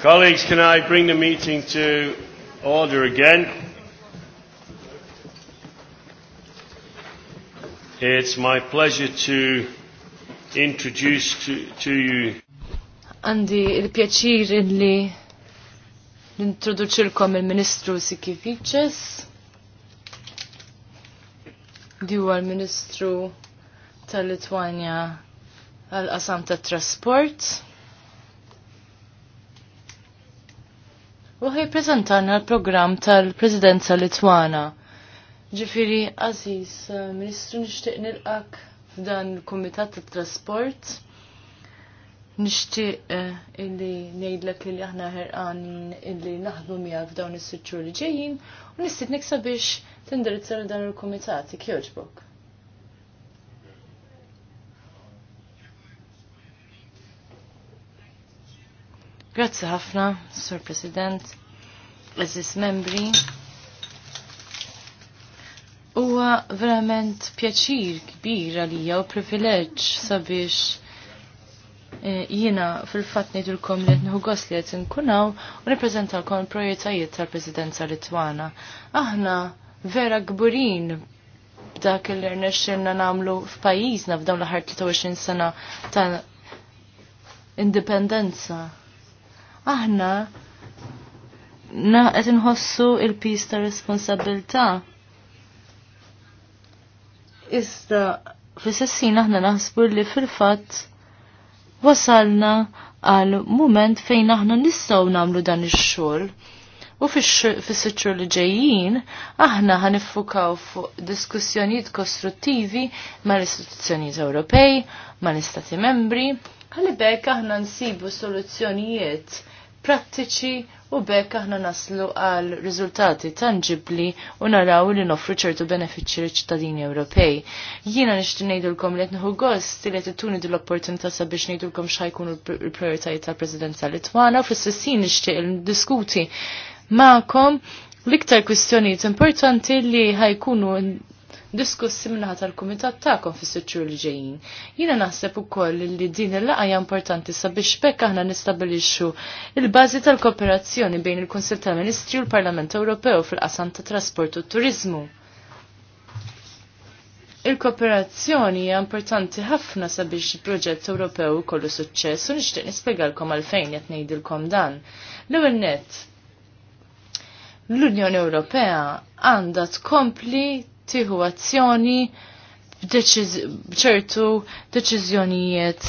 Colleagues, can I bring the meeting to order again? It's my pleasure to introduce to, to you. Għandi il-pjaċir li nintroduċilkom il-Ministru Sikivices. Di huwa l-Ministru tal-Litwanja għal-qasam tat-trasport. u prezentarna l-programm tal-Presidenza Litwana. Ġifiri, Aziz, eh, Ministru, nixtieq ak f'dan il-Kumitat tat-Trasport. Nishtiq eh, illi nejdlek illi aħna ħerqan illi naħdmu miegħek f'dawn is sitturi li ġejjin u nistiq niksa biex tindirizza dan il-kumitati kjoġbok. Grazzi ħafna, Sur President, Aziz Membri. Huwa verament pjaċir kbir għalija u privileġġ sabiex e, jina fil-fat nidulkom li nħu gos li għet nkunaw u reprezentalkom l-projetajiet tal-Presidenza Litwana. Aħna vera gburin dak il-rnexxilna namlu f'pajjiżna f'dawn l-ħar 23 sena ta' indipendenza aħna qed inħossu il-pis ta' responsabilità. Issa fis-sessin aħna naħsbu li fil-fatt wasalna għal moment fejn aħna nistgħu nagħmlu dan ix-xogħol. U fis-sitxu li ġejjin, aħna ħanifukaw fuq diskussjonijiet kostruttivi mal istituzzjonijiet Ewropej, mal istati membri, ħalli aħna nsibu soluzzjonijiet prattiċi u bekk aħna naslu għal riżultati tangibli u naraw li noffru ċertu benefiċċji ċittadini Ewropej. Jiena nixti ngħidulkom li qed nieħu gost li qed ittuni din l-opportunità sabiex ngħidulkom x'ħajkunu l-prijoritajiet tal-Presidenza Litwana u fl-istessin nixtieq diskuti ma'kom l-iktar kwistjonijiet importanti li ħajkunu diskussi minnaħat tal komitat ta'kom fis sitxur li ġejjin. Jina naħseb ukoll li din il-laqgħa importanti sabiex bekk aħna nistabilixxu il-bażi tal-kooperazzjoni bejn il-Kunsill tal-Ministri u l-Parlament Ewropew fil-qasam ta' trasport u turizmu. Il-kooperazzjoni hija importanti ħafna sabiex il-proġett Ewropew kollu suċċess u nixtieq nispjegalkom għalfejn qed ngħidilkom dan. L-ewwel nett, l-Unjoni Ewropea għandha tkompli tieħu azzjoni b'ċertu deċiżjonijiet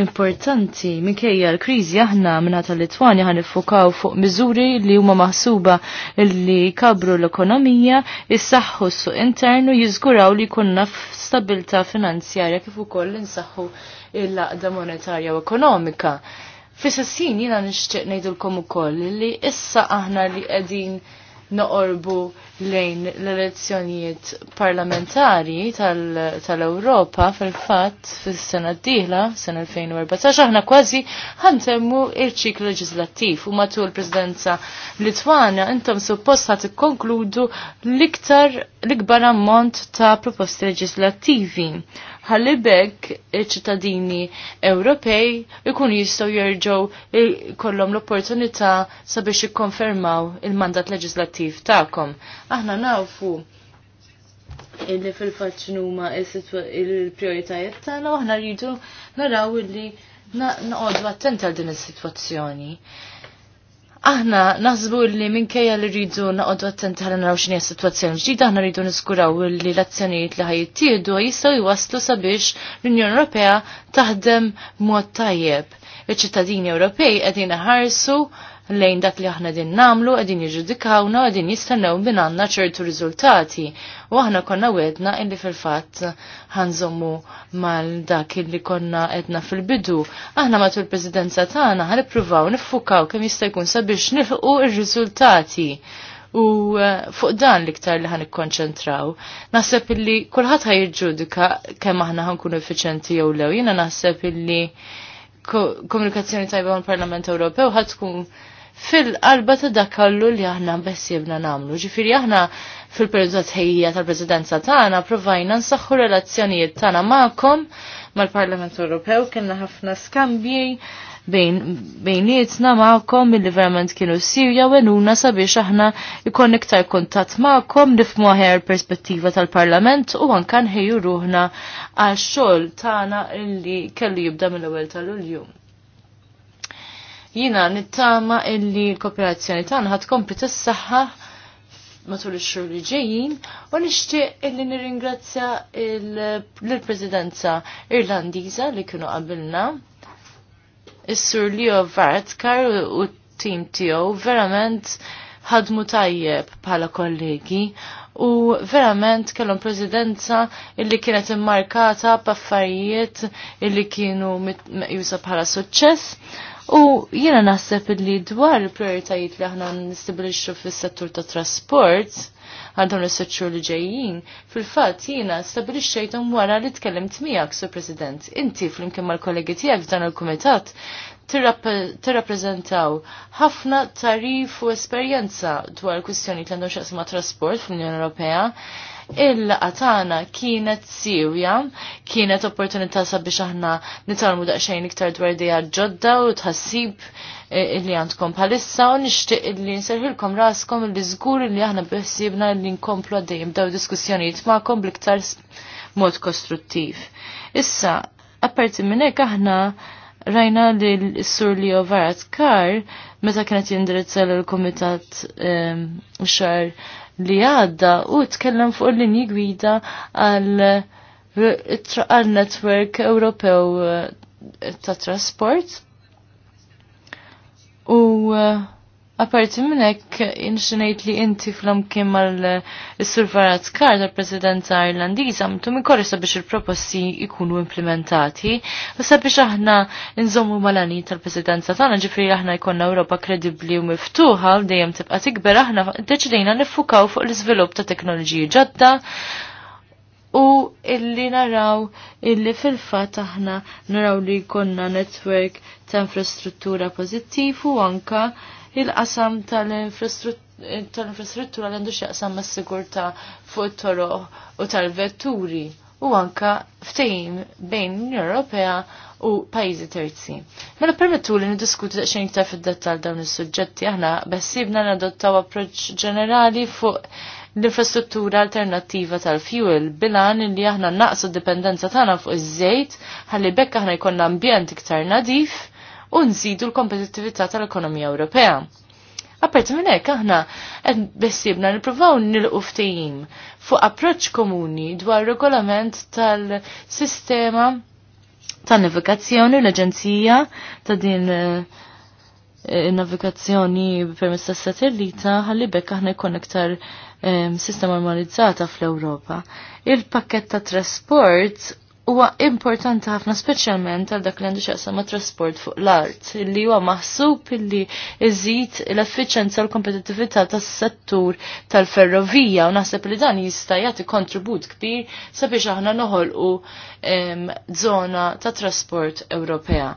importanti minkejja l-kriżi aħna minna tal litwani ħan iffokaw fuq miżuri li huma maħsuba li kabru l-ekonomija, jissaħħu s-suq internu, jiżguraw li jkunna stabilta finanzjarja kif ukoll insaħħu il-laqda monetarja u ekonomika. Fis-sassin jina nixtieq ngħidulkom ukoll li issa aħna li qegħdin noqorbu lejn l-elezzjonijiet parlamentari tal-Europa fil-fatt fis-sena d-dieħla, sena 2014, aħna kważi ħantemmu il-ċiklu leġislattiv u matul presidenza Litwana intom suppost ħat konkludu l-iktar l-ikbar ammont ta' proposti leġislattivi ħalli bekk ċittadini Ewropej ikun jistgħu jerġgħu kollom l-opportunità sabiex ikkonfermaw il-mandat leġislattiv tagħkom. Aħna nafu illi fil-fatt x'numa il-prijoritajiet tagħna u aħna rridu naraw illi naqogħdu attenti għal din is-sitwazzjoni. Aħna naħsbu li minkejja li rridu naqodu attenti ħalli naraw x'inhi s-sitwazzjoni ġdida, aħna rridu niskuraw li l-azzjonijiet li ħajjittieħdu jistgħu jwaslu sabiex l-Unjoni Ewropea taħdem mod tajjeb. Iċ-ċittadini Ewropej qegħdin iħarsu lejn dak li aħna din namlu, għedin jġudikawna, għedin jistennew minn għanna ċertu riżultati. U aħna konna wedna illi fil-fat ħanżommu mal dak illi konna edna fil-bidu. Aħna matul prezidenza tagħna ħanipruvaw niffukaw kemm jista' jkun sabiex nilħu ir-riżultati. U eh, fuq dan liktar li ħan ikkonċentraw, naħseb illi kullħat ħajġudika kemm aħna ħankun effiċenti jew lew. Jiena naħseb illi komunikazzjoni tajba mal parlament Ewropew ħadd tkun fil-qalba ta' dak kollu li aħna bessibna namlu. Ġifiri aħna fil-periodu tħejja tal-Presidenza tagħna provajna nsaħħu relazzjonijiet tagħna magħkom mal-Parlament Ewropew kellna ħafna skambji bejn bejnietna magħkom milli verament kienu sirja wenuna sabiex aħna ikon iktar kuntatt magħkom nifmu aħjar perspettiva tal-parlament u anke nħejju ruħna għax-xogħol tagħna li kellu jibda mill ewwel tal-ulju. Jina nittama illi l-kooperazzjoni tagħna ħad kompli tissaħħa matul ix-xhur li ġejjin u nixtieq illi nirringrazzja l-Presidenza Irlandiża li kienu qabilna. Is-Sur Leo Varadkar u t-tim tiegħu verament ħadmu tajjeb bħala kollegi u verament kellhom prezidenza illi kienet immarkata b'affarijiet illi kienu jusa bħala suċċess U jiena naħseb li dwar il-prioritajiet li aħna nistabilixxu fis-settur ta' trasport għal dawn is-settur li ġejjin, fil-fatt jiena stabilixxejthom wara li tkellimt miegħek, Sur President. Inti flimkien mal-kollegi tiegħek f'dan il-kumitat tirrappreżentaw ħafna tarif u esperjenza dwar kwistjoni li għandhom xaqsma trasport fl-Unjoni Ewropea Il-laqa tagħna kienet sirja, kienet opportunità sabiex aħna nitalmu daqsxejn iktar dwar dejja ġodda u tħassib eh, illi għandkom bħalissa u nixtieq illi nserħilkom raskom illi zgur illi aħna biħsibna illi nkomplu għaddejm daw diskussjonijiet magħkom bl-iktar mod kostruttiv. Issa, apparti minn hekk aħna rajna li l-sur li ovarat kar meta kienet jindirizza l-komitat eh, xar li għadda u tkellem fuq l-linji gwida għal netwerk Ewropew eh, ta' trasport. U uh, Aparti minn hekk li inti fl-omkien mal-survarat kar tal-Presidenza Irlandiża mtu minn sabiex il-proposti jkunu implementati u sabiex aħna nżommu malani tal-Presidenza tagħna ġifri aħna jkollna Europa kredibbli u miftuħa u dejjem tibqa' tikber aħna deċidejna niffukaw fuq l izvilup ta' teknoloġiji ġodda u illi naraw illi fil-fatt aħna naraw li jkollna netwerk ta' infrastruttura pożittiv u anka il-qasam tal-infrastruttura l-għandu xaqsam mas sigurta fuq toro u tal-vetturi u anka ftejn bejn l unjoni Ewropea u pajizi terzi. Mela permettu li nidiskuti daqsxejn iktar fid dettall dawn is-suġġetti aħna bessibna nadottaw approċċ ġenerali fuq l-infrastruttura alternattiva tal-fuel bilan li aħna naqsu dipendenza tagħna fuq iż-żejt ħalli bekk aħna jkollna ambjent iktar nadif u nżidu l-kompetittività tal-ekonomija Ewropea. Apparti minn hekk aħna qed bessibna nippruvaw nilqu ftehim fuq approċċ komuni dwar regolament tal-sistema tan navigazzjoni l-Aġenzija ta' din eh, eh, navigazzjoni permezz tas satellita ħalli bekk aħna jkun iktar eh, sistema normalizzata fl-Ewropa. Il-pakket ta' trasport huwa importanti ħafna speċjalment għal dak li għandu xaqsam ma' trasport fuq l-art, li huwa maħsub li iżid l-effiċenza u l-kompetittività tas-settur tal-ferrovija u naħseb li dan jista' jagħti kontribut kbir sabiex aħna noħolqu zona ta' trasport Ewropea.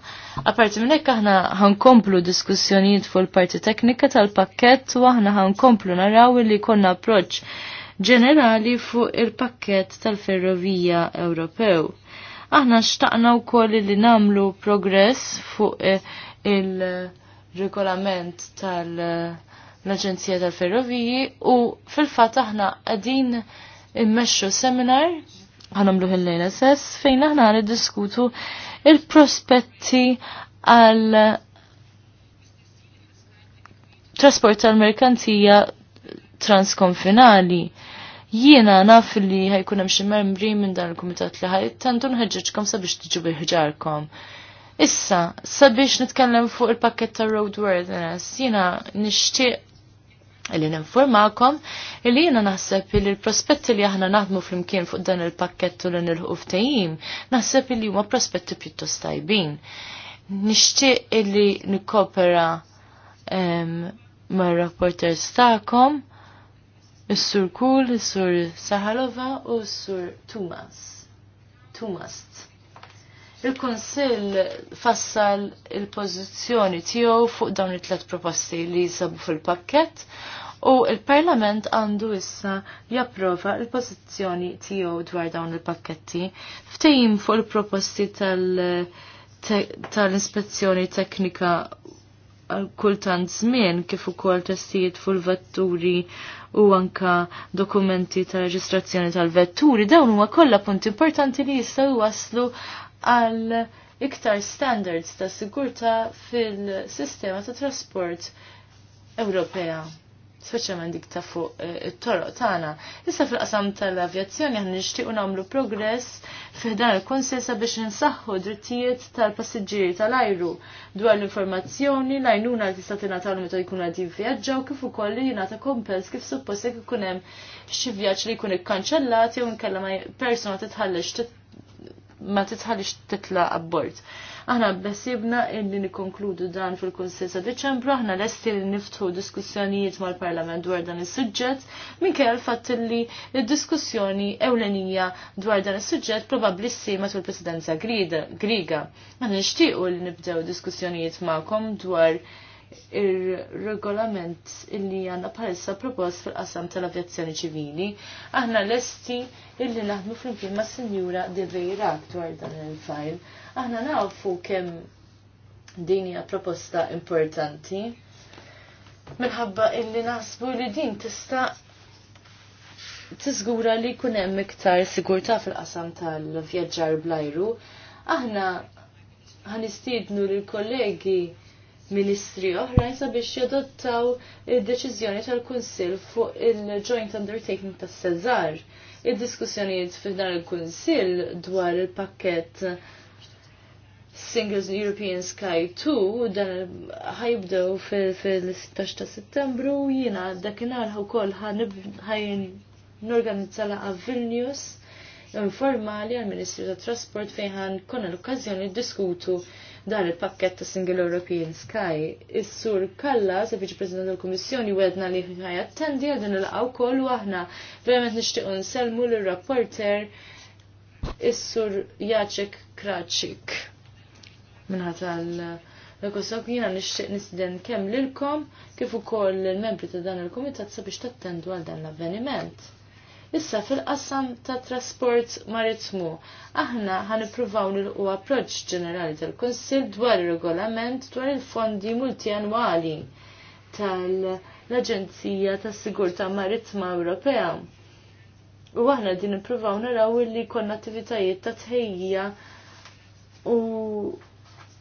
Aparti minn hekk aħna ħankomplu diskussjonijiet fuq il-parti teknika tal-pakkett u aħna ħankomplu naraw li konna approċċ ġenerali fuq il-pakket tal-ferrovija Ewropew. Aħna xtaqna wkoll li namlu progress fuq eh, il-regolament tal-Aġenzija tal-Ferroviji u fil-fatt aħna għadin immexxu seminar għanamlu il-lejla sess fejn aħna niddiskutu il-prospetti għal trasport tal-merkanzija transkonfinali. Jiena naf li ħajkun hemm xi membri minn dan il-kumitat li ħajtentu nħeġġeġkom sabiex tiġu biħġarkom. Issa, sabiex nitkellem fuq il-pakket ta' roadworthiness, jiena nixtieq li ninformakom li jiena naħseb li l-prospetti li aħna naħdmu flimkien fuq dan il-pakkettu li nilħu tajjim, naħseb li huma prospetti pjuttost tajbin. Nixtieq li nikkopera ehm, mar-rapporters tagħkom Is-Sur Kul, is-Sur Sahalova u s-Sur Tumas. Tumas. Il-Konsil fassal il-pożizzjoni tiegħu fuq dawn it-tlet proposti li jisabu fil-pakkett u il-Parlament għandu issa japprova il-pożizzjoni tiegħu dwar dawn il-pakketti ftehim fuq il-proposti tal- tal-ispezzjoni teknika kultant żmien kif ukoll testijiet fuq l vetturi u anka dokumenti ta' reġistrazzjoni tal-vetturi dawn huma kollha punti importanti li jistgħu waslu għal iktar standards ta' sigurta fil-sistema ta' trasport Ewropea speċjalment dik ta' fuq eh, it-toroq tagħna. Issa fil-qasam tal-avjazzjoni aħna nixtiequ nagħmlu progress dan il-Kunsill sabiex insaħħu drittijiet tal-passiġġieri tal-ajru dwar l-informazzjoni l-għajnuna li tista' tingħatalhom meta jkunu qegħdin vjaġġaw kif ukoll li jingħata kompels kif suppost jekk ikun hemm xi vjaġġ li jkun ikkanċellat jew inkella persuna titħallex ma titħallix titla' abbord. Aħna besibna illi nikonkludu dan fil-Kunsil ta' Deċembru, aħna lesti li niftħu diskussjonijiet mal-Parlament dwar dan is-suġġett, minkejja l-fatt illi diskussjoni ewlenija dwar dan is-suġġett probabbli ssejma tul presidenza Griga. Aħna nixtiequ li nibdew diskussjonijiet magħkom dwar ir-regolament illi għanna bħalissa propost fil-qasam tal-avjazzjoni ċivili. Aħna lesti illi naħdmu flimkien ma' Sinjura De Vejrak dwar dan il-fajl. Aħna nafu kemm din hija proposta importanti. Minħabba illi naħsbu li din tista' tiżgura li kunem hemm iktar sigurtà fil-qasam tal-vjaġġar blajru, aħna ħanistiednu l kollegi ministri oħrajn sabiex jadottaw id-deċiżjoni tal-Kunsill fuq il-Joint Undertaking tas Cesar. Id-diskussjonijiet f'dan dan il-Kunsill dwar il-pakket Singles European Sky 2 dan ħajbdew fil-16 ta' settembru jina dakinar u koll ħajn norganizza laqa Vilnius informali għal-Ministru tat Trasport fejn ħan konna l-okkazjoni diskutu dan il-pakket ta' Single European Sky. Is-sur Kalla, se viċi President tal-Kummissjoni, wedna li attendi għal din il-qaw kol u aħna verament nixtiequ nselmu l-rapporter is-sur Jaċek Kraċik. Minħat għal Lekosok eh, jina nixtieq nisden kemm lilkom kif ukoll il-membri ta' dan il-kumitat sabiex tattendu għal dan l-avveniment. Issa fil-qassam ta' trasport maritmu, aħna ħan ippruvaw nilqu approċ ġenerali tal-Kunsill dwar ir-regolament dwar il-fondi multianwali tal-Aġenzija tas sigurta Maritma Ewropea. U aħna din nippruvaw naraw li konna attivitajiet ta' tħejja u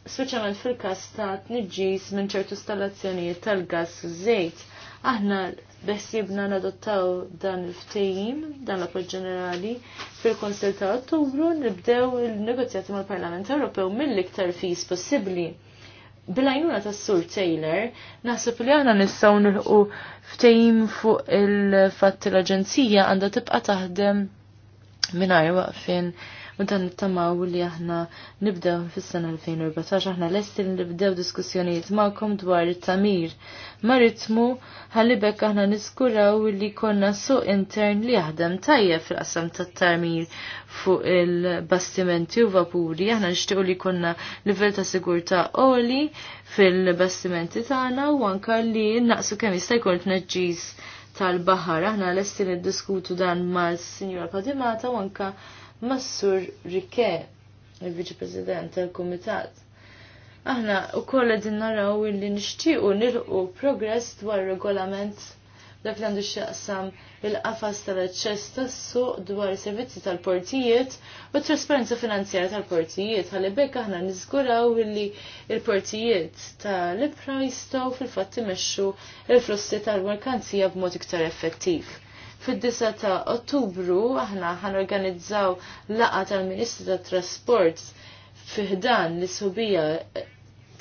speċjalment fil-każ ta' tniġġis minn ċertu installazzjonijiet tal-gass u żejt. Aħna jibna nadottaw dan il-ftejim, dan l-appoġġ ġenerali, fil konsil ta' Ottubru nibdew il-negozjati mal-Parlament Ewropew mill-iktar fis possibbli. Bil-għajnuna ta' Sur Taylor, naħseb li għana nistaw nilħu ftejim fuq il-fatt l-Aġenzija għandha tibqa' taħdem minn waqfin u dan nittamaw li aħna nibdew fis-sena 2014 aħna lesti li nibdew diskussjonijiet magħkom dwar it-tamir. Maritmu ħallibek aħna niskuraw li konna suq intern li jaħdem tajjeb fil-qasam tat-tamir fuq il-bastimenti u vapuri. Aħna nixtiequ li konna livell ta' sigurtà oli fil-bastimenti tagħna u anka li naqsu kemm jista' jkun tneġġis tal baħar Aħna lesti niddiskutu dan mal-Sinjora Padimata u anka Massur Rike, il-Viċi President tal-Kumitat. Aħna u koll din naraw illi nixtiequ nilqu progress dwar regolament dak li għandu xaqsam il-qafas tal-aċċess tas-suq dwar servizzi tal-portijiet u trasparenza finanzjara tal-portijiet ħalli bekk aħna nizguraw illi il-portijiet tal-ipra jistgħu fil-fatt imexxu il-flussi tal-merkanzija b'mod iktar effettiv fid-9 ta' Ottubru aħna ħanorganizzaw laqa tal-Ministru tat-Trasport fiħdan l-subija eh,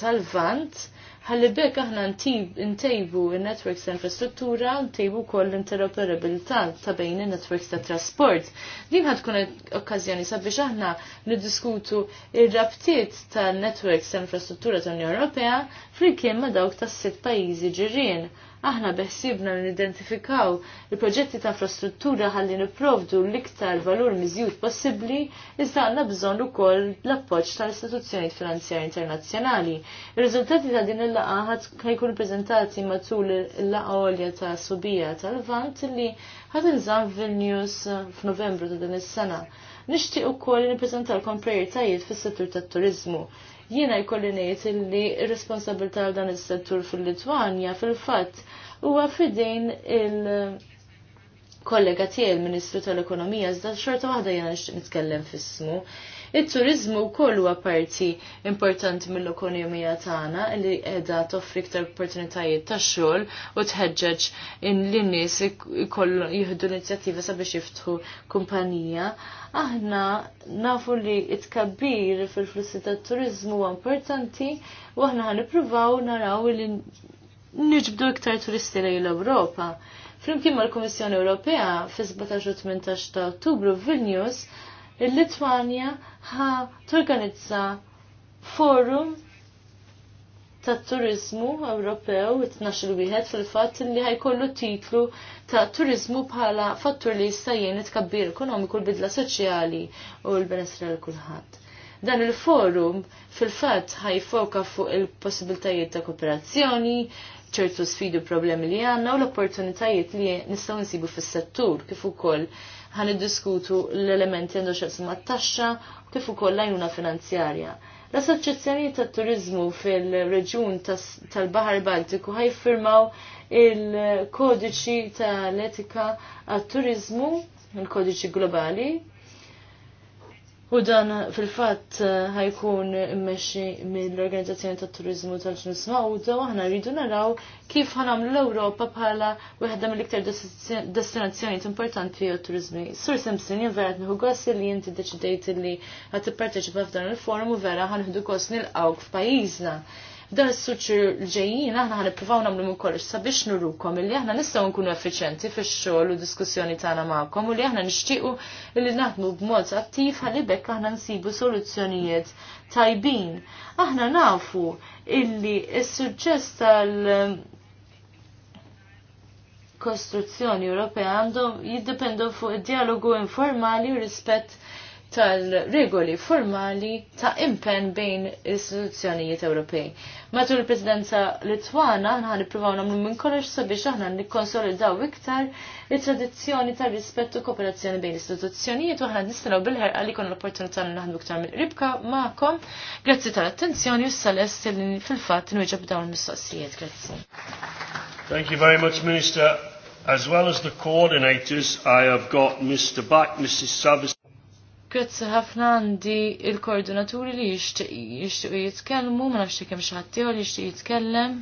tal-Vant ħalli bekk aħna ntejbu il-networks ta' infrastruttura, ntejbu koll l-interoperabilità ta' bejn il-networks ta' trasport. Din ħad tkun okkazjoni sabiex aħna niddiskutu il-rabtiet ta' networks ta' infrastruttura tal-Unjoni Ewropea flimkien ma' dawk ta' sitt pajjiżi ġirien. Aħna beħsibna nidentifikaw il-proġetti ta' infrastruttura ħalli niprovdu l-iktar valur miżjud possibbli iżda għandna bżonn ukoll l-appoġġ tal-istituzzjonijiet finanzjari internazzjonali. il riżultati ta' din il laqa ħadd jkunu preżentati matul il-laqgħa għolja ta' subija tal-Vant li ħadd inżamm Vilnius f'Novembru ta' din is-sena nishtiq u koll niprezentalkom prioritajiet fis settur tat turizmu Jiena jkolli ngħid li r-responsabilità għal dan is-settur fil-Litwanja fil-fatt huwa fidejn il- kollega tiegħi ministru tal-Ekonomija iżda xorta waħda jiena nixtieq nitkellem fis-smu it-turizmu wkoll huwa parti importanti mill-ekonomija tagħna li qiegħda toffri iktar opportunitajiet tax-xogħol u tħeġġeġ lin-nies ikollu jieħdu inizjattiva sabiex jiftħu kumpanija. Aħna nafu li it-kabbir fil-flussi tat-turizmu huwa importanti u aħna ħanippruvaw naraw li niġbdu iktar turisti lejn l-Ewropa. Flimkien mal-Kummissjoni Ewropea fi 17-18 ta' Ottubru f'Vilnius il-Litwanja ħa torganizza forum ta' turizmu Ewropew it-tnax wieħed fil-fatt li ħajkollu titlu ta' turizmu bħala fattur li jista' jgħin kabbir ekonomiku l-bidla soċjali u l-benessri għal kulħadd dan il-forum fil fatt ħajfoka fuq il-possibiltajiet ta' kooperazzjoni, ċertu sfidu problemi li għanna u l-opportunitajiet li nistgħu nsibu fis-settur kif ukoll ħan iddiskutu l-elementi għandu xaqsma t-taxxa kif ukoll l finanzjarja. L-Assoċjazzjoni tat Turizmu fil-Reġjun tal-Baħar Baltiku ħajfirmaw il-kodiċi tal-etika għat-turizmu, il-kodiċi globali, U dan eh, fil-fatt eh, ħajkun immexxi mill-Organizzazzjoni tat-Turiżmu tal-Ġnus Mawda u aħna rridu naraw kif ħanamlu l-Ewropa bħala waħda mill-iktar destinazzjonijiet importanti u turizmi Sur Simpson jen vera nħu għossi li jinti deċidejt li qed tipparteċipa f'dan il-forum u vera ħanħdu l għawk f'pajjiżna dan is suċċur l-ġejjin aħna ħan nippruvaw nagħmlu minn kollox sabiex nurukom illi aħna nistgħu nkunu effiċjenti fix-xogħol u diskussjoni tagħna magħkom u li aħna nixtiequ li naħdmu b'mod attiv ħalli bekk aħna nsibu soluzzjonijiet tajbin. Aħna nafu illi s-suċċess tal- kostruzzjoni Ewropea għandhom jiddependu fuq id-dialogu informali u rispett tal-regoli formali ta' impen bejn istituzzjonijiet Ewropej. Matul il-Presidenza Litwana aħna nippruvaw nagħmlu minn kollox sabiex aħna nikkonsolidaw iktar it-tradizzjoni tar rispett u kooperazzjoni bejn istituzzjonijiet u aħna nistennew bil-ħerqa li kon l-opportunità li naħdmu iktar mill-qribka magħkom. Grazzi tal-attenzjoni u s-salest li fil-fatt nwieġeb dawn il-mistoqsijiet. Grazzi. Thank you very much, Minister. As well as the coordinators, I have got Mr. Back, Mrs. Savis. Grazzi ħafna għandi il-koordinaturi li jixtiequ jitkellmu, ma nafx kemm xi ħadd li jixtieq jitkellem.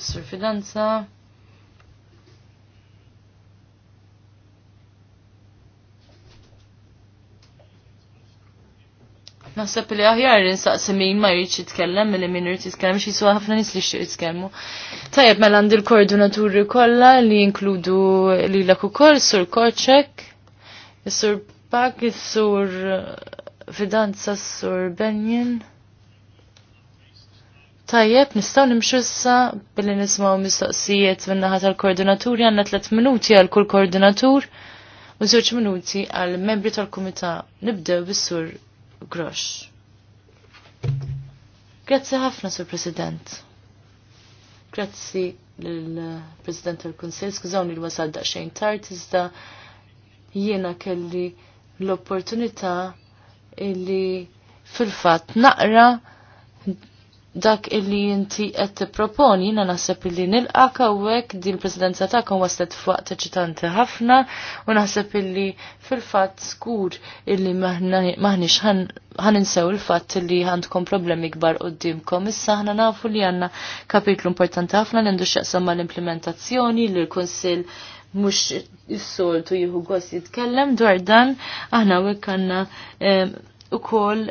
Is-sur fidanza. Naħseb li aħjar insaqsi min ma jridx jitkellem milli min irid jitkellem xi jiswa ħafna nies li jixtieq jitkellmu. Tajjeb mela għandi l-koordinaturi kollha li jinkludu lilek ukoll sur Koċek, is-sur Pak, is-sur Fidanza, sur Benjen. Tajjeb, nistaw nimxu issa billi nismaw mistoqsijiet min-naħa tal-koordinaturi għanna tliet minuti għal kull koordinatur u żewġ minuti għal membri tal-komitat. Nibdew bis-sur Grosh. Grazzi ħafna, Sur President. Grazzi l-President tal-Kunsel, skużawni li wasal xejn tard, iżda jiena kelli l-opportunità illi fil-fatt naqra dak illi inti qed tipproponi jiena naħseb illi nilqak hawnhekk din il-presidenza tagħkom waslet f'waqt eċitanti ħafna u naħseb illi fil-fatt skur illi maħniex ħan insew il-fatt illi għandkom problemi kbar qudiemkom. Issa aħna nafu li għandna kapitlu importanti ħafna li għandu x'jaqsam mal-implementazzjoni li l-Kunsill mhux is-soltu jieħu gost jitkellem dwar dan aħna wek għandna eh, ukoll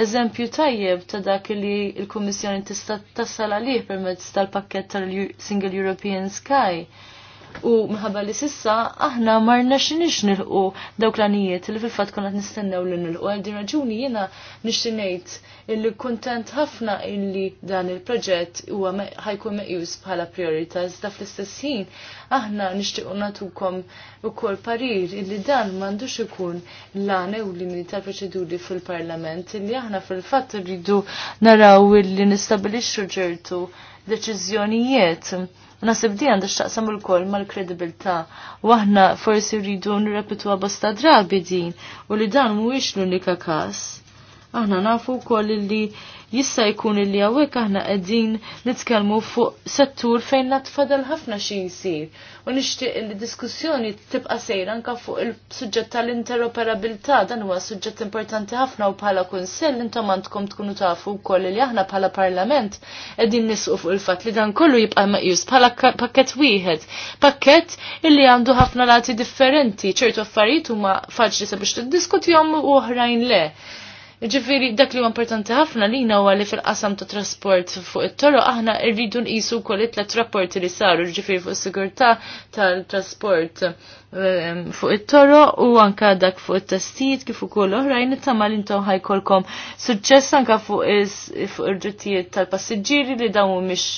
eżempju tajjeb ta' dak li l-Kummissjoni tista' tassal għalih permezz tal-pakket tal-Single European Sky u mħabba li sissa aħna marna xinix nilqu dawk l-anijiet li fil-fat konna nistennew li nilqu għal din raġuni jena nixtinejt illi kontent ħafna illi dan il-proġett huwa ħajkun meqjus bħala priorità iżda fl-istess ħin aħna nixtiequ natukom ukoll parir illi dan m'għandux ikun l għane u limiti tal-proċeduri fil-Parlament illi aħna fil-fatt rridu naraw illi nistabilixxu ġertu deċiżjonijiet U nasib di taqsam x'taqsam ukoll mal-kredibilità. U aħna forsi rridu nirrepetu bosta drabi din u li dan mhuwiex l-unika każ. Aħna nafu wkoll li jista' jkun li hawnhekk aħna qegħdin nitkellmu fuq settur fejn natfadal ħafna xi jsir. U nixtieq li diskussjoni tibqa' sejra anke fuq il-suġġett tal-interoperabilità dan huwa suġġett importanti ħafna u bħala kunsell intom għandkom tkunu tafu wkoll li aħna bħala parlament qegħdin nisqu fuq il-fatt li dan kollu jibqa' meqjus bħala pakkett wieħed, pakkett illi għandu ħafna lati differenti, ċertu affarijiet huma faċli sabiex tiddiskutihom u oħrajn le. Ġifiri, dak li huwa importanti ħafna li huwa li fil-qasam ta' trasport fuq it-toro aħna rridu nqisu wkoll it-tlet rapporti li saru ġifiri fuq sigurtà tal-trasport ehm, fuq it-toro u anka dak fuq it-testijiet kif ukoll oħrajn nittama li intom ħajkolkom suċċess anka fuq ir-ġittijiet tal-passiġġieri li dawn mhumiex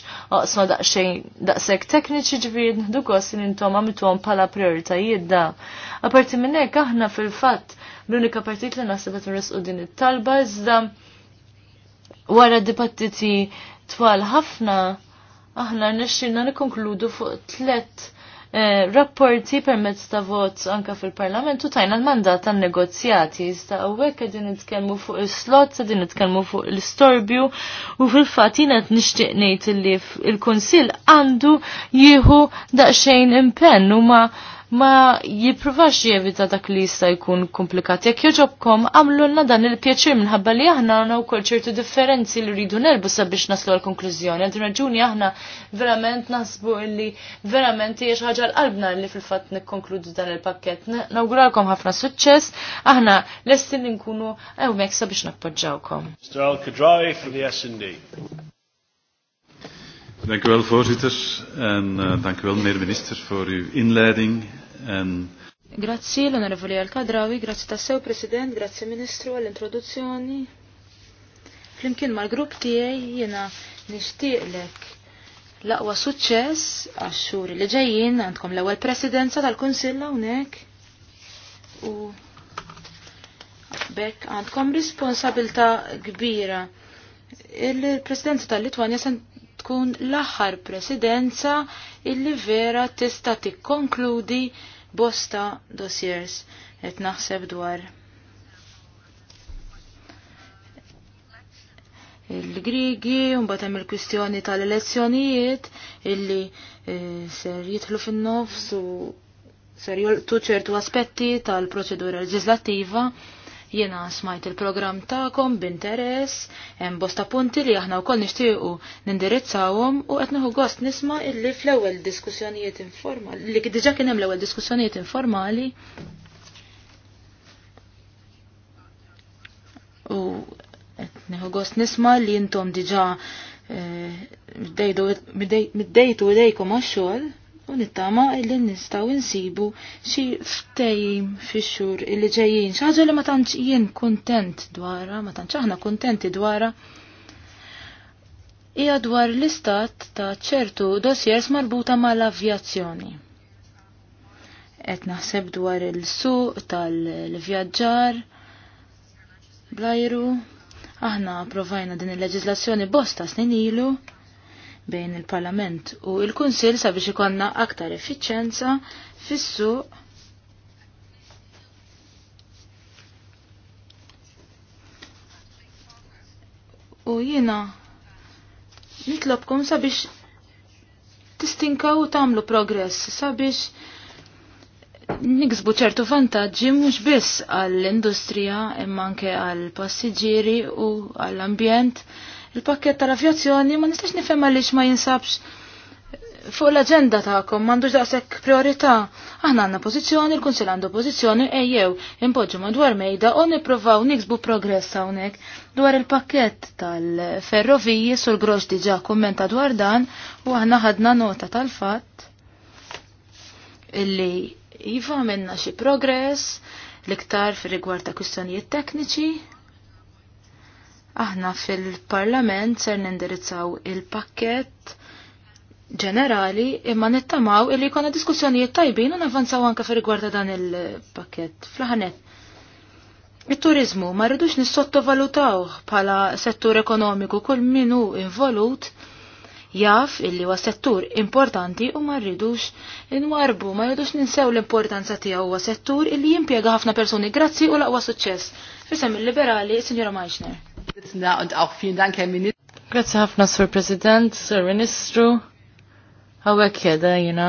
oqsma daqsxejn daqshekk tekniċi ġifieri nħdu kost li intom għamiltuhom bħala prioritajiet da. Aparti minn hekk aħna fil-fatt l-unika partit li naħsebet nresqu din it-talba iżda wara dibattiti twal ħafna aħna nixxilna nikkonkludu fuq tlet eh, rapporti permezz ta' vot anka fil-parlament u tajna l-mandat tan negozjati sta' għawek għedin nitkelmu fuq il-slot, għedin nitkelmu fuq il-storbju u fil-fat jinet nishtiqnejt il-konsil għandu jieħu daqxejn impenn ma' ma jipprovax jevita dak li jista' jkun komplikat. Jek joġobkom għamlu għamlulna dan il pieċir minnħabba li aħna għana u ċertu differenzi li rridu nerbu sabiex naslu għal konklużjoni. Għad raġuni aħna verament nasbu illi verament jiex xi l-qalbna li fil fat nikkonkludu dan il pakket Nawguralkom ħafna suċċess, aħna lesti li nkunu hawnhekk sabiex nappoġġawkom. Mr. kadrawi for the SD. Dank u wel, voorzitter. En uh, dank u wel, meneer minister, voor uw inleiding Grazzi l-Onorevoli Al-Kadrawi, grazzi tassew President, grazzi Ministru għall-introduzzjoni. Flimkien mal-grupp tiegħi jiena nixtieqlek l-aqwa suċċess għax li ġejjin għandkom l-ewwel presidenza tal kunsilla hawnhekk u bekk għandkom responsabilta kbira. Il-presidenza tal-Litwanja tkun l-aħħar presidenza illi vera tista' tikkonkludi bosta dossiers qed naħseb dwar. il-Grigi, mbagħad hemm il-kwistjoni tal-elezzjonijiet illi eh, ser jitħlu fin-nofs u ser jolqtu ċertu aspetti tal-proċedura leġislattiva Jiena smajt il-programm ta'kom b'interess, hemm bosta punti li aħna wkoll nixtiequ nindirizzawhom u qed nieħu gost nisma' illi fl-ewwel diskussjonijiet informali li diġà kien hemm l-ewwel diskussjonijiet informali u qed nieħu gost nisma' li intom diġà middejtu eh, idejkom għax-xogħol u nittama illi nistaw insibu xi ftejim fix-xhur illi ġejjin. Xi ħaġa li ma tantx jien kuntent dwarha, ma tantx aħna kuntenti dwarha. Ija dwar l-istat ta' ċertu dossiers marbuta mal-avjazzjoni. Qed naħseb dwar il-suq tal-vjaġġar blajru. Aħna provajna din il-leġislazzjoni bosta snin ilu bejn il-Parlament u il-Kunsil sabiex ikonna aktar effiċenza fis U jiena nitlobkom sabiex tistinkaw u tagħmlu progress sabiex niksbu ċertu vantaġġi mhux biss għall-industrija imma anke għall-passiġġieri u għall-ambjent Il-pakket tal-avjazzjoni ma nistax nifhem għaliex ma jinsabx fuq l-agenda tagħkom m'għandux daqshekk priorità. Aħna għandna pożizzjoni, il-Kunsill għandu pożizzjoni ejjew impoġġu madwar mejda u nippruvaw niksbu progress hawnhekk dwar il-pakkett tal-ferroviji sul grox diġà kummenta dwar dan u aħna ħadna nota tal-fatt illi iva minna xi progress l-iktar fir rigward ta' kwistjonijiet tekniċi Aħna fil-parlament ser nindirizzaw il-pakket ġenerali imma nittamaw illi jkollna diskussjonijiet tajbin u navvanzaw anke fir rigwarda dan il-pakket. Fl-ħanet, it-turizmu ma rridux nissottovalutaw bħala settur ekonomiku kull minu involut jaf illi huwa settur importanti u ma rridux inwarbu, ma rridux ninsew l-importanza tiegħu huwa settur illi jimpjega ħafna persuni grazzi u laqwa suċċess. Fisem il-liberali, Sinjora Meissner. Grazie ħafna, Sur President, Sur Ministru. Għawek jeda jina.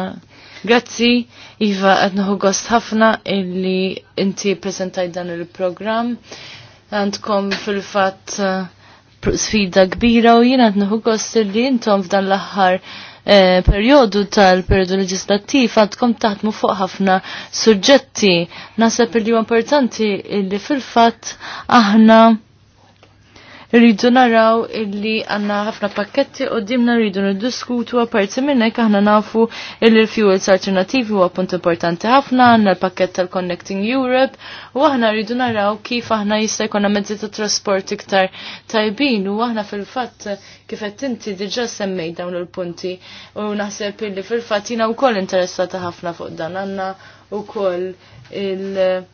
Grazzi, Iva, għadnuħu gost ħafna illi inti prezentaj dan il-program. Għandkom fil-fat uh, sfida kbira u jina għadnuħu gost illi intom f'dan l aħħar eh, periodu tal-periodu leġislattiv għadkom taħdmu fuq ħafna suġġetti. Nasab li importanti illi fil-fat aħna rridu naraw illi għanna ħafna pakketti u dimna rridu niddiskutu għaparti minnek aħna nafu illi l-fuels alternativi huwa punt importanti ħafna għanna l-pakket tal-Connecting Europe u aħna rridu naraw kif aħna jista' jkollna mezzi ta' trasport iktar tajbin u aħna fil-fatt kif qed inti diġà semmej dawn il-punti u naħseb illi fil-fatt jiena wkoll interessata ħafna fuq dan għandna wkoll il-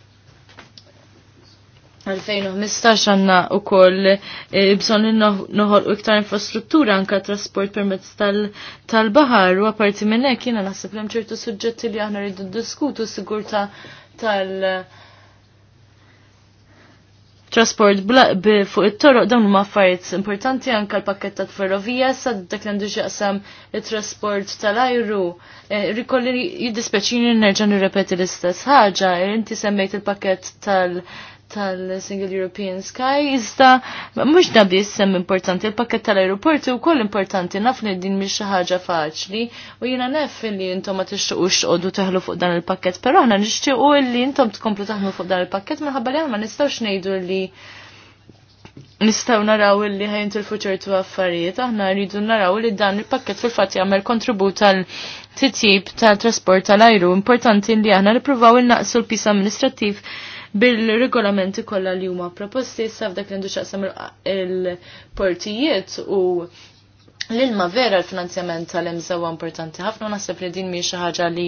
2015 għanna u koll eh, bżon li noħol u iktar infrastruttura anka trasport permezz tal-bahar u għaparti minnek jena nasib li ċertu suġġetti li għahna rridu diskutu sigur tal- trasport fuq it-toroq dawn huma affarijiet importanti anke l-pakket ta' ferrovija sa dak li għandu x'jaqsam it-trasport tal-ajru. Eh, rikolli jiddispeċini nerġa' nirrepeti l-istess ħaġa, eh, inti semmejt il-pakket tal-ajru tal-Single European Sky, jista, mhux da biss importanti, il-pakket tal-aeroporti koll importanti, naf li din mhix xi ħaġa faċli, u jiena nef li intom ma tixtiqux tqogħdu teħlu fuq dan il-pakket, però aħna nixtiequ li intom tkomplu taħmu fuq dan il-pakket minħabba li aħna ma nistgħux ngħidu li nistaw naraw li ħajnt il tu affarijiet, aħna rridu naraw li dan il-pakket fil-fat jagħmel kontribut għal titjib tal trasport tal-ajru. Importanti li aħna nippruvaw innaqsu l-pis amministrattiv bil-regolamenti kollha li huma proposti sa dak li għandu xaqsam il-portijiet u L-ilma vera l-finanzjament tal-imza importanti ħafna naħseb li din miex xi ħaġa li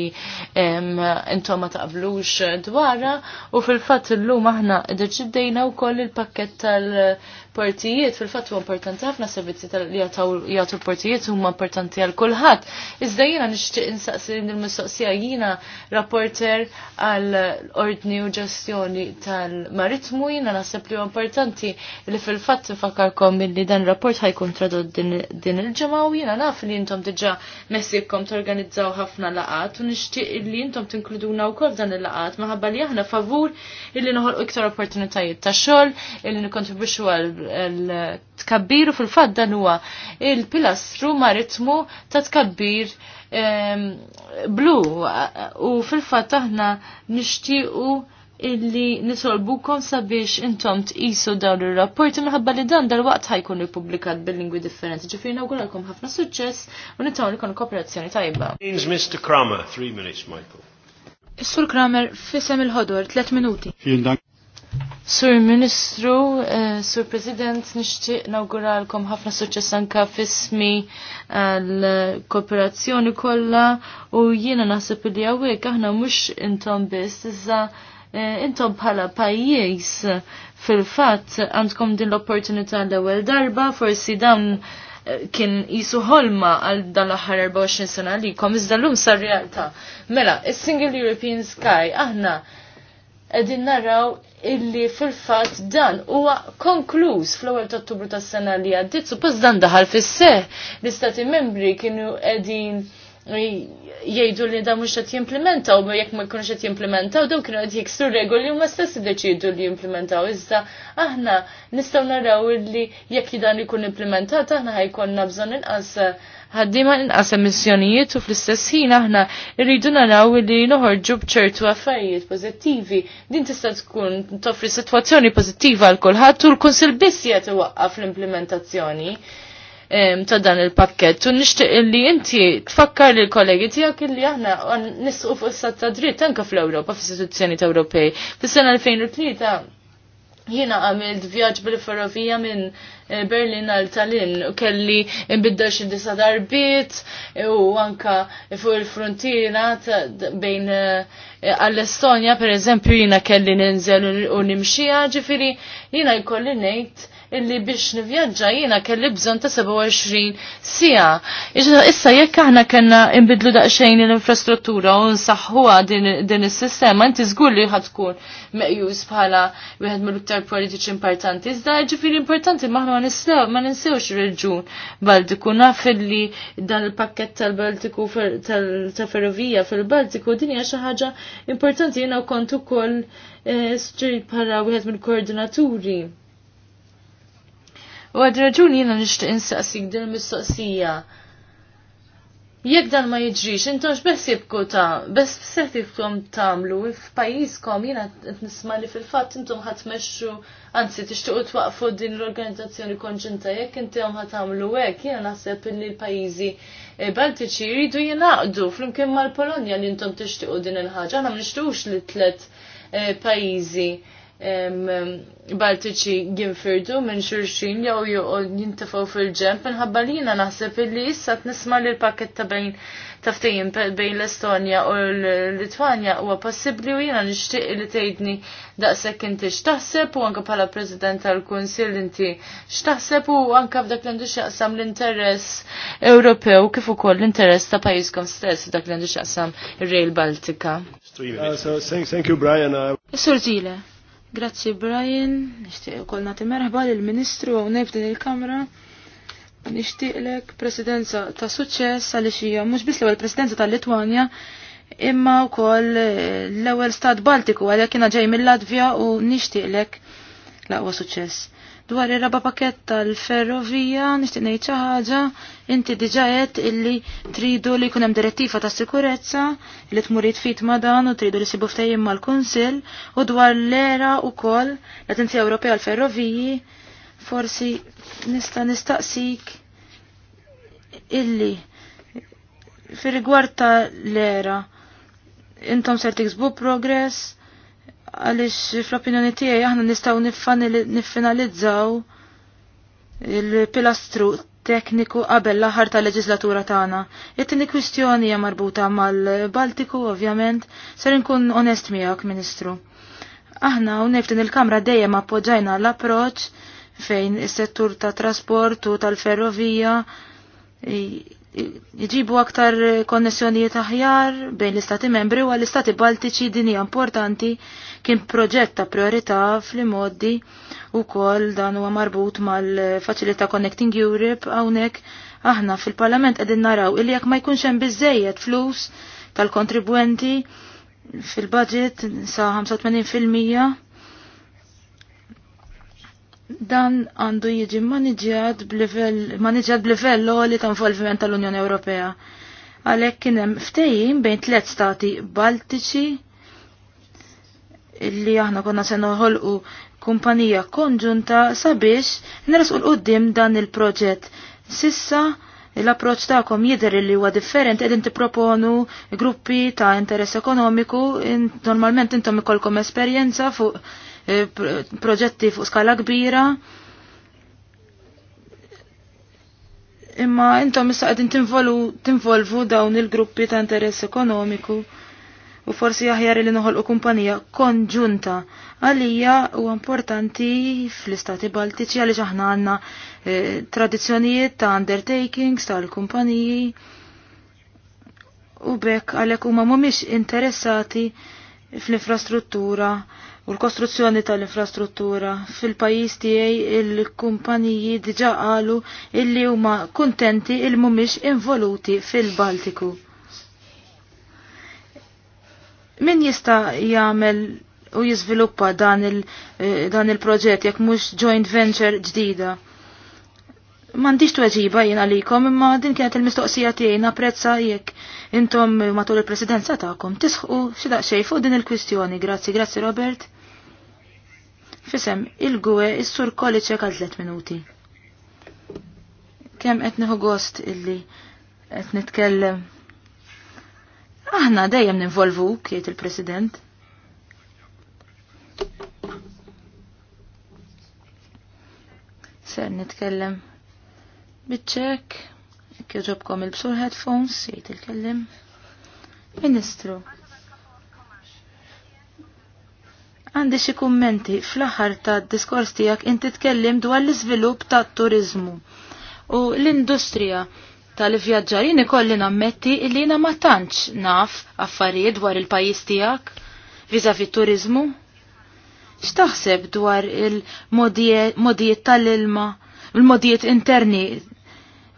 intom ma taqblux dwarha u fil-fatt illum aħna deċiddejna wkoll il-pakkett tal- partijiet fil-fatt huwa importanti ħafna servizzi li jagħtu l-partijiet huma importanti għal kulħadd. Iżda jiena nixtieq insaqsi il-mistoqsija jiena rapporter għal ordni u ġestjoni tal-maritmu jiena naħseb li huwa importanti li fil-fatt infakarkom milli dan rapport ħajkun tradod din il-ġimgħa u jiena naf li intom diġà messibkom torganizzaw ħafna laqat u nixtieq li intom tinkluduna wkoll dan il-laqat minħabba li aħna favur illi noħolqu iktar opportunitajiet ta' xogħol, illi nikkontribwixxu għal l-tkabbir u fil-fatt dan huwa il-pilastru ritmu ta' tkabbir blu u fil-fatt aħna nixtiequ illi nisolbukom sabiex intom tqisu dawn ir-rapporti minħabba li dan dal-waqt ħajkun ippubblikat bil-lingwi differenti. Ġifieri nawguralkom ħafna suċċess u nittaw li kon kooperazzjoni tajba. Mr. Kramer, 3 minutes, Michael. Is-Sur Kramer fisem il-ħodor 3 minuti. Sur Ministru, eh, Sur President, nixtieq nawguralkom ħafna suċċess anka fismi għall-kooperazzjoni eh, kollha u jiena nasib li hawnhekk aħna mhux intom biss iżda eh, intom bħala pajjiż fil-fatt għandkom din l-opportunità l-ewwel darba, forsi dan eh, kien jisu ħolma għal dan l-aħħar 24 sena li kom iżda sa' lum sar realtà. Mela, il single European Sky aħna qegħdin naraw illi fil-fat dan huwa konkluż fl-ewwel ta' Ottubru tas-sena li għaddiet, suppost dan daħal fis-seħ l-istati membri kienu qegħdin jgħidu li da mhux qed jimplementaw ma jekk ma jkunux qed jimplementaw daw kienu qed jiksru regoli u ma stess iddeċidu li jimplementaw iżda aħna nistgħu naraw li jekk dan ikun implementat aħna ħajkonna bżonn inqas ħaddima inqas emissjonijiet u fl-istess ħin aħna rridu naraw li noħorġu bċertu affarijiet pożittivi. Din tista' tkun toffri sitwazzjoni pożittiva għal kulħadd u l-Kunsil biss jgħet iwaqqaf l-implementazzjoni ta' dan il-pakket. U nixtieq li inti tfakkar li l-kollegi tiegħek li aħna nisqu fuq is sat ta' dritt anke fl ewropa fis istituzzjoni ta' Ewropej. Fis-sena 2003 Jiena għamilt vjaġġ bil-ferrovija minn eh, Berlin għal Tallinn u kelli nbidda xi disa darbiet eh, u anka fuq il-frontiera bejn eh, għall-Estonja pereżempju jiena kelli ninżel u nimxija ġifieri jiena jkolli ngħid illi biex nivjaġġa jiena kelli bżonn ta' 27 sija. Issa jekk aħna kellna nbidlu daqsxejn l-infrastruttura u nsaħħuha din is-sistema inti żgur li ħad tkun meqjus bħala wieħed mill-iktar politiċi importanti. Iżda ġifiri importanti maħna ma ninsewx ir-reġun Baltiku naf li dan il-pakkett tal-Baltiku ta' ferrovija fil-Baltiku din hija xi ħaġa importanti jiena kont ukoll eh, strid bħala wieħed mill-koordinaturi U għad raġuni jena nishtiq insaqsik din mistoqsija. Jekk dan ma jiġrix, intox jibku ta' bes b'setifkom tamlu f'pajjiżkom jiena qed nisma' li fil-fatt intom ħadd mexxu anzi t twaqfu din l-organizzazzjoni konġinta, jekk intom ħat tagħmlu hekk jiena nasib li l-pajjiżi eh, Baltiċi jridu jingħaqdu flimkien mal-Polonja li intom tixtiqu din il-ħaġa, għana ma li li tlet eh, pajjiżi Baltiċi ginfirdu minn xurxin jew jintifaw fil-ġemp minħabba li naħseb illi issa nisma' li l-pakket ta' bejn taftejn bejn l-Estonja u l-Litwanja huwa possibbli u jiena nixtieq li tgħidni daqshekk inti x'taħseb u anke bħala President tal-Kunsill inti x'taħseb u anke f'dak li għandu x'jaqsam l-interess Ewropew kif ukoll l-interess ta' pajjiżkom stess f'dak li għandu x'jaqsam ir-Rail Baltika. Uh, thank you Brian. Uh, Sur Zile. Grazzi Brian, nishtiq kol nati merħba l-Ministru għaw nebdin il-Kamra. lek presidenza ta' suċċess għaliex hija mhux biss l-ewwel presidenza tal-Litwanja, imma wkoll eh, l-ewwel Stat Baltiku għalhekk jiena ġej mill-Latvja u nixtieqlek l-aqwa suċċess dwar ir-raba pakket tal-ferrovija nixtieq ngħid xi ħaġa, inti diġà illi tridu li jkun hemm direttiva ta' sikurezza li t-murit fit madan u tridu li sibu ftehim mal-Kunsill u dwar l-era wkoll l atenzija Ewropea l ferroviji forsi nista' nistaqsik illi fir-rigward ta' l-era intom ser tiksbu progress għalix fl-opinjoni tiegħi aħna nistgħu niffinalizzaw il-pilastru tekniku qabel l-aħħar tal-leġislatura tagħna. It-tieni kwistjoni hija marbuta mal-Baltiku ovvjament, ser inkun onest miegħek, Ministru. Aħna hawnhekk il-Kamra dejjem appoġġajna l-approċċ fejn is-settur ta' trasport u tal-ferrovija jġibu aktar konnessjonijiet aħjar bejn l-istati membri u għall-istati baltiċi din hija importanti kien proġett ta' priorità fl-modi u kol dan huwa marbut mal-faċilità Connecting Europe hawnhekk aħna fil-Parlament qegħdin naraw illi jekk ma jkunx hemm biżejjed flus tal-kontribwenti fil-budget sa 85% dan għandu jiġi maniġjat b'livell maniġjat li ta' involviment tal-Unjoni Ewropea. Għalhekk kien hemm ftehim bejn tliet stati Baltiċi li aħna konna se noħolqu kumpanija konġunta sabiex nresqu l-qudiem dan il-proġett. Sissa l-approċ tagħkom jider li huwa differenti qegħdin tipproponu gruppi ta' interess ekonomiku, normalment intom ikolkom esperjenza fuq Eh, proġetti fuq skala kbira. Imma intom issa qegħdin tinvolvu dawn il-gruppi ta' interess ekonomiku u forsi aħjar li noħolqu kumpanija konġunta għalija u importanti fl-istati baltiċi għaliex aħna għandna eh, tradizzjonijiet ta' undertakings tal-kumpaniji u bekk għalhekk huma mhumiex interessati fl-infrastruttura u l-kostruzzjoni tal-infrastruttura. Fil-pajis tiegħi il-kumpaniji diġa qalu illi huma kuntenti il mhumiex involuti fil-Baltiku. Min jista' jagħmel u jiżviluppa dan eh, il-proġett il jekk mhux joint venture ġdida? Mandiċ tweġiba jien għalikom, imma din kienet il-mistoqsija tiegħi napprezza jekk intom matul il-presidenza tagħkom tisħu xi daqsxejn fuq din il-kwistjoni. Grazzi, grazzi Robert. Fisem, il-gwe is-sur kolliċe għal 3 minuti. Kem qed nieħu gost illi qed nitkellem. Aħna dejjem ninvolvu kiet il-President. Ser nitkellem bitċek, kieġobkom il-bsur headphones, jiet il kellem Ministru. Għandi xi kummenti fl-aħħar tad-diskors tiegħek inti tkellim dwar l-iżvilupp tat-turiżmu u l-industrija tal-vjaġġar ikolli nammetti li jiena ma tantx naf affarijiet dwar il-pajjiż tiegħek viżavi turiżmu. X'taħseb dwar il-modijiet tal-ilma, il-modijiet interni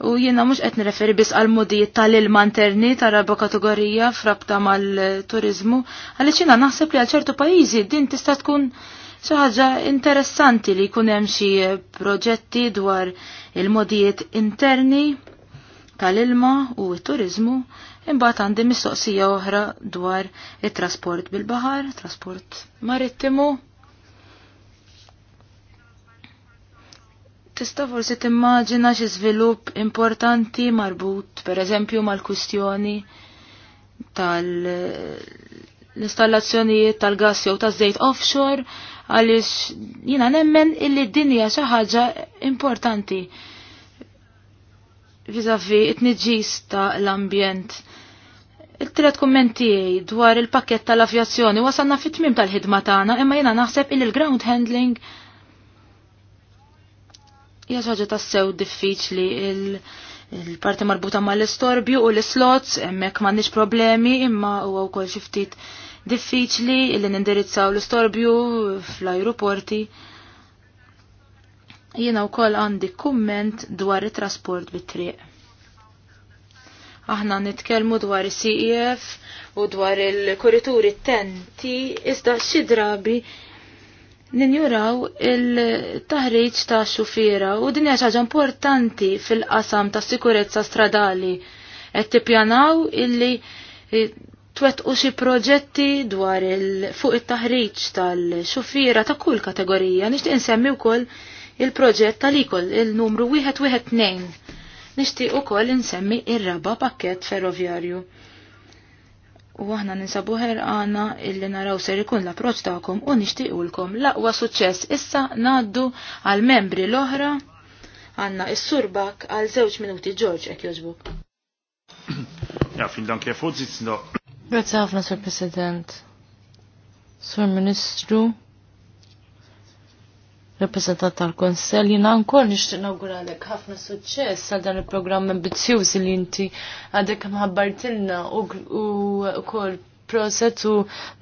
U jiena mhux qed nirreferi biss għal modijiet tal-ilma interni tal raba kategorija frabta mal-turizmu, għaliex jiena naħseb li għal ċertu pajjiżi din tista' tkun xi ħaġa interessanti li jkun hemm xi proġetti dwar il-modijiet interni tal-ilma u t-turizmu, imbagħad għandi mistoqsija oħra dwar it-trasport bil-baħar, trasport marittimu. Tista' forsi timmaġina xi żvilupp importanti marbut pereżempju mal-kwistjoni tal-installazzjonijiet tal-gass jew taż-żejt offshore għaliex jiena nemmen illi d-dinja xi ħaġa importanti vizavi it-nġis ta' l-ambjent. Il-tret kommenti dwar il-pakket tal-avjazzjoni wasanna fit-tmim tal-ħidma tagħna imma jiena naħseb il ground handling hija ħaġa tassew diffiċli il-parti marbuta mal-istorbju u l-slots hemmhekk m'għandniex problemi imma huwa wkoll xi ftit diffiċli li nindirizzaw l-istorbju fl-ajruporti. Jiena wkoll għandi kumment dwar it-trasport bit-triq. Aħna nitkellmu dwar is-CEF u dwar il-kurituri tenti iżda xi drabi ninjuraw il-taħriġ ta' xufiera u din hija ħaġa importanti fil-qasam ta' sikurezza stradali. Qed tippjanaw illi eh, twettqu xi proġetti dwar il fuq it-taħriġ tal-xufiera ta' kull kategorija. Nixtieq insemmi wkoll il-proġett tal-ikol il-numru wieħed wieħed tnejn. Nixtieq ukoll insemmi ir-raba' pakkett ferroviarju. U aħna ninsabu ħerqana illi naraw ser ikun l-approċ tagħkom u nixtiequlkom l-aqwa suċċess. Issa ngħaddu għal membri l-oħra għandna s-surbak għal żewġ minuti George ek joġbuk. Ja, fil danke Grazie ħafna, Sur President. Sur Ministru, rappresentant tal-Konsell, jina ankor nishtiq nawguralek ħafna suċċess għal dan il-programm ambizzjuż li inti għadek mħabbartilna u kol proset u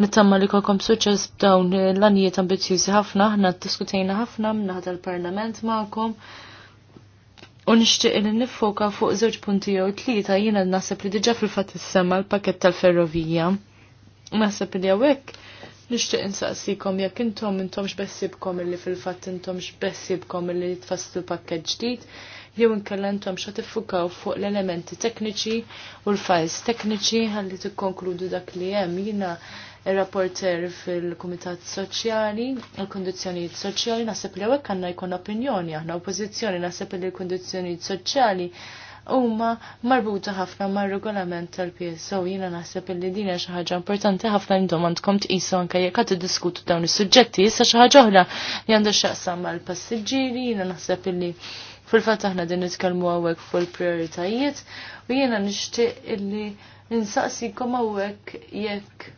nitamma li kolkom suċċess b'dawn l-anijiet ambizzjużi ħafna, ħna diskutejna ħafna minna tal-Parlament ma'kom. U nixtieq li nifoka fuq żewġ punti jew tlieta jiena naħseb li diġà fil-fatt issemma l-pakett tal-ferrovija. Naħseb li hawnhekk Nixtieq insaqsikom jekk intom intomx bessibkom illi fil-fatt intomx bessibkom illi l pakket ġdid, jew inkella intom xa tiffukaw fuq l-elementi tekniċi u l-files tekniċi ħalli tikkonkludu dak li hemm jiena il-rapporter fil-Kumitat Soċjali, il-Kondizzjonijiet Soċjali, naħseb li hekk għandna jkun opinjoni aħna oppożizzjoni naħseb li l-kondizzjonijiet soċjali huma marbuta ħafna mar-regolament tal-PSO. Jiena naħseb illi din hija xi ħaġa importanti ħafna intom għandkom tqisu anke jekk qed tiddiskutu dawn is-suġġetti, issa xi ħaġa oħra li għandha x'jaqsam mal-passiġġieri, jiena naħseb illi fil-fatt aħna din nitkellmu hawnhekk fuq il u jiena nixtieq illi nsaqsikom hawnhekk jekk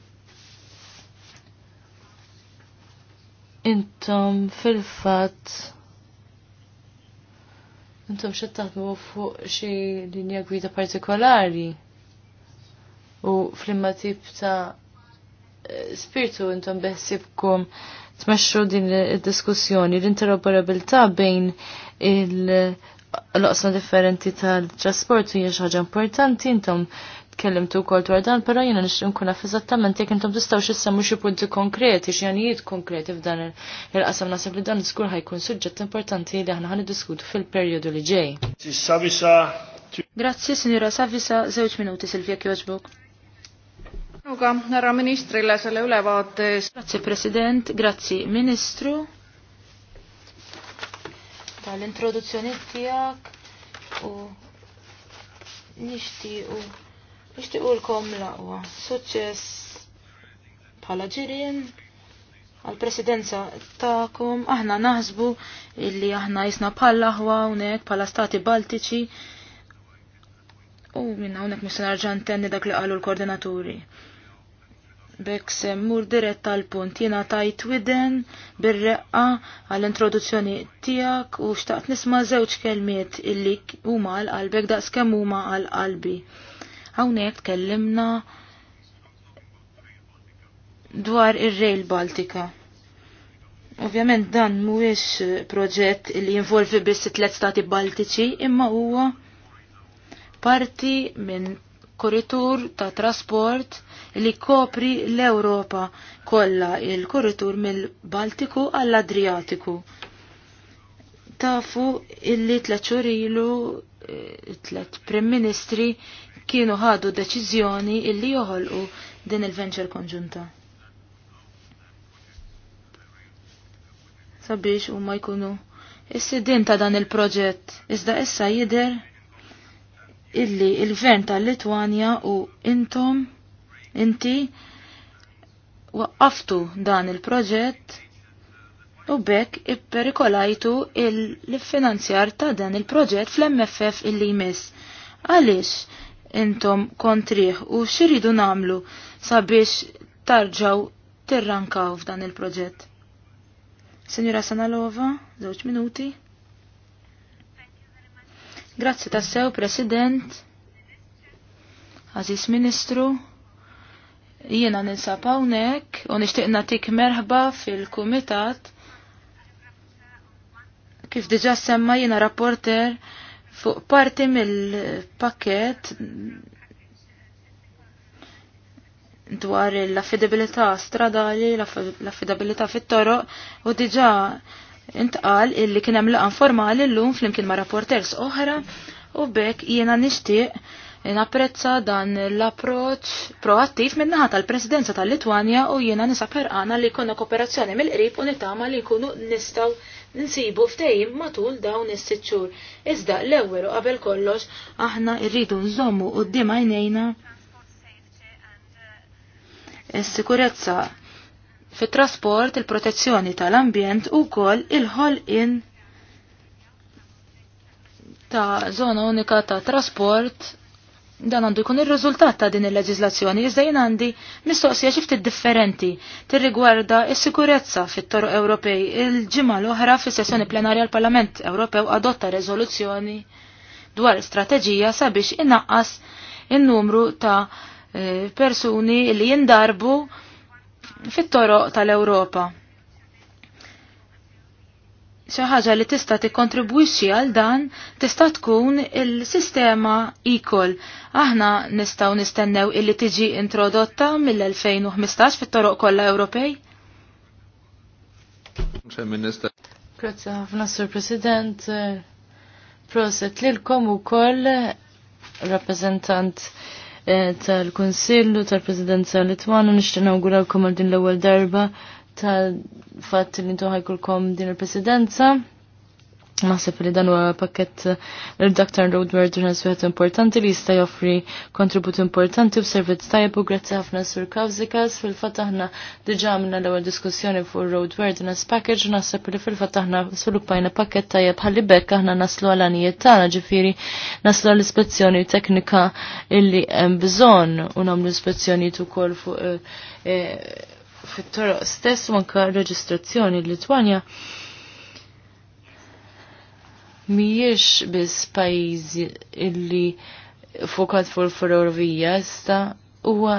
intom fil-fatt Intom xed taħdmu fuq xi linja gwida partikolari u flimma tip ta' spiritu intom beħsibkom tmexxu din id-diskussjoni l-interoperabilità bejn il- l differenti tal-trasport hija xi ħaġa importanti intom Kellimtu wkoll dwar dan, però jiena nishtu nkuna naf eżattament jekk intom xie issemmu xi punti konkreti, xi għanijiet konkreti f'dan il-qasam nasib li dan żgur ħajkun suġġett importanti li aħna ħaniddiskutu fil periodu li ġej. Grazzi, Sinjura Savisa, żewġ minuti Silvia Kjoġbuk. Nuga, nara ministri la ülevaate eest. Grazie President, grazie Ministru. l introduzzjoni tijak u nishti u Nishtiqulkom laqwa. Suċċess bħala ġirien għal-presidenza ta'kom aħna naħsbu illi aħna jisna bħala ħwa unek bħala stati baltiċi u minna unek mis-sanarġan tenni dak li qalu l-koordinaturi. Bek semmur dirett tal-punt jina tajt widen bir-reqqa għall-introduzzjoni tijak u xtaqt nisma zewċ kelmiet illi huma għal-qalbek daqs kemm huma għal-qalbi. għal qalbi Hawnhekk tkellimna dwar ir-Rail Baltika. Ovvjament dan mhuwiex proġett li jinvolvi biss tliet stati Baltiċi, imma huwa parti minn korritur ta' trasport li kopri l ewropa kollha il-korritur mill-Baltiku għall-Adriatiku. Tafu illi tlet xurilu eh, tlet prim ministri kienu ħadu deċiżjoni illi joħolqu din il-venture konġunta. Sabiex u ma jkunu is-sidin ta' dan il-proġett iżda issa jidher illi il-gvern tal-Litwanja u intom inti waqqaftu dan il-proġett u bekk ipperikolajtu il-finanzjar ta' dan il-proġett fl-MFF illi jmiss. Għaliex, intom kontriħ u xiridu namlu sabiex tarġaw tirrankaw f'dan il-proġett. Senjura Sanalova, żewġ minuti. Grazzi tassew, President, Aziz Ministru, jiena ninsab hawnhekk u nixtieq nagħtik merħba fil-kumitat kif diġà semma jiena rapporter fuq parti mill-pakket dwar l-affidabilità stradali, l-affidabilità fit-toroq u diġa intqal illi kien hemm laqan formali llum flimkien ma' rapporters oħra u bekk jiena nixtieq napprezza dan l approċċ proattiv minnaħa tal-Presidenza tal-Litwanja u jiena nisa perqana li jkollna kooperazzjoni mill-qrib u nitama li jkunu nistgħu nsibu ftejim matul dawn is sitxur xhur. Iżda l-ewwel u qabel kollox aħna rridu nżommu quddiem għajnejna is-sikurezza fit-trasport, il-protezzjoni tal-ambjent u kol il in ta' zona unika ta' trasport dan għandu jkun ir-riżultat ta' din il leġizlazzjoni iżda jien għandi mistoqsija xi ftit differenti rigwarda s-sikurezza fit-toroq Ewropej. Il-ġimgħa l-oħra fis-sessjoni plenarja l-Parlament Ewropew adotta rezoluzzjoni dwar strateġija sabiex inaqqas in-numru ta' eh, persuni li jindarbu fit-toroq tal-Ewropa xi ħaġa li tista' tikkontribwixxi għal dan tista' tkun il-sistema ikol. Aħna nistgħu nistennew illi tiġi introdotta mill-2015 fit-toroq kollha Ewropej. Grazie ħafna, Sur President. Proset lilkom ukoll rappreżentant eh, tal kunsillu tal-Presidenza Litwana nixtieq nawguralkom għal din l-ewwel darba tal-fatt li ntuħaj kulkom din il-presidenza. Naħseb li dan huwa pakket l-Dr. Roadware ġurnal wieħed importanti li jista' joffri kontribut importanti u servizz tajjeb u grazzi ħafna sur Kawzikas. Fil-fatt aħna diġà għamilna l-ewwel diskussjoni fuq Roadware Dunas Package u naħseb li fil-fatt aħna sviluppajna pakket tajjeb ħalli bekk aħna naslu għal anijiet tagħna ġifieri naslu għal ispezzjoni teknika illi hemm bżonn u nagħmlu ispezzjonijiet ukoll fuq eh, eh, fit-toroq stess u reġistrazzjoni l-Litwanja mhijiex biss pajjiżi illi fukat fuq il-ferrovija sta huwa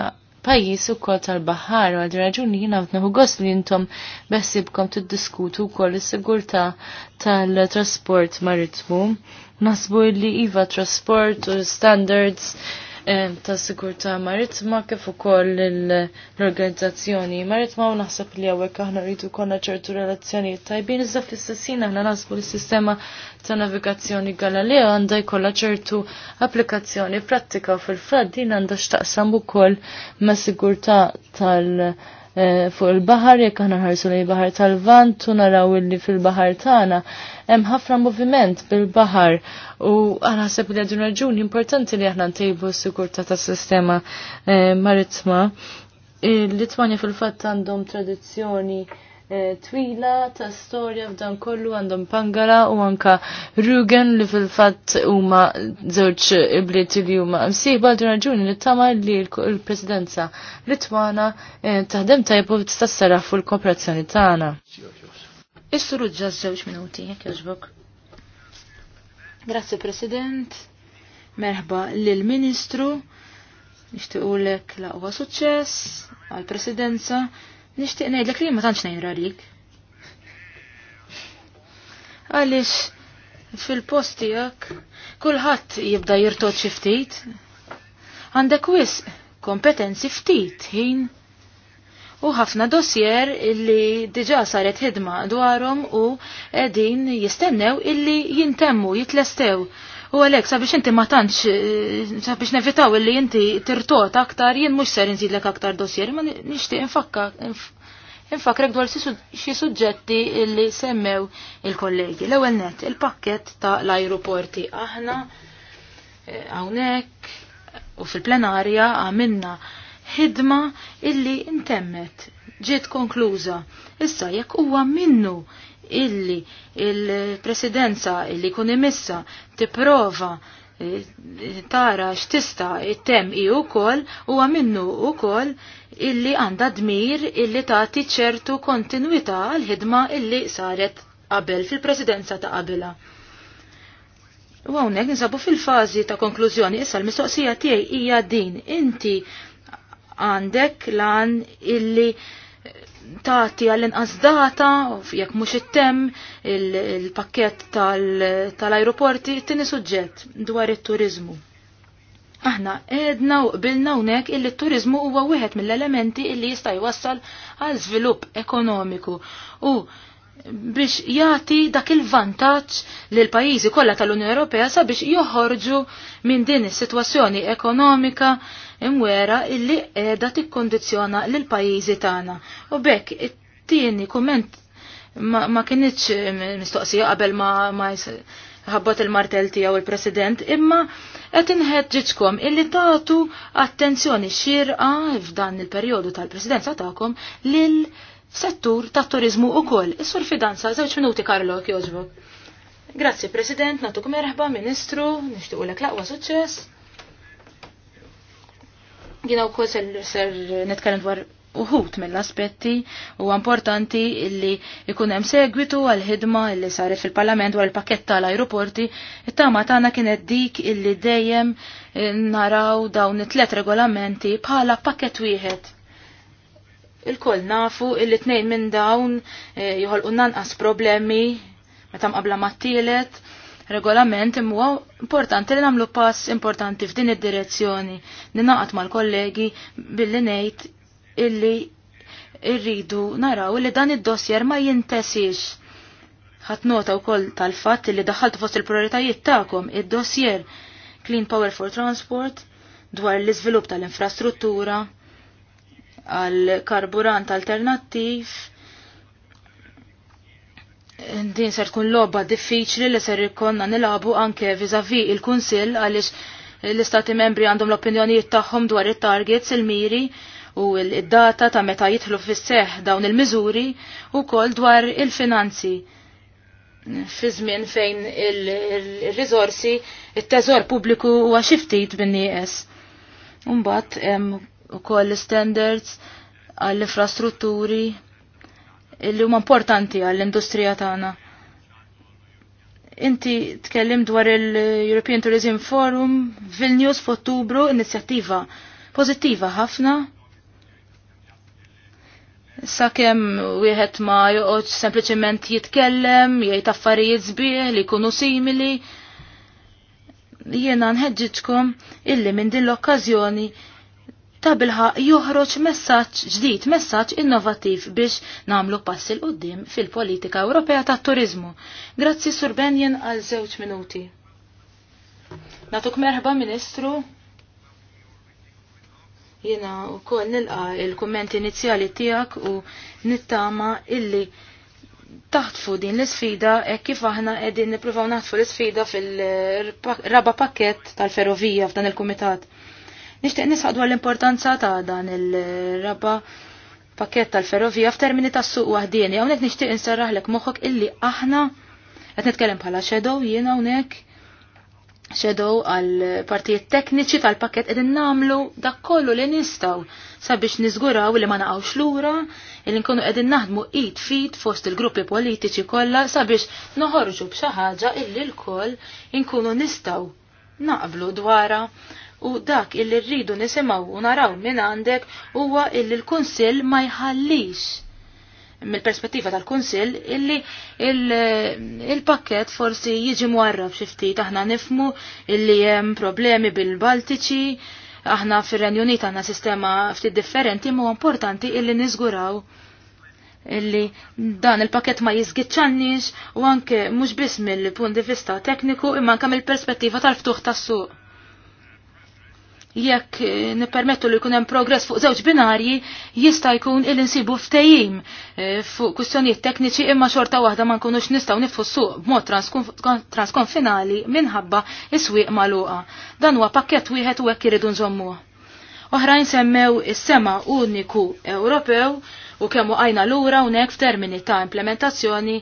pajis u kol tal-bahar u għad raġuni jina għatnaħu għost li jintom bessibkom t-diskutu kol sigurtà sigurta tal-trasport maritmu. Nasbu li iva trasport u standards ta' sigurtà maritma kif ukoll l-organizzazzjoni maritma u naħseb li hawnhekk aħna rridu konna ċertu relazzjonijiet tajbin iżda fis-sessin aħna naħsbu li s-sistema ta' navigazzjoni Galileo għandha jkollha ċertu applikazzjoni prattika u fil-fatt din għandha x'taqsam ukoll ma' sigurtà tal- Eh, fuq il-bahar, jekk aħna ħarsu lejn bahar tal-vant, u naraw illi fil-bahar tagħna hemm ħafna moviment bil-bahar u aħna ħseb li għadun raġuni importanti li aħna ntejbu s-sikurta tas-sistema eh, maritma. Il-Litwanja fil-fatt għandhom tradizzjoni Eh, twila ta' storja f'dan kollu għandhom pangala u anka Rugen li fil-fatt huma żewġ ibliet li huma msiba għal raġuni li tama li l-presidenza Litwana eh, taħdem tajbu tista' fuq il-kooperazzjoni tagħna. Is-suru ġa żewġ minuti, jekk jogħġbok. Grazzi President, merħba lill-Ministru, nixtiequlek laqwa suċċess għall-Presidenza. Nishtiq ngħidlek li ma tantx nejn rarik. Għaliex fil-post tiegħek kulħadd jibda jirtod xi ftit. Għandek wisq kompetenzi ftit ħin u ħafna dossier illi diġa saret ħidma dwarhom u qegħdin jistennew illi jintemmu jitlestew U għalek, sabiex inti ma tantx, eh, sabiex nevitaw illi inti tirtot aktar, jien mux ser nżidlek aktar dosjer, ma nishti infakka, infakrek dwar xi suġġetti li semmew il-kollegi. L-ewwel net, il-pakket ta' l-ajruporti. Aħna eh, hawnhekk u fil-plenarja għamilna ħidma illi intemmet ġiet konkluża. Issa jekk huwa minnu illi il-presidenza illi kun imissa tipprova eh, tara x'tista' it-tem i wkoll huwa minnu wkoll illi għandha dmir illi tagħti ċertu kontinwità għal ħidma illi saret qabel fil-presidenza ta' qabilha. U hawnhekk insabu fil-fażi ta' konklużjoni issa l-mistoqsija tiegħi hija din inti għandek lan illi tati għall-inqas data, jekk mhux il-pakket il-pakket tal-aeroporti, t tini suġġett dwar it-turizmu. Aħna edna u qbilna unek illi t-turizmu huwa wieħed mill-elementi illi jista' jwassal għal żvilupp ekonomiku u biex jagħti dak il-vantaġġ lil pajjiżi kollha tal-Unjoni Ewropea sabiex joħorġu minn din is-sitwazzjoni ekonomika imwera illi qiegħda tikkondizjona lil pajjiżi tagħna. U bekk it-tieni kumment ma, ma eh, mistoqsija qabel ma, ma ħabbat il-martel tiegħu il-President, imma qed inħeġġitkom illi tagħtu attenzjoni xirqa f'dan il-perjodu tal-Presidenza tagħkom lil settur tat turizmu ukoll. Is-sur fidanza żewġ minuti Karlo, jogħġbok. Grazzi President, natukum merħba Ministru, nixtiequ l laqwa suċċess. Jina u kol ser netkellem dwar uħut mill-aspetti u importanti illi ikun hemm segwitu għal ħidma illi saret fil-Parlament wara l pakett tal-ajruporti, it-tama tagħna kienet dik illi dejjem eh, naraw dawn it-tlet regolamenti bħala pakett wieħed. Il-koll nafu illi tnejn minn dawn eh, joħolqu nanqas problemi meta mqabla mat-tielet regolament imma importanti li nagħmlu pass importanti f'din id-direzzjoni. Ninaqat mal-kollegi billi ngħid illi irridu naraw li dan id-dossier ma jintesix. Ħadd nota wkoll tal-fatt li daħħaltu fost il-prioritajiet tagħkom id-dossier Clean Power for Transport dwar l-iżvilupp tal-infrastruttura għal karburant alternattiv din ser tkun logħba diffiċli li ser ikonna nilabu anke vizavi il-Kunsill għaliex l-istati membri għandhom l-opinjonijiet tagħhom dwar it-targets, il-miri u l-data ta' meta jitħlu fis-seħ dawn il-miżuri u kol dwar il-finanzi fi żmien fejn il-riżorsi it-teżor pubbliku huwa xi ftit bin-nieqes. Imbagħad hemm ukoll standards għall-infrastrutturi li huma importanti għall-industrija tagħna. Inti tkellim dwar il-European Tourism Forum Vilnius f'Ottubru, inizjattiva pożittiva ħafna. Sakem wieħed ma joqgħod sempliċement jitkellem, jgħid affarijiet sbieħ li jkunu simili. Jiena nħeġġitkom illi minn din l-okkażjoni ta' bilħa joħroġ messaġġ ġdid, messaġġ innovattiv biex namlu passi l qoddim fil-politika Ewropea ta' turizmu. Grazzi Sur Benjen għal żewġ minuti. Natuk merħba Ministru. Jena u koll nilqa il-komment inizjali tijak u nittama illi taħtfu din l-sfida e kif aħna edin niprufaw naħtfu l-sfida fil-raba pakket tal-ferrovija f'dan il-komitat. Nixtieq nisaq dwar l-importanza ta' dan il-raba pakket tal-ferrovija f'termini ta' suq waħdien. Hawnhekk nixtieq inserraħlek moħħok illi aħna qed nitkellem bħala shadow jien hawnhekk shadow għal partijiet tekniċi tal-pakket edin namlu dak kollu li nistaw sabiex nizguraw li ma naqawx lura li nkunu edin naħdmu id fit fost il-gruppi politiċi kollha sabiex noħorġu b'xi ħaġa illi l-koll inkunu nistaw naqblu dwara u dak illi rridu nisimaw u naraw minn għandek huwa illi l-Kunsill ma jħallix mill-perspettiva tal-Kunsill illi il-pakket forsi jiġi muarraf xi ftit aħna nifmu illi hemm problemi bil-Baltiċi aħna fir-Renju Unit għandna sistema ftit differenti ma importanti illi niżguraw illi dan il-pakket ma jizgitxannix u anke mhux biss mill-punt di vista tekniku imma anke mill-perspettiva tal-ftuħ tas-suq jekk eh, nipermettu li jkun hemm progress fuq żewġ binarji jista' jkun il insibu ftejim eh, fuq kwistjonijiet tekniċi imma xorta waħda ma nkunux nistgħu nifhu suq b'mod transkonfinali minħabba is-swieq magħluqa. Dan huwa pakkett wieħed u hekk iridu nżommuh. Oħrajn semmew is-sema uniku Ewropew u kemm għajna lura hawnhekk f'termini ta' implementazzjoni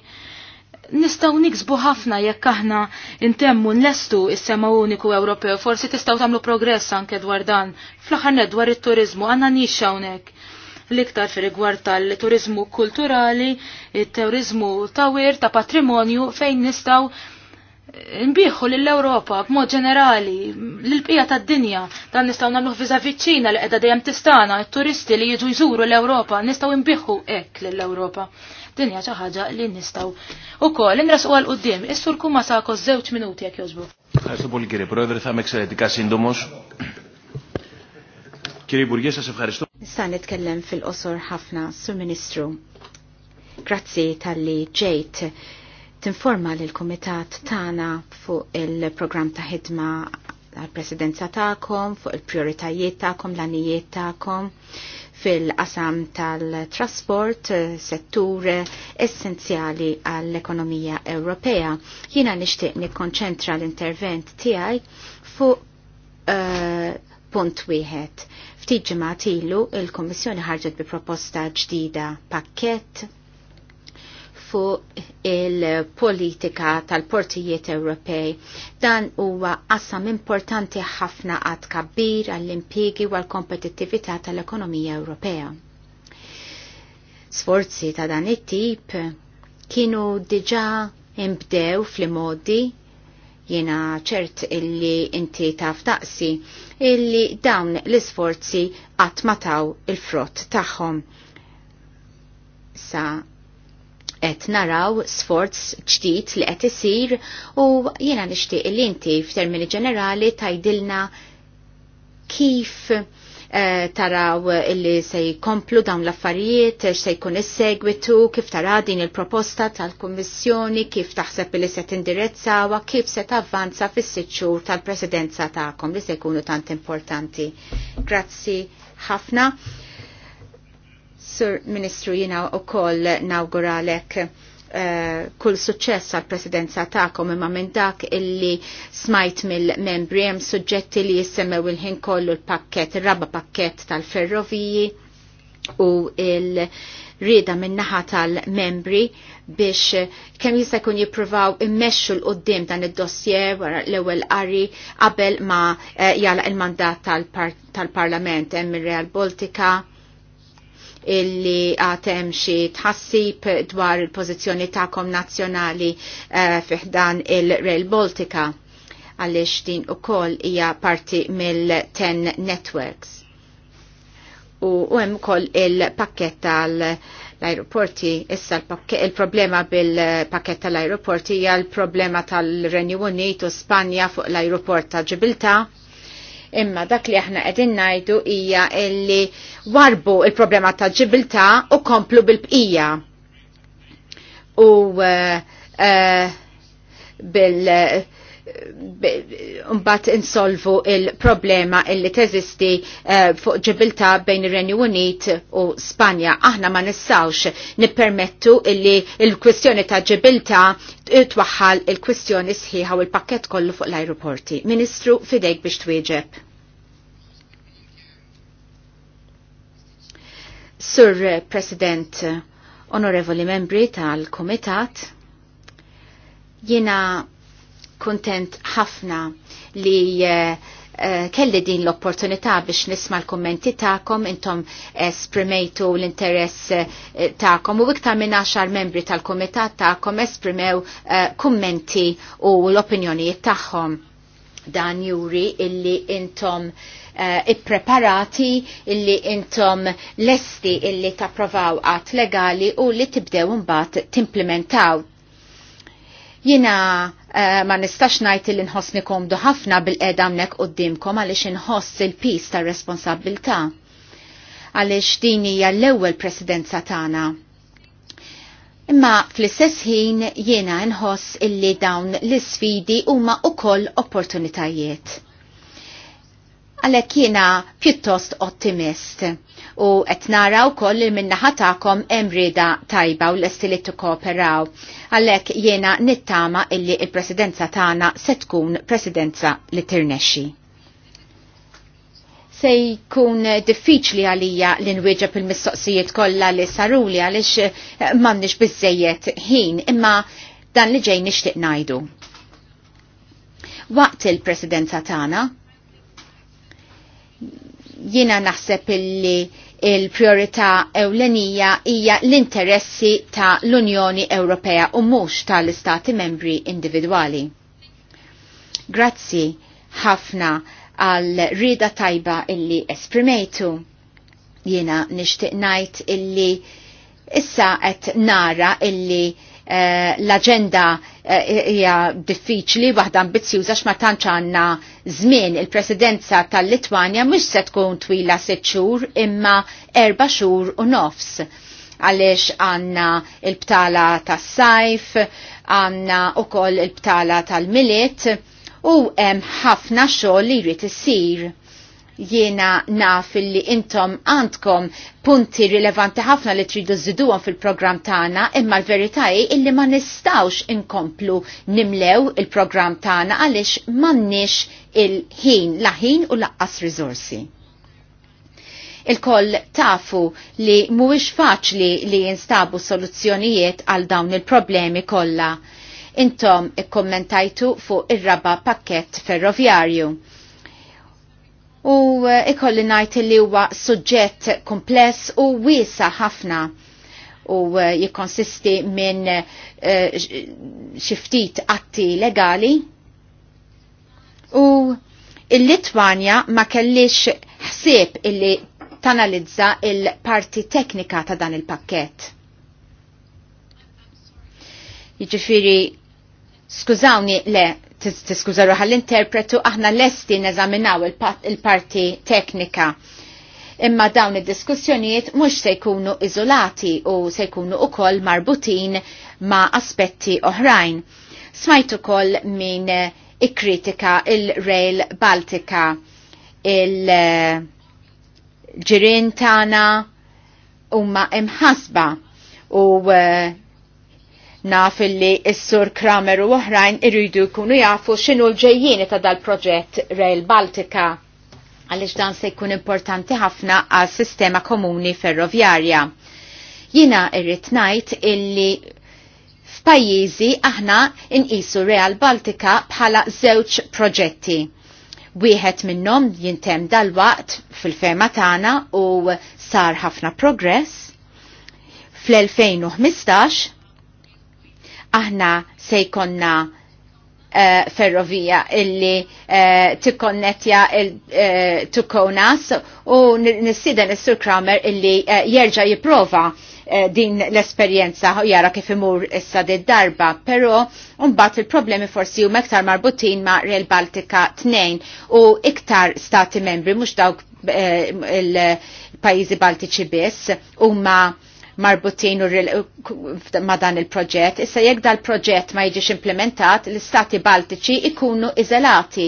nistaw niksbu ħafna jekk aħna intemmu nlestu is-sema uniku Ewropew, forsi tistaw tagħmlu progress anke dwar dan. Fl-aħħar dwar it-turizmu għandna nix hawnhekk. L-iktar fi rigward tal-turizmu kulturali, it-turizmu tawir ta' patrimonju fejn nistaw nbieħu lill-Ewropa b'mod ġenerali, l-bqija tad-dinja, dan nistgħu nagħmluh viża viċċina li qiegħda dejjem tistana, t-turisti li jiġu jżuru l-Ewropa, nistgħu nbieħu hekk lill-Ewropa. Dinja xi ħaġa li nistgħu wkoll, inrasqu għal quddiem. Is-sur kuma sako żewġ minuti jekk jogħġbu. Ευχαριστώ πολύ κύριε Πρόεδρε, θα είμαι εξαιρετικά σύντομος. Κύριε Υπουργέ, σας ευχαριστώ. Σαν nitkellem fil-qosor ħafna, Sur Ministru. Grazzi tal-li ġejt tinforma lill komitat tagħna fuq il programm ta' ħidma għal-presidenza ta'kom, fuq il-prioritajiet ta'kom, l għanijiet ta'kom fil-qasam tal-trasport, eh, settur eh, essenzjali għall-ekonomija Ewropea. Jina nixtieq nikkonċentra l-intervent tiegħi fuq uh, punt wieħed. Ftit ġimgħat ilu il-Kummissjoni ħarġet bi proposta ġdida pakkett fuq il-politika tal-portijiet Ewropej. Dan huwa assam importanti ħafna għad kabbir għall impiegi u għall-kompetittività tal-ekonomija Ewropea. Sforzi ta' dan it-tip kienu diġa imbdew fl-modi jena ċert illi inti taf daqsi illi dawn l-isforzi għatmataw il-frott tagħhom. Sa qed naraw sforz ġdid li qed isir u jiena nixtieq li inti f'termini ġenerali tajdilna kif eh, taraw illi se jkomplu dawn l-affarijiet, se jkun is-segwitu, kif tara din il-proposta tal-Kummissjoni, kif taħseb li se tindirezzawa, kif se tavvanza fis siċċur tal-Presidenza tagħkom li se jkunu tant importanti. Grazzi ħafna. Sur Ministru jina u koll nawguralek uh, kull suċċess għal presidenza ta'kom imma minn dak illi smajt mill-membri hemm suġġetti li jissemmew il-ħin kollu l-pakket, ir-raba pakket tal-ferroviji u il- rida minnaħa tal-membri biex kemm jista' jkun jippruvaw immexxu l qoddim dan id-dossier wara l-ewwel qari qabel ma eh, jala il-mandat tal-Parlament hemm ir-Real Baltica illi għatem xie tħassib dwar il-pozizjoni ta'kom nazjonali uh, eh, fiħdan il-Rail Baltica għalix din u koll hija parti mill-10 networks. U hemm ukoll il-pakket tal-aeroporti, issa il-problema bil-pakket tal-aeroporti hija l-problema tal-Renju Unit u Spanja fuq l-aeroport ta' Ġibilta Imma dak li aħna qegħdin ngħidu hija illi warbu il-problema ta' ġibilta u komplu bil-bqija. U uh, uh, bil- uh, mbagħad insolvu il-problema illi teżisti uh, fuq ġibilta bejn ir-Renju Unit u Spanja. Aħna ma nissawx nippermettu illi il-kwistjoni ta' ġibilta twaħħal il-kwistjoni sħiħa u l-pakket kollu fuq l-ajruporti. Ministru fidejk biex twieġeb. Sur President, onorevoli membri tal-Komitat, jiena kontent ħafna li eh, eh, kelli din l-opportunità biex nisma l-kommenti ta'kom, intom eh, esprimejtu l-interess ta'kom u iktar minn 10 membri tal-komitat ta'kom esprimew kommenti u l-opinjonijiet ta'kom. Dan juri illi intom uh, ippreparati illi intom lesti illi tapprovaw għat legali u li tibdew mbagħad timplementaw. Jina Eh, ma nistax najt li nħossni komdu ħafna bil-edamnek u d-dimkom għalix nħoss il-pis ta' responsabilta. Għalix din hija l-ewwel presidenza tagħna. Imma fl-istess ħin jiena nħoss illi dawn l-isfidi huma ukoll opportunitajiet Għalhekk jiena pjuttost ottimist u qed nara wkoll li minnaħa tagħkom hemm rieda tajba u l li tikkooperaw. Għalhekk jiena nittama illi il-presidenza tagħna se tkun presidenza li tirnexxi. Se jkun diffiċli għalija li nwieġeb il-mistoqsijiet kollha li saruli għaliex eh, m'għandniex biżejjed ħin, imma dan li ġej nixtieq ngħidu. Waqt il-presidenza tagħna, Jiena naħseb illi il-priorità ewlenija hija l-interessi ta' l-Unjoni Ewropea u mhux tal-Istati membri individwali. Grazzi ħafna għal rida tajba illi esprimejtu. Jiena nixtieq ngħid illi issa qed nara illi Eh, l-agenda eh, hija diffiċli waħda ambizzjuża x'ma tantx għandna żmien il-presidenza tal-Litwanja mhux se tkun twila sitt xhur imma erba' xhur u nofs għaliex għanna il-btala tas-sajf, għanna u koll il-btala tal-miliet u hemm ħafna xogħol li jrid isir jiena naf li intom għandkom punti rilevanti ħafna li tridu ziduhom fil-programm tagħna, imma l-verità illi ma nistgħux inkomplu nimlew il-programm tagħna għaliex m'għandniex il-ħin, la ħin u laqqas riżorsi. Il-koll tafu li mhuwiex faċli li jinstabu soluzzjonijiet għal dawn il-problemi kollha. Intom ikkommentajtu fuq ir-raba pakket ferroviarju u eh, ikolli najt li huwa suġġett kompless u wiesa ħafna u eh, jikkonsisti minn eh, xiftit atti legali u il-Litwanja ma kellix ħsieb illi tanalizza il-parti teknika ta' dan il-pakket. Jiġifieri skużawni le tiskuża ruħa l-interpretu aħna lesti neżaminaw il-parti teknika. Imma dawn id-diskussjonijiet mhux se jkunu iżolati u se jkunu koll marbutin ma' aspetti oħrajn. Smajt ukoll min eh, ikkritika il-Rail Baltica il-ġirin eh, tagħna imħasba u eh, Naf illi s-sur Kramer u oħrajn irridu jkunu jafu x'inhu l-ġejjieni ta' dal-proġett Rail Baltica għaliex dan se jkun importanti ħafna għal sistema komuni ferrovjarja. Jina irrid ngħid illi f'pajjiżi aħna inqisu Real Baltica bħala żewġ proġetti. Wieħed minnhom jintem dal-waqt fil-ferma tagħna u sar ħafna progress. Fl-2015 aħna se jkonna uh, eh, ferrovija illi uh, eh, tikkonnettja il-tukonas eh, uh, u nissiden is-Sur Kramer illi jerġa' jipprova din l-esperienza jara kif imur issa di darba, pero mbagħad il-problemi forsi huma iktar marbutin ma' real Baltica 2 u iktar stati membri mhux dawk il il-pajjiżi Baltiċi biss huma marbutin ma' dan il-proġett. Issa jekk dal-proġett ma jiġix implementat, l-istati baltiċi ikunu iżolati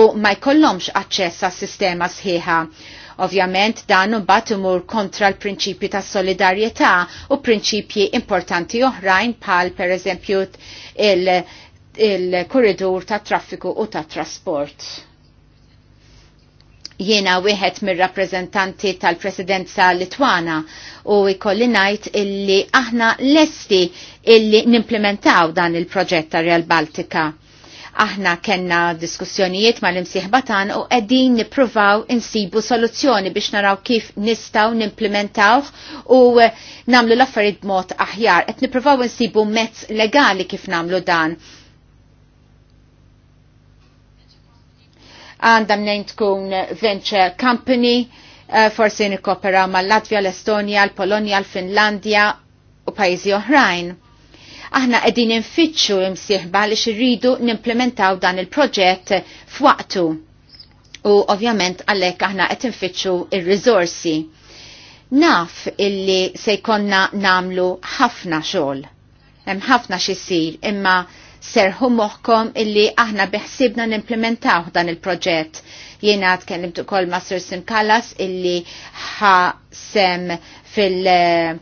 u ma jkollhomx aċċess għas sistema sħiħa. Ovvjament dan imbagħad imur kontra l prinċipji ta' solidarjetà u prinċipji importanti oħrajn bħal pereżempju il-korridur ta' traffiku u ta' trasport. Jiena wieħed mir-rappreżentanti tal-Presidenza Litwana u jkolli ngħid illi aħna lesti illi nimplementaw dan il-proġett ta' Real Baltica. Aħna kenna diskussjonijiet ma' l-imsieħba tan u qegħdin nippruvaw insibu soluzzjoni biex naraw kif nistaw nimplementaw u namlu l-affarijiet b'mod aħjar. Qed nippruvaw insibu mezz legali kif namlu dan għandha mnejn tkun venture company, eh, forsi nikkopera mal-Latvja, l-Estonja, l-Polonja, l-Finlandja u pajjiżi oħrajn. Aħna qegħdin infittxu imsieħba li xirridu nimplementaw dan il-proġett f'waqtu. U ovvjament għalhekk aħna qed infittxu ir-riżorsi. Naf illi se jkollna namlu ħafna xogħol. Hemm ħafna xisir imma serħu moħkom illi aħna biħsibna nimplementaw dan il-proġett. Jiena tkellimt ukoll ma' Sir Sim Kallas illi ħa sem fil- eh,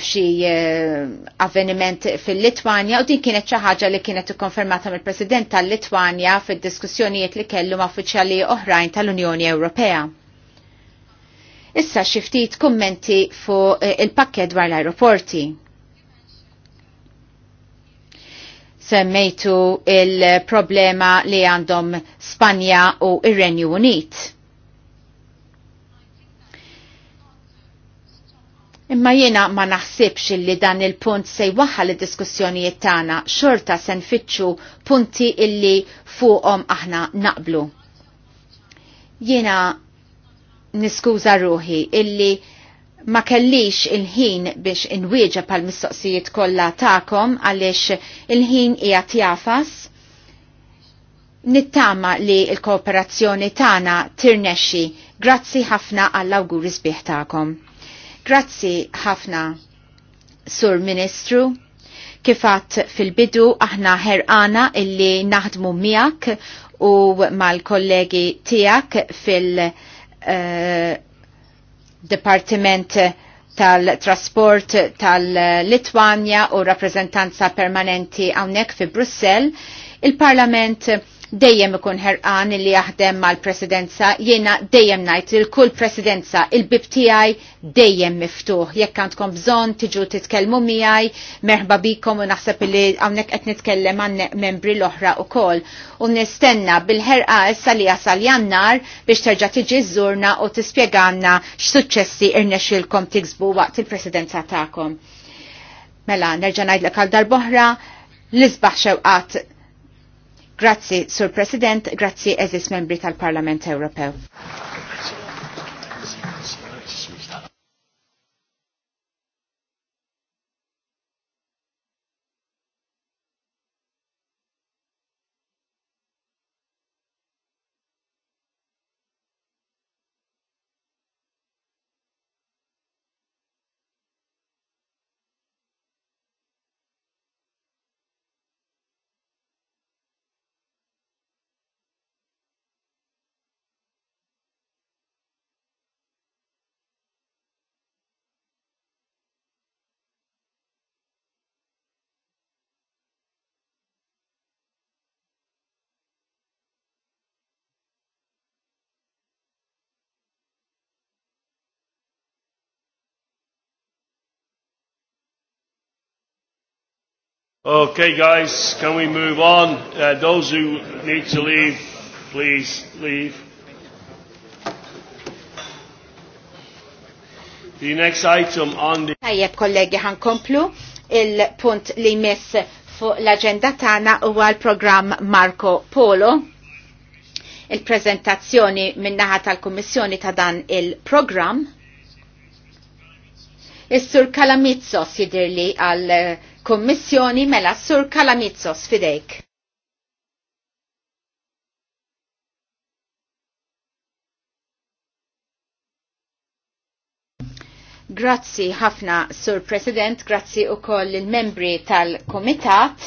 f'xi eh, avveniment fil-Litwanja u din kienet xi ħaġa li kienet ikkonfermata mill-President tal-Litwanja fid-diskussjonijiet li kellu ma' uffiċjali oħrajn tal-Unjoni Ewropea. Issa xi ftit kummenti fuq eh, il-pakket dwar l-aeroporti. semmejtu il-problema li għandhom Spanja u ir-Renju Unit. Imma jiena ma naħsibx li dan il-punt se jwaħħal id-diskussjonijiet tagħna xorta se nfittxu punti illi fuqhom aħna naqblu. Jiena niskuża ruħi illi ma kellix il-ħin biex inwieġa pal mistoqsijiet kollha tagħkom għaliex il-ħin hija tjafas. Nittama li l-kooperazzjoni tagħna tirnexxi. Grazzi ħafna għall-awguri sbieħ tagħkom. Grazzi ħafna Sur Ministru kifat fil-bidu aħna ħerqana illi naħdmu miegħek u mal-kollegi tiegħek fil- uh, Departiment tal-Trasport tal-Litwanja u rappresentanza permanenti għawnek fi Brussel, il-Parlament dejjem ikun ħerqan li jaħdem mal-presidenza, jiena dejjem najt il-kull presidenza, il-bib tiegħi dejjem miftuħ. Jekk għandkom bżonn tiġu titkellmu miegħi, merħba bikom u naħseb li hawnhekk qed nitkellem għan membri l-oħra wkoll. U nistenna bil-ħerqa issa li jasal jannar biex terġa' tiġi żurna u tispjegana x'suċċessi irnexxilkom tiksbu waqt il-presidenza tagħkom. Mela, nerġa' ngħidlek għal darboħra l-isbaħ xewqat Grazie Sur President, grazie eżis membri tal-Parlament Ewropew. Okay, guys, can we move on? Uh, those who need to leave, please leave. The next item on the... Tajjeb, kollegi, ħankomplu il-punt li mess fuq l-agenda tana u l program Marco Polo. Il-prezentazzjoni minnaħa tal-Kommissjoni ta' dan il program Is-sur Kalamizzos jidirli għal uh, Kummissjoni mela Sur Kalamizzos fidejk. Grazzi ħafna, Sur President, grazzi u koll il-membri tal-Komitat.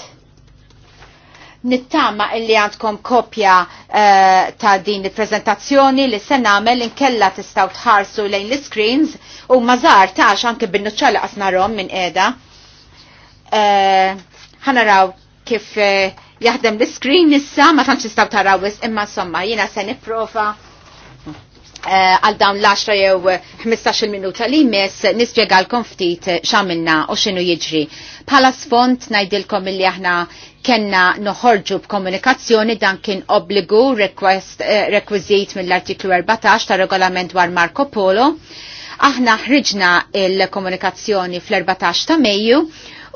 Nittama illi għandkom kopja uh, ta' din il-prezentazzjoni li se nagħmel inkella tistgħu tħarsu lejn l-screens u mażar tax anke bin-nuċċali qasnarhom minn qiegħda. Eh, ħanaraw raw kif eh, jaħdem l-screen issa ma tantx istaw taraw imma somma jiena se nipprova eh, għal dawn l-10 jew 15 minuta li nispjega nispjegalkom ftit x'għamilna u x'inhu jiġri. Bħala sfond ngħidilkom illi aħna kenna noħorġu b'komunikazzjoni dan kien obbligu request requisit mill-artiklu 14 ta' regolament dwar Marco Polo. Aħna ħriġna il-komunikazzjoni fl-14 ta' Mejju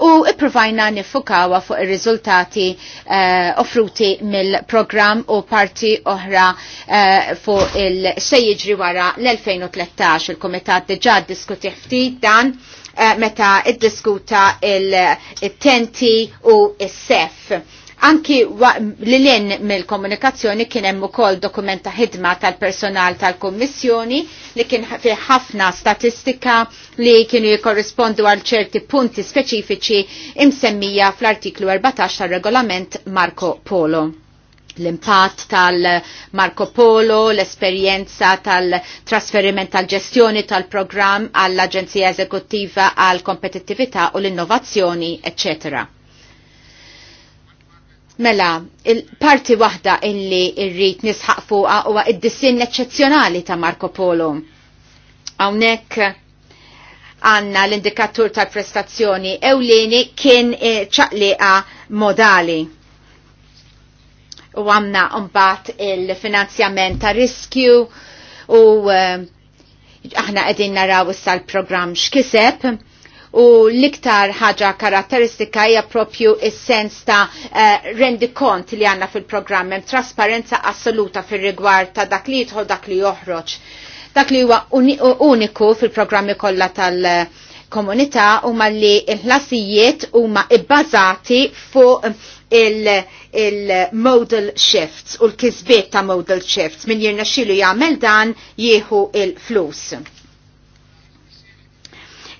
u ipprovajna nifukawa fuq ir-riżultati uh, offruti mill-programm u parti oħra uh, fuq il sejġri wara l-2013. Il-Komitat diġà diskuti ftit dan uh, meta u s-sef. il-tenti u s sef Anki li l-in mill-komunikazzjoni kien hemm ukoll dokumenta ħidma tal-personal tal-Kommissjoni li kien fi ħafna statistika li kienu jikorrispondu għal ċerti punti speċifiċi imsemmija fl-artiklu 14 tal-regolament Marco Polo l-impatt tal-Marco Polo, l-esperienza tal-trasferiment tal-ġestjoni tal-programm għall-Aġenzija Eżekuttiva għall kompetittività u l-Innovazzjoni, eccetera. Mela, il-parti wahda illi irrit nisħaq fuqa huwa id-dissin eccezzjonali ta' Marco Polo. Hawnhekk għanna l-indikatur tal prestazzjoni ewlieni kien e, ċaqliqa modali. U għamna mbagħad il-finanzjament ta' riskju u e, aħna qegħdin naraw issa l-programm x'kiseb u l-iktar ħaġa karatteristika hija propju is-sens ta' uh, eh, rendi kont li għanna fil-programm hemm trasparenza assoluta fir-rigward ta' dak li jidħol dak li joħroġ. Dak li huwa uniku fil-programmi kollha tal- komunità u li il-ħlasijiet huma ibbażati fuq il-modal il shifts u l-kisbiet ta' modal shifts min jirna xilu jagħmel dan jieħu il-flus.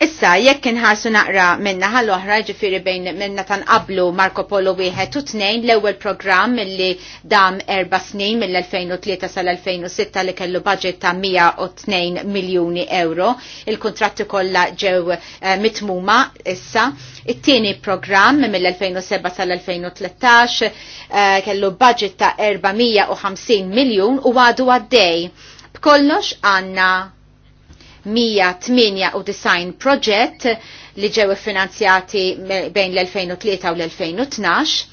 Issa, jekk inħarsu naqra minna ħall oħra ġifiri bejn minna qablu Marco Polo wieħed u tnejn l-ewwel programm li dam erba' snin mill-2003 sal-2006 li kellu budget ta' 102 miljuni euro. Il-kontratti kollha ġew eh, mitmuma issa. It-tieni programm mill-2007 sal-2013 eh, kellu budget ta' 450 miljun u għadu għaddej. B'kollox għanna 198 proġett li ġew finanzjati bejn l-2003 u l-2012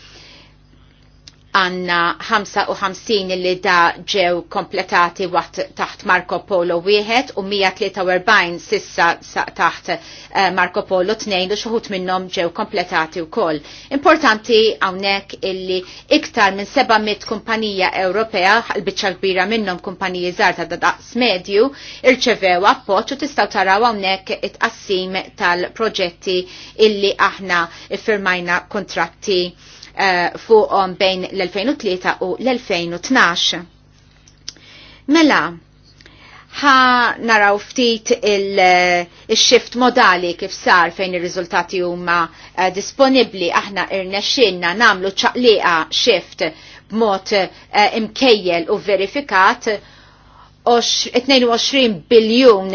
għanna 55 li da ġew kompletati waqt taħt Marco Polo 1 u 143 sissa taħt eh, Marco Polo 2 u xuħut minnom ġew kompletati u koll. Importanti għawnek illi iktar minn 700 kumpanija Ewropea, l-bicċa kbira minnom kumpaniji zarta da daqs medju, irċevew appoċ u tistaw taraw għawnek it-qassim tal-proġetti illi aħna firmajna kontratti Eh, fuqhom bejn l-2003 u l-2012. Mela, ħa naraw ftit eh, il-shift il modali kif sar fejn ir-riżultati huma uh, disponibbli aħna irnexxinna namlu ċaqliqa shift b'mod uh, imkejjel u verifikat 22 biljun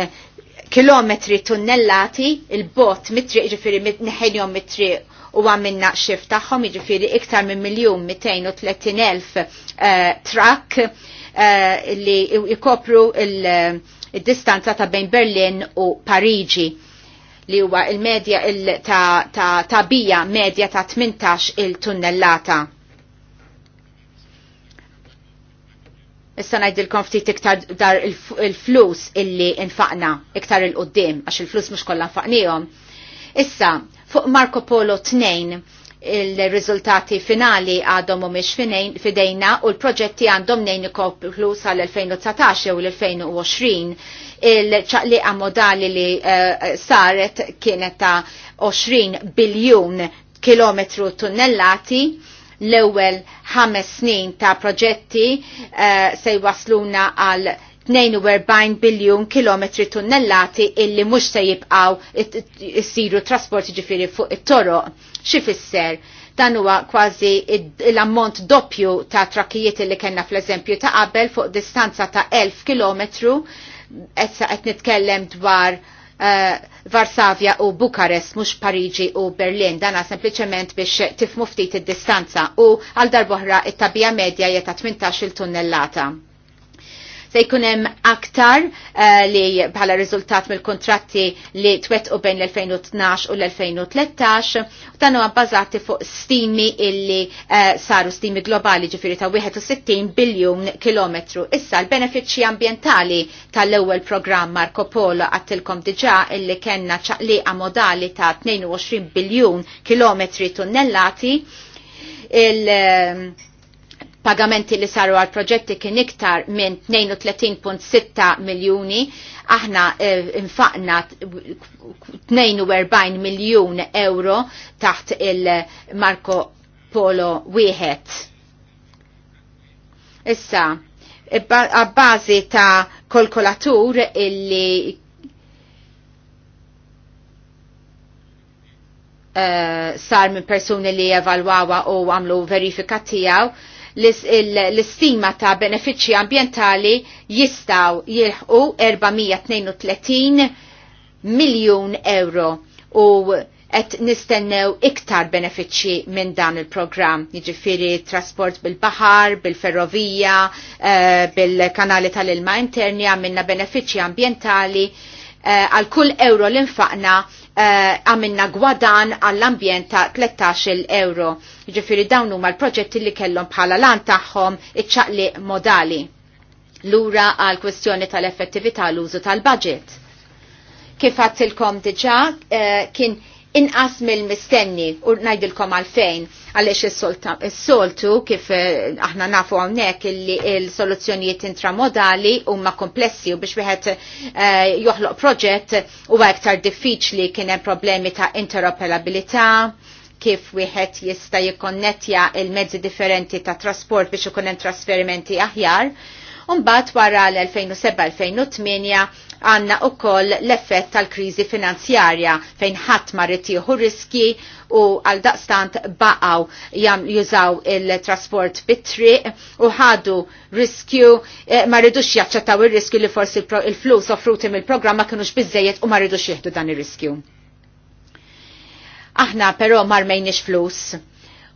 kilometri tunnellati il-bot mitri ġifiri neħenjom mitri u għamminna xif taħħom iġifiri iktar minn miljon 230.000 trak li jikopru il-distanza eh, ta' bejn Berlin u Pariġi li huwa il-medja il ta', ta, ta bija medja ta' 18 il-tunnellata. Issa ngħidilkom ftit iktar dar il-flus illi infaqna iktar il-qoddim għax il-flus mhux kollha nfaqnihom. Issa, Fuq Marco Polo 2 il-rizultati finali għadhom mhumiex fidejna u l-proġetti għandhom nejn ikoplu sal-2019 u l-2020. Il-ċaqliqa modali li uh, saret kienet ta' 20 biljun kilometru tunnellati l-ewwel ħames snin ta' proġetti uh, se jwasluna għal 42 biljun kilometri tunnellati illi mux se jibqaw siru trasporti ġifiri fuq it-toroq. Xifisser? Dan huwa kważi l-ammont doppju ta' trakkijiet li kellna fl-eżempju ta' qabel fuq distanza ta' 1000 kilometru. Essa qed nitkellem dwar Uh, eh, Varsavja u Bukarest, mux Pariġi u Berlin. Dana sempliciment biex tifmu ftit id-distanza u għal darboħra it-tabija medja jeta 18 il-tunnellata. Se jkun hemm aktar uh, li bħala riżultat mill-kontratti li twet u bejn l-2012 u l-2013 u dan huwa bbażati fuq stimi illi uh, saru stimi globali ġifieri ta' 61 biljun kilometru. Issa l-benefiċċji ambjentali tal-ewwel programm Marco Polo għattilkom diġà illi kellna ċaqliqa modali ta' 22 biljun kilometri tunnellati il- eh, pagamenti li saru għal proġetti kien iktar minn 32.6 miljoni, aħna eh, infaqna 42 miljon euro taħt il-Marco eh, Polo wieħed. Issa, għabbażi ta' kolkolatur illi uh, sar minn persuni li evalwawa u għamlu verifika l-istima ta' benefiċċji ambientali jistaw jilħu 432 miljon euro u et nistennew iktar benefiċċji minn dan il-programm, jiġifieri trasport bil-bahar, bil-ferrovija, eh, bil-kanali tal-ilma interni għamilna benefiċċji ambientali eh, għal kull euro l-infaqna Eh, għamilna gwadan għall-ambjent ta' 13 euro. Ġifiri dawn huma l-proġetti li kellhom bħala lan tagħhom iċċaqli modali. Lura għal kwestjoni tal-effettività l-użu tal-budget. Kif għattilkom diġa uh, eh, kien inqas mill-mistenni u najdilkom għalfejn għalix il-soltu kif eh, aħna nafu għawnek il-soluzzjonijiet intramodali u ma komplessi u biex wieħed eh, joħloq proġett u għaktar diffiċli kienem problemi ta' interoperabilità kif wieħed jista' jikkonnettja il-mezzi differenti ta' trasport biex ikun hemm trasferimenti aħjar Umbat wara l-2007-2008 għanna u koll l-effett tal-krizi finanzjarja fejn ħadd ma ritiħu riski u għal daqstant baqaw jam jużaw il-trasport bit-triq u ħadu riskju e, ma rridux jaċċettaw ir-riskju li forsi il-flus offruti mill-programma kienux biżejjed u ma rridux jieħdu dan ir-riskju. Aħna però marmejniex flus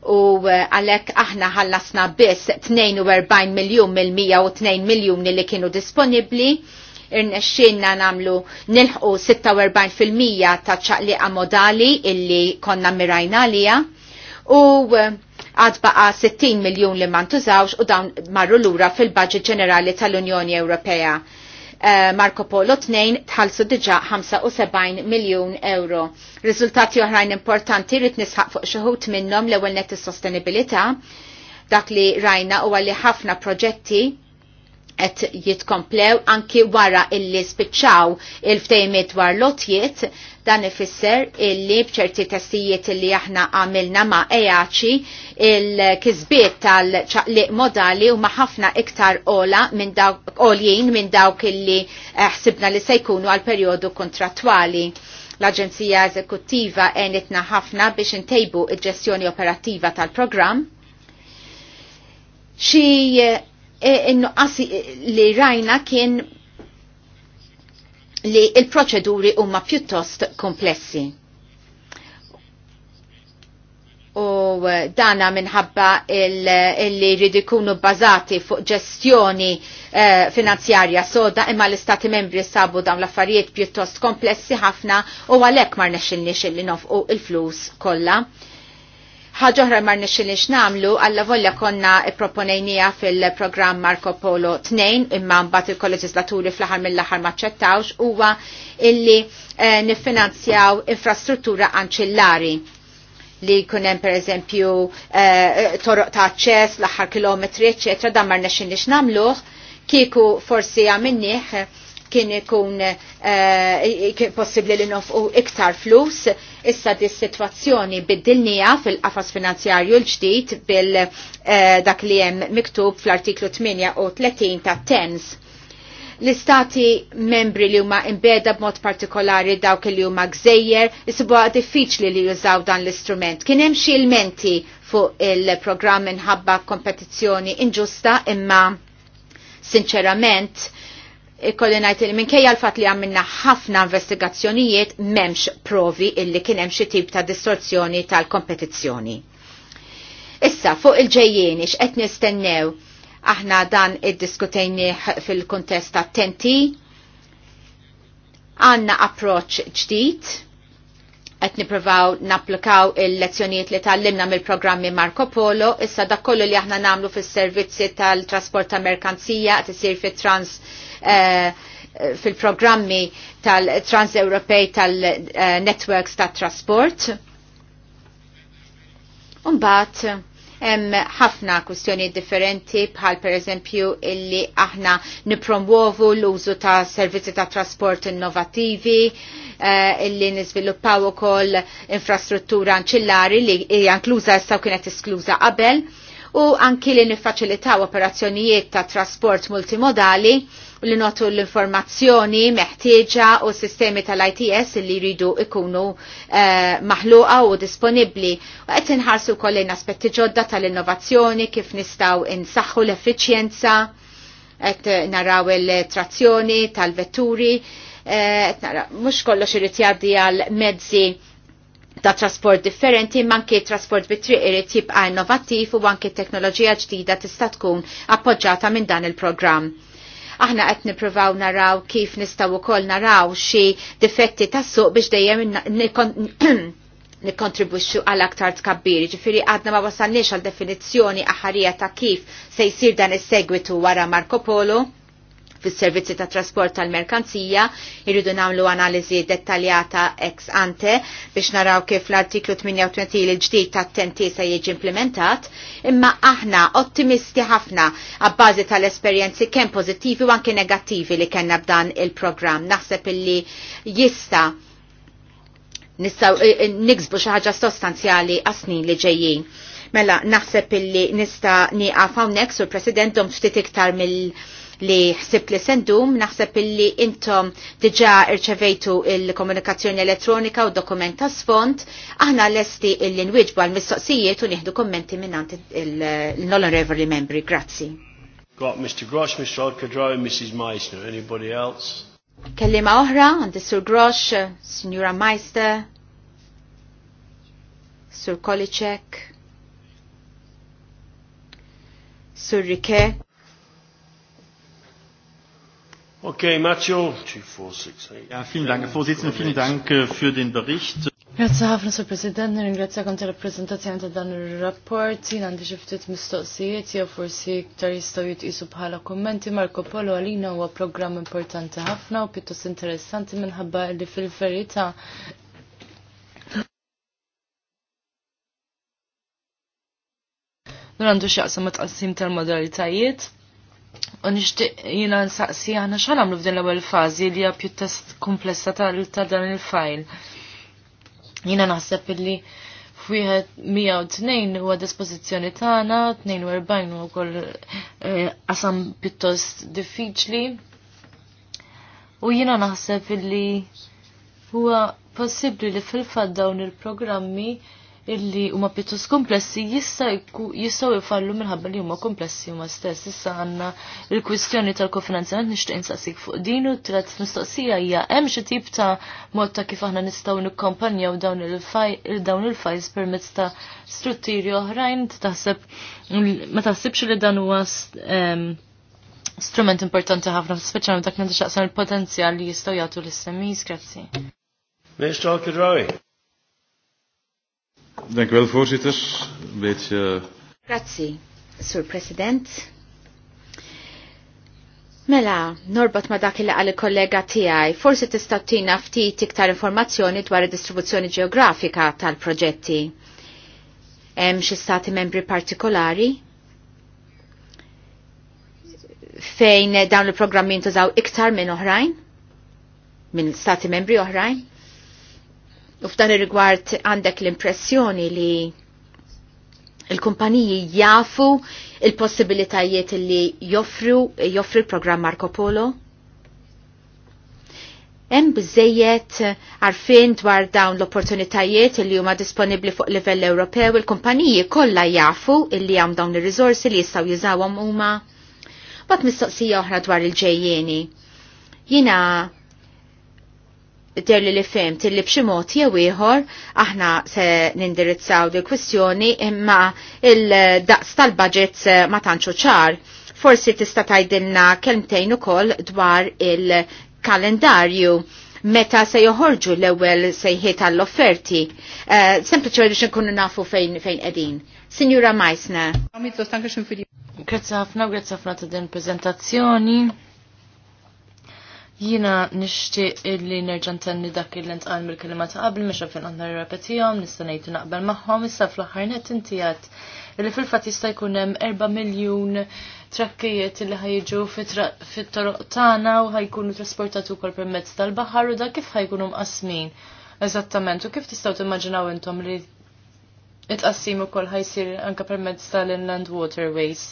u eh, għalek aħna ħallasna biss 42 miljon mill-102 miljon li kienu disponibli irnexxinna namlu nilħu 46% ta' ċaqliqa modali illi konna mirajna lija u eh, għad baqa 60 miljon li mantużawx u dawn marru lura fil-budget ġenerali tal-Unjoni Ewropea Eh, Marco Polo 2 tħallsu diġà 75 miljun euro. Riżultati oħrajn importanti rrid nisħaq fuq xi minnom minnhom l-ewwel net is-sostenibilità dak li rajna u għalli ħafna proġetti et jitkomplew anki wara illi spiċċaw il-ftejmiet war lotjiet dan ifisser illi bċerti testijiet illi aħna għamilna ma' ejaċi il-kizbiet tal-ċaqliq modali u ħafna iktar ola minn dawk oljien minn dawk illi eh, ħsibna li se jkunu għal periodu kontratwali L-Aġenzija Eżekuttiva għenitna ħafna biex intejbu il-ġestjoni operattiva tal-programm. Xi E, in-nuqqas li rajna kien li il-proċeduri huma pjuttost komplessi. U dana minħabba li jridu jkunu bbażati fuq ġestjoni eh, finanzjarja soda imma l-istati membri sabu dawn l-affarijiet pjuttost komplessi ħafna u għalhekk ma rnexxilniex illi nofqu il-flus kollha ħagħuħra mar xilix namlu, għalla volja konna proponejnija fil-program Marco Polo 2, imma mbat il-kolleġislaturi fl-ħar mill-ħar maċċettawx, huwa illi eh, nifinanzjaw infrastruttura anċillari li kunem per eżempju eh, toroq ta' ċess, l-aħħar kilometri, eccetera, da' marna nexin li kiku kieku forsi għamenniħ kien ikun eh, possibli li nofqu iktar flus, Issa di situazzjoni biddilnija fil-qafas finanzjarju l-ġdid bil eh, dak li hemm miktub fl-artiklu 38 ta' TENS. L-istati membri li huma imbeda b'mod partikolari dawk li huma gżejjer isibuha diffiċli li jużaw dan l-istrument. Kien hemm xi ilmenti fuq il-programm minħabba kompetizzjoni inġusta imma sinċerament Ikkolli najt li minkejja l-fatt li għamilna ħafna investigazzjonijiet m'hemmx provi illi kien hemm xi tip ta' distorzjoni tal-kompetizzjoni. Issa fuq il-ġejjien qed nistennew aħna dan id-diskutejni fil kuntest ta' tenti għanna approċ ġdid qed nippruvaw napplikaw il-lezzjonijiet li tallimna mill-programmi Marco Polo, issa dak kollu li aħna nagħmlu fis-servizzi tal-trasport ta' merkanzija qed isir fit-trans Eh, fil-programmi trans europej tal-Networks tat-Trasport. Umbat, hemm ħafna kustjoni differenti bħal per eżempju illi aħna nipromuovu l-użu ta' servizzi ta' trasport innovativi, eh, illi niżviluppaw ukoll infrastruttura anċillari li hija inkluża issa kienet iskluża qabel, u anki li niffaċilitaw operazzjonijiet ta' trasport multimodali u li notu l-informazzjoni meħtieġa u sistemi tal-ITS li jridu ikunu uh, maħluqa u disponibli. U qed inħarsu kollin aspetti ġodda tal-innovazzjoni kif nistaw insaħħu l-effiċjenza qed naraw il-trazzjoni tal-vetturi, eh, mhux kollox irid jgħaddi għal mezzi ta' trasport differenti, manki trasport bit-triq irid jibqa' innovattiv u anki teknoloġija ġdida tista' tkun appoġġata minn dan il-programm. Aħna qed nippruvaw naraw kif nistgħu wkoll naraw xi difetti tas-suq biex dejjem nikontribwixxu għal aktar tkabbir. Ġifieri għadna ma wasalniex għal definizzjoni aħarija ta' kif se jsir dan is-segwitu wara Marco Polo fis-servizzi ta' trasport tal-merkanzija, irridu nagħmlu analiżi dettaljata ex ante biex naraw kif l-artiklu 28 il-ġdid ta' tenti se jiġi implementat, imma aħna ottimisti ħafna għabbażi tal-esperjenzi kemm pożittivi u anke negattivi li kellna b'dan il-programm. Naħseb illi jista' nistaw eh, eh, niksbu xi ħaġa sostanzjali għas-snin li ġejjin. Mela naħseb illi nista' nieqaf hawnhekk sur President dom ftit iktar mill- li ħsib li sendum, naħseb illi intom diġa irċevejtu il-komunikazzjoni elettronika u dokumenta sfond, aħna l-esti il nwiġbu għal-mistoqsijiet u nieħdu kommenti minnant il-non-reverly membri. Grazzi. Got Mr. Grosh, Mr. Alcadro, Mrs. Meissner. Anybody else? Kellima oħra, għandi Sur Grosh, Signora Meister, Sur Kolicek, Sur Rike. Okay, Macho. Ja, vielen Dank, Herr Vorsitzender. Vielen Dank äh, für den Bericht. Grazie ħafna, Sir President, nirringrazzjakom tal-rappresentazzjoni ta' dan ir-rapport, jien għandi xi ftit mistoqsijiet jew forsi iktar jistgħu jitqisu bħala kommenti, Marco Polo għalina huwa programm importanti ħafna u pjuttost interessanti minħabba li fil-verità Nur għandu xaqsa ma tqassim tal-modalitajiet U jina nsaqsi għana xan għamlu f'din l-ewel fazi li għab pjuttest komplessa ta' dan il-fajl. Jina naħseb li f'wieħed 102 huwa dispożizzjoni tagħna, 42 huwa wkoll eh, qasam pjuttost diffiċli. U jina naħseb li huwa possibbli li fil-fatt dawn il-programmi il programmi illi huma pjuttost komplessi jistgħu jfallu minħabba li huma komplessi huma stess. Issa għandna l-kwistjoni tal-kofinanzjament nixtieq insaqsik fuq din u tret mistoqsija hija hemm xi tip ta' mod ta' kif aħna nistgħu nikkompanjaw dawn il-dawn fajs permezz ta' strutturi oħrajn taħseb ma taħsibx li dan huwa strument importanti ħafna, speċjalment dak nintixaqsam il-potenzjal li jistgħu jagħtu l-SMEs, grazzi. Mr. Alcadrawi. Dank u wel, voorzitter. Een beetje... Eh, Grazie, sur president. Mela, norbot ma dak il għal kollega tiegħi, forsi tista' tina ftit iktar informazzjoni dwar id-distribuzzjoni ġeografika tal-proġetti. Hemm xi stati membri partikolari? Fejn dawn il-programmi jintużaw iktar minn oħrajn? Minn stati membri oħrajn? U f'dan ir-rigward għandek l-impressjoni li il-kumpaniji jafu il-possibilitajiet li joffru joffri l-programm Marco Polo? hemm biżejjed għarfien dwar dawn l-opportunitajiet li huma disponibbli fuq livell Ewropew il-kumpaniji kollha jafu illi hemm dawn ir-riżorsi li jistgħu jużawhom huma. Bat mistoqsija oħra dwar il-ġejjieni. Jina der li fem tilli bximot jew ieħor aħna se nindirizzaw di kwestjoni imma il-daqs tal-budget ma tantxu ċar. Forsi tista' tgħidilna kelmtejn ukoll dwar il-kalendarju meta se joħorġu l-ewwel sejħiet tal-offerti. Uh, eh, Sempliċi biex nkunu nafu fejn fejn qegħdin. Sinjura Meissner. Grazzi ħafna, grazzi ħafna ta' din prezentazzjoni. Jina nishtiq illi nerġan tenni dak il ntqal mill-kelima ta' qabel mhux fejn qed nirrepetihom, nista' ngħid naqbel magħhom, issa fl-aħħar net inti illi fil-fatt jista' jkun hemm 4 miljun trakkijiet li ħajġu fit-toroq tagħna u ħajkunu trasportati wkoll permezz tal-baħar u da kif ħajkunu mqasmin. Eżattament, u kif tistgħu timmaġinaw intom li it ukoll ħajsir anke permezz tal-Inland Waterways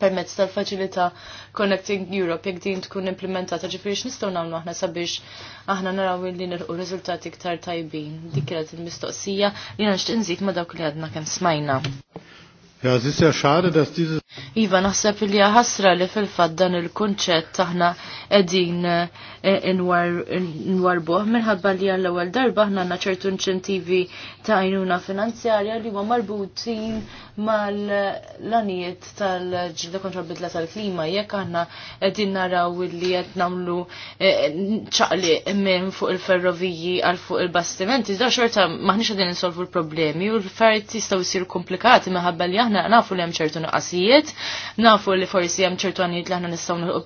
permezz tal-faċilità Connecting Europe jekk din tkun implementata ġifieri x'nistgħu nagħmlu aħna sabiex aħna naraw li nilqu riżultati iktar tajbin. Dik kienet il-mistoqsija li nixtieq nżid ma' dawk li għadna kemm smajna. Ja, Iva naħseb li ħasra li fil-fatt dan il-kunċett aħna qegħdin E, nwarbuħ minħabba li għall ewwel darba ħna għandna ċertu inċentivi ta' għajnuna finanzjarja li huma marbutin mal-lanijiet tal-ġilda kontra bidla tal-klima jekk aħna qegħdin naraw li qed nagħmlu e, ċaqli minn fuq il-ferroviji għal fuq il-bastimenti, da xorta maħniex qegħdin insolvu l-problemi u l-affarijiet jistgħu jsiru komplikati minħabba li aħna nafu li hemm ċertu nuqqasijiet, nafu li forsi hemm ċertu għanijiet li aħna nistgħu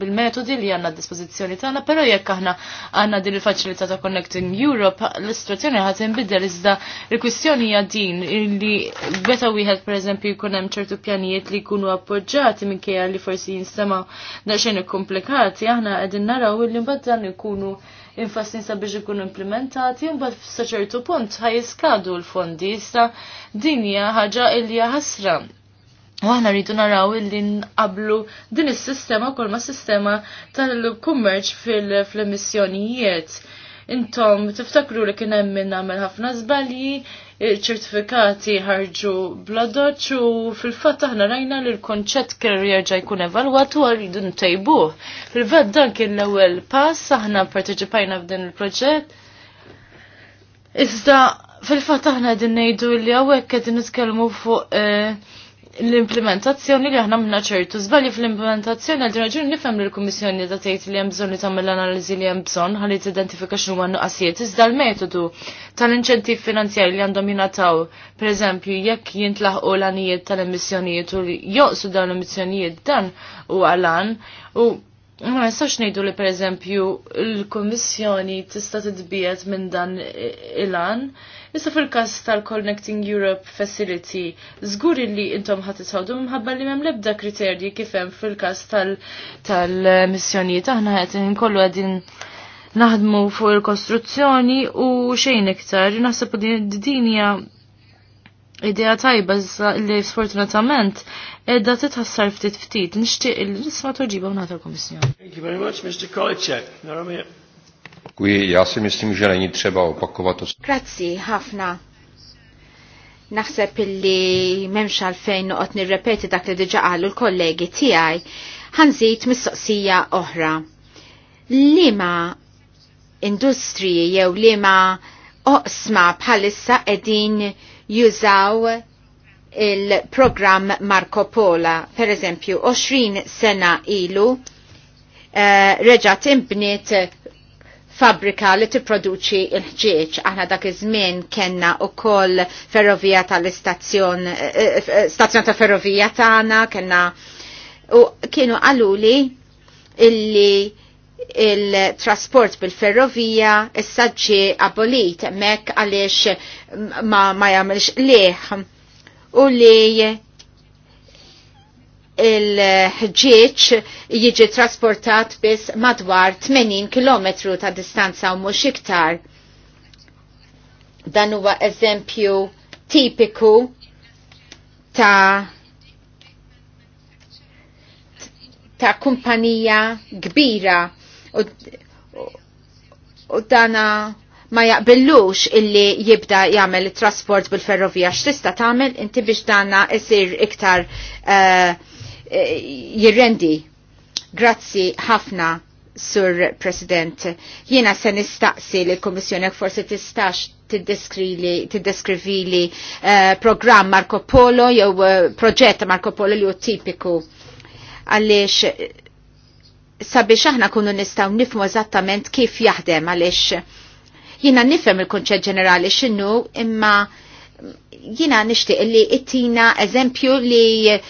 bil-metodi li għandna d dispożizzjoni tagħna, però jekk aħna għandna din il-faċilità ta' Connecting Europe, l-istrazzjoni ħadd inbidel iżda l kwistjoni hija din li beta wieħed pereżempju jkun hemm ċertu pjanijiet li jkunu appoġġjati minkejja li forsi jinstema' daqsxejn ikkomplikati, aħna qegħdin naraw li mbagħad dan ikunu infassin sabiex ikun implementati, mbagħad saċertu punt ħajiskadu l-fondi, issa din hija ħaġa illi ħasra U aħna rridu naraw illi nqablu din is-sistema kol ma' sistema tal-kummerċ fil-emissjonijiet. Intom tiftakru li kien hemm minn nagħmel ħafna żbalji, ċertifikati ħarġu bladoċ u fil-fatt aħna rajna li l-konċett kien jerġa' jkun evalwat u rridu ntejbuh. Fil-fatt dan kien l-ewwel pass aħna parteċipajna f'din il-proġett. Iżda fil-fatt aħna din ngħidu li hawnhekk qed nitkellmu fuq eh, l-implementazzjoni li aħna minna ċertu żbalji fl-implementazzjoni għal raġun nifhem li l-Kummissjoni da tgħid li hemm bżonn li tagħmel analiżi li hemm bżonn ħalli tidentifika x'huma nuqqasijiet iżda l-metodu tal-inċentiv finanzjari li għandhom jingħataw pereżempju jekk jintlaħqu l-anijiet tal-emissjonijiet u li joqsu dawn l-emissjonijiet dan u għalan u Ma nistax ngħidu li pereżempju l-Kummissjoni tista' titbiet minn dan il-an. il an Issa fil-kas tal-Connecting Europe Facility, zgur li intom ħat isħawdu mħabba li mem lebda kriterji kifem fil-kas tal-missjonijiet. Tal Aħna ħet kollu għadin naħdmu fuq il-kostruzzjoni u xejn iktar. Naħseb din dinja idea tajba li sfortunatament edda titħassar ftit ftit. Nishtiq il-nisma toġiba u nata Kommissjoni. komissjoni Thank you very much, Mr. Kolicek. Děkuji, jasim si myslím, že není třeba opakovat to. Grazzi, ħafna. Naħseb illi l għalfejn noqgħod nirrepeti dak li diġà qalu l-kollegi tiegħi. mis mistoqsija oħra. Lima industriji jew lima oqsma bħalissa qegħdin jużaw il-programm Marco Pola, per eżempju, 20 sena ilu, uh, eh, reġat imbniet fabbrika li tipproduċi il-ħġieġ. Aħna dak iż-żmien kellna wkoll ferrovija tal-istazzjon eh, eh, stazzjon ta' ferrovija tagħna, kellna u kienu għaluli illi il-trasport bil-ferrovija issa ġi abolit mek għaliex ma, ma jagħmilx u li il-ħġieċ jiġi trasportat biss madwar 80 km ta' distanza u mhux iktar. Dan huwa eżempju tipiku ta' ta' kumpanija kbira u, u, u dana ma jaqbillux illi jibda jagħmel trasport bil-ferrovija x'tista' tagħmel inti biex dana isir iktar uh, jirrendi. Grazzi ħafna. Sur President, jiena se nistaqsi li l-Kommissjoni forsi tistax tiddeskrivi li eh, programm Marco Polo jew eh, proġett Marco Polo li hu tipiku għaliex sabiex aħna kunu nistgħu nifmu eżattament kif jaħdem għaliex jiena nifhem il-kunċett ġenerali x'inhu imma jina nishtiq li ittina eżempju li uh,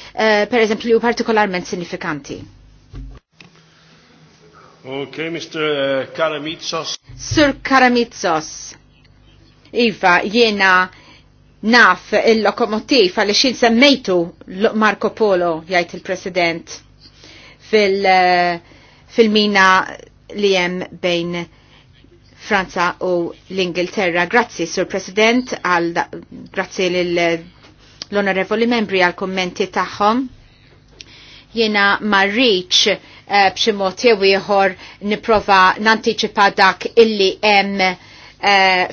per eżempju li partikolarment sinifikanti. Ok, Mr. Eh, Karamitsos. Sir Karamitsos. Iva, jena naf il-lokomotiv għalli xin semmejtu Marco Polo, jajt il-president, eh, fil-mina fil li jem bejn Franza u l-Ingilterra. Grazzi, Sur President, għal grazzi eh, l-onorevoli membri għal kommenti tagħhom. Jena marriċ uh, eh, b'ximot jew ieħor niprova nantiċipa dak illi hemm uh,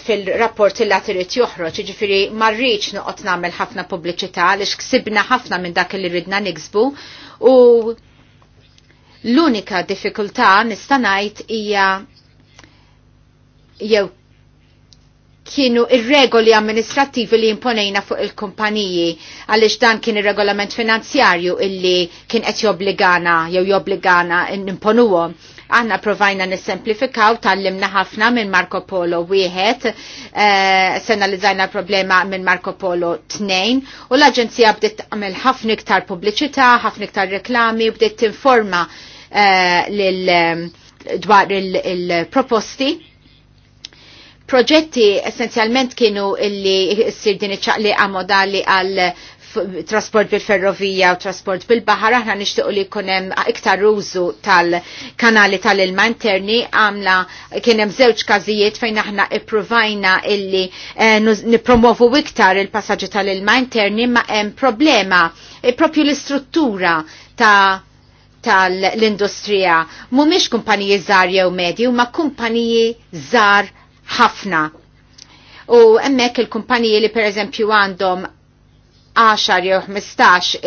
fil-rapport illa trid joħroġ, jiġifieri marriċ noqgħod nagħmel ħafna pubbliċità għaliex ksibna ħafna minn dak li ridna niksbu u l-unika diffikultà nista' ngħid hija jew kienu ir-regoli amministrativi li imponejna fuq il-kumpaniji għaliex dan kien ir-regolament finanzjarju illi kien qed jobbligana jew jobbligana imponuwo. Aħna provajna nissemplifikaw tal-limna ħafna minn Marco Polo wieħed, eh, li zajna problema minn Marco Polo 2 u l-Aġenzija bdiet tagħmel ħafna iktar pubbliċità, ħafna iktar reklami, bdiet tinforma eh, lil eh, dwar il-proposti. il proposti Proġetti essenzjalment kienu illi s-sir din iċċaqli għamodali għal trasport bil-ferrovija u trasport bil-bahar, aħna nixtiequ li kunem iktar użu tal-kanali tal-ilma interni, għamla kienem żewġ każijiet fejn aħna ippruvajna illi eh, nipromovu iktar il-passaġġi tal-ilma interni ma hemm problema e propju l-istruttura ta' tal-industrija mumiex kumpaniji żar jew medju, ma kumpaniji żar ħafna. U emmek il-kumpaniji li per eżempju għandhom 10 jew 15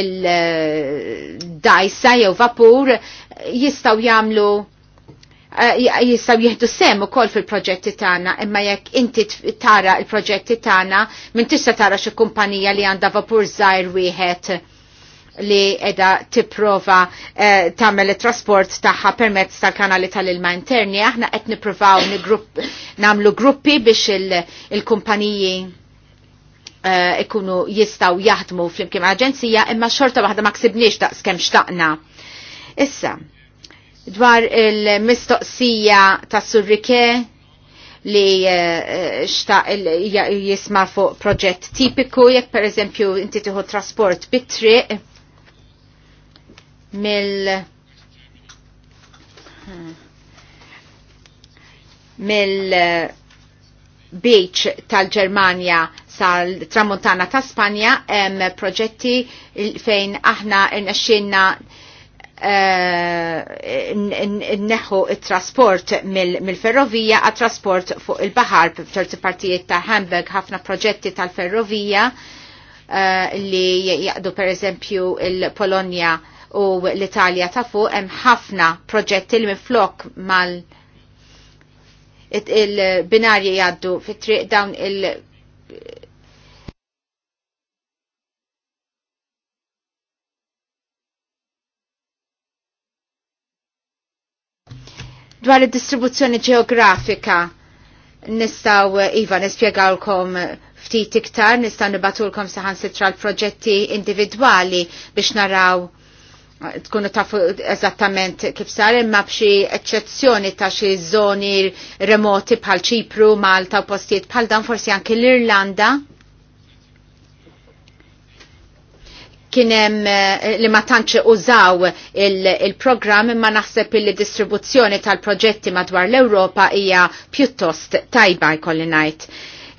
il-dajsa jew vapur jistaw jamlu eh, jistaw jihdu semu kol fil-proġetti tana, imma jekk inti tara il-proġetti tana, minn tista tara xe kumpanija li għanda vapur zaħir wieħed li edha tipprova eh, tagħmel it-trasport tagħha permezz tal-kanali tal-ilma interni. Aħna qed nippruvaw grupp, nagħmlu gruppi biex il-kumpaniji il eh, ikunu jistaw jaħdmu fl-imkien aġenzija imma xorta waħda ma ksibniex daqs skem xtaqna. Issa, dwar il-mistoqsija ta' surrike li eh, xtaq jisma fuq proġett tipiku, jekk per eżempju inti tiħu trasport bit-triq, mill mill eh, beach tal-Germania sal-Tramontana ta' Spanja hemm proġetti fejn aħna nnexxinna eh, neħu il-trasport mill-ferrovija għat trasport fuq il-bahar f'ċerti partijiet ta' Hamburg ħafna proġetti tal-ferrovija eh, li jaqdu per eżempju il-Polonja u l-Italja ta' fuq hemm ħafna proġetti li miflok mal il-binarji jaddu fit-triq dawn il- dwar id-distribuzzjoni ġeografika nistaw Iva nispjegawlkom ftit iktar, nistaw nibatulkom saħan sitra l-proġetti individwali biex naraw tkunu tafu eżattament kif sar imma b'xi eċċezzjoni ta' xi żoni remoti bħal Ċipru, Malta u postijiet bħal dan forsi anke l-Irlanda. Kien hemm eh, li ma tantx użaw il-programm il imma naħseb li distribuzzjoni tal-proġetti madwar l-Ewropa hija pjuttost tajba jkolli ngħid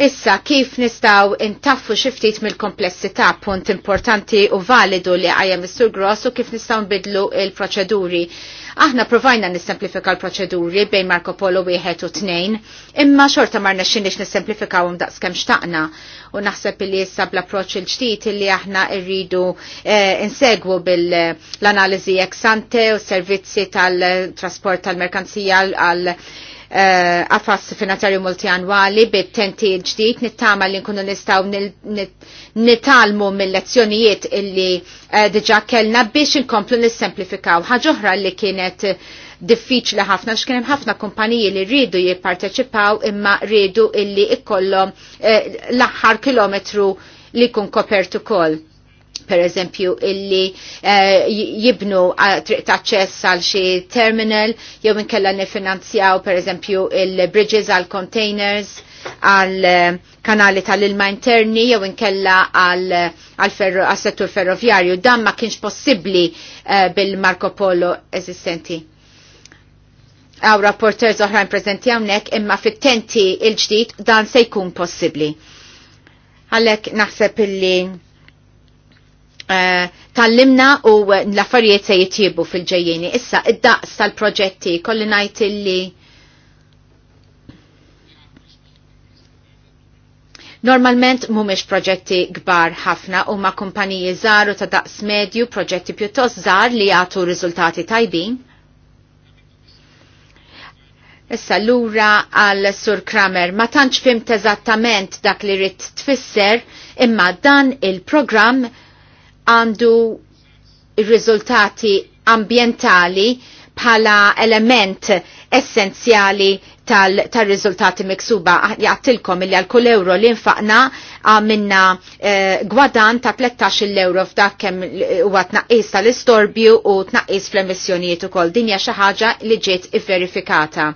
Issa kif nistaw intaffu xiftit mill-komplessità punt importanti u validu li għajja Mr. gross u kif nistaw nbidlu il-proċeduri. Aħna provajna nissemplifika l-proċeduri bejn Marco Polo wieħed u tnejn, imma xorta marna xinix nissemplifikawhom daqskemm xtaqna u naħseb li issa bl-approċċ il-ġdid li aħna rridu eh, insegwu bil-analiżi ex ante u servizzi tal-trasport tal-merkanzija għal Eh, għafas finanzjarju multianwali bit-tenti ġdijt nittama li nkunu nistaw nitalmu mill-lezzjonijiet illi eh, diġa kellna biex nkomplu nissemplifikaw. ħagħuħra li kienet diffiċli ħafna x'kien hemm ħafna kumpaniji li rridu jipparteċipaw imma rridu illi ikollhom eh, l-aħħar kilometru li kun kopertu kol per eżempju illi eh, jibnu triq taċċess għal xi terminal jew inkella nifinanzjaw per eżempju il-bridges għal containers għal eh, kanali tal-ilma interni jew inkella għal, għal, settur ferroviarju dan ma kienx possibbli eh, bil-Marco Polo eżistenti. Għaw rapporters oħrajn prezenti hawnhekk imma fit-tenti il-ġdid dan se jkun possibbli. Għalhekk naħseb illi Eh, tallimna u eh, l-affarijiet se jitjibu fil-ġejjeni. Issa, id-daqs tal-proġetti, kolli najt illi Normalment mumiex proġetti gbar ħafna u ma kumpaniji u ta' daqs medju proġetti pjuttost zar li jgħatu riżultati tajbin. Issa l-ura għal Sur Kramer, ma tantx fimt eżattament dak li rrit tfisser imma dan il-programm għandu rizultati ambientali bħala element essenzjali tal-rizultati tal miksuba. Jgħattilkom li għal kull euro li nfaqna għamilna eh, gwadan ta' 13 euro f'dak kemm huwa tnaqqis tal-istorbju u tnaqqis fl-emissjonijiet ukoll. Din hija xi ħaġa li ġiet verifikata.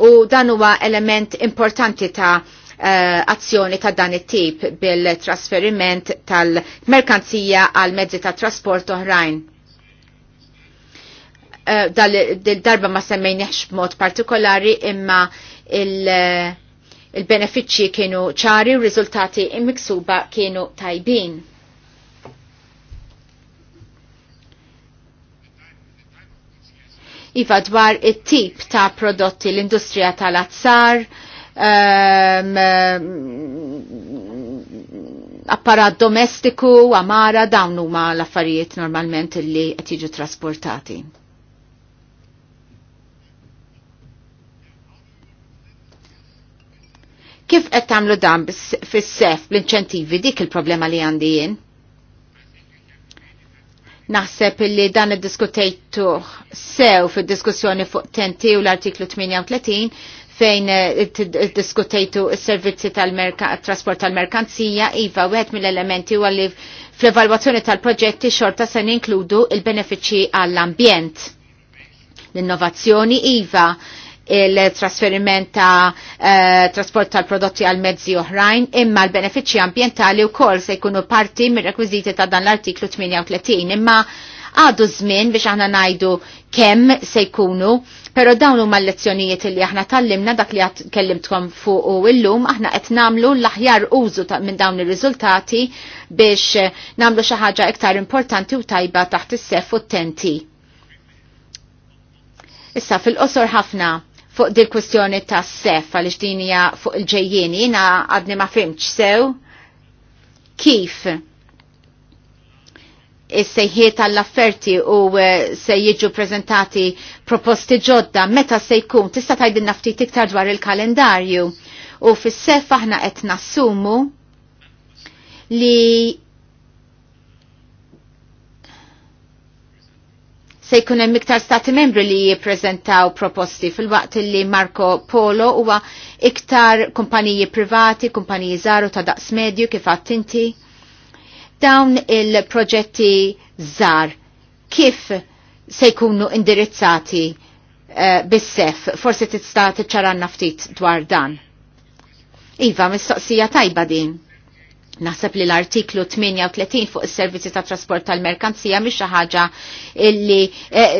U dan huwa element importanti ta' Eh, azzjoni ta' dan it-tip bil-trasferiment tal-merkanzija għal mezzi ta' trasport oħrajn. Eh, Dal-darba ma semmejniħx b'mod partikolari imma il-benefiċċji kienu ċari u riżultati immiksuba kienu tajbin. Iva dwar it-tip ta' prodotti l-industrija tal-azzar, Ehm, ehm, apparat domestiku, amara, dawn huma l-affarijiet normalment li qed jiġu trasportati. Kif qed tagħmlu dan fis-sef bl-inċentivi dik il-problema li għandi jien? Naħseb li dan id-diskutejtu sew fid-diskussjoni fuq tenti u l-artiklu 38 fejn eh, diskutejtu s-servizzi tal-trasport tal-merkanzija, iva, wieħed mill-elementi u għalli fl-evalwazzjoni tal-proġetti xorta se inkludu il benefici għall-ambjent. L-innovazzjoni, iva, il-trasferiment ta' eh, trasport tal-prodotti għal mezzi oħrajn, imma l-benefiċċji ambientali u kol se jkunu parti mir rekwiziti ta' dan l-artiklu 38, imma Għadu żmien biex aħna ngħidu kemm se jkunu, però dawn huma l-lezzjonijiet li aħna tallimna dak li għad kellimtkom fuq u illum aħna qed nagħmlu l-aħjar użu minn dawn ir-riżultati biex eh, nagħmlu xi ħaġa iktar importanti u tajba taħt is-sef u t-tenti. Issa fil-qosor ħafna fuq dil kwestjoni ta' sef għal dinja fuq il-ġejjeni, għadni ma' fimċ sew, kif is-sejħiet tal-afferti u eh, se jiġu prezentati proposti ġodda meta se jkun tista' tgħidilna ftit iktar dwar il-kalendarju u fis-sef aħna qed nassumu li se jkun hemm iktar stati membri li jippreżentaw proposti fil-waqt li Marco Polo huwa iktar kumpaniji privati, kumpaniji żaru ta' daqs medju kif għattinti. inti dawn il-proġetti zar, kif se jkunu indirizzati uh, bis-sef, forsi tista' tiċċaranna ftit dwar dan. Iva, mistoqsija tajba din. Naħseb li l-artiklu 38 fuq is-servizzi ta' trasport tal-merkanzija mhix xi ħaġa li eh,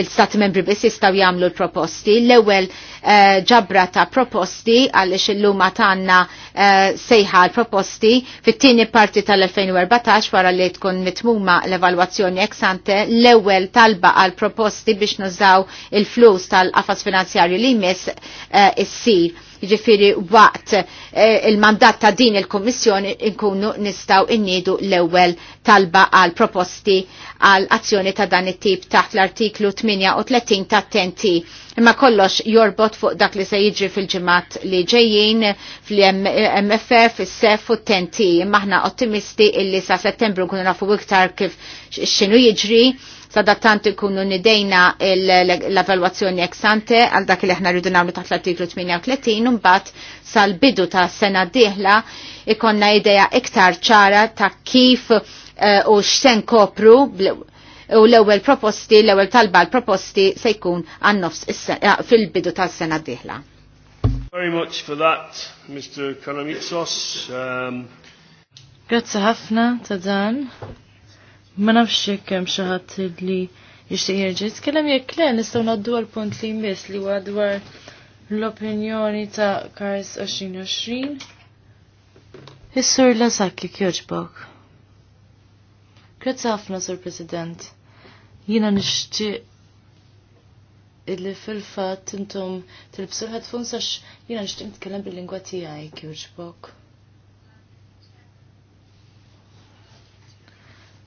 l-Stati membri biss jistgħu jagħmlu l-proposti. L-ewwel eh, ġabra ta' proposti għaliex illum għandna eh, sejħa l-proposti fit-tieni parti tal-2014 wara li tkun mitmuma l-evalwazzjoni ex ante l-ewwel talba għal proposti biex nużaw il-flus tal-qafas finanzjarju li jmiss issir Jiġifieri waqt eh, il-mandat ta' din il-Kummissjoni nkunu nistgħu innidu l-ewwel talba għal proposti għal azzjoni ta' dan it-tip taħt l-artiklu 38 ta' tenti. Imma kollox jorbot fuq dak li se jiġri fil-ġimat li ġejjin fl-MFF, il sef u tenti. Imma aħna ottimisti illi sa' settembru nkunu nafu iktar kif x'inhu jiġri sadattant ikunu nidejna l-evaluazzjoni ex-ante għal dak li aħna rridu nagħmlu taħt l-artiklu 38 mbagħad sal-bidu ta' sena d-dieħla ikonna idea iktar ċara ta' kif eh, u x'sen kopru u l-ewwel proposti, l-ewwel talba l-proposti se jkun għan-nofs eh, fil-bidu ta' sena dieħla Very much for that, Mr. Kanamitsos. Um... Grazie ħafna ta' dan. Ma nafx jekk hemm xi ħadd li jixtieq jirġi. Tkellem jekk le nistgħu ngħaddu għal punt li jmiss li huwa dwar l-opinjoni ta' Kars 2020. Is-sur Lasakki kjoġbok. Grazzi ħafna, Sur President. Jiena nixtieq illi fil-fatt intom tilbsu ħadfun sax jiena nixtieq nitkellem bil-lingwa tiegħi kjoġbok.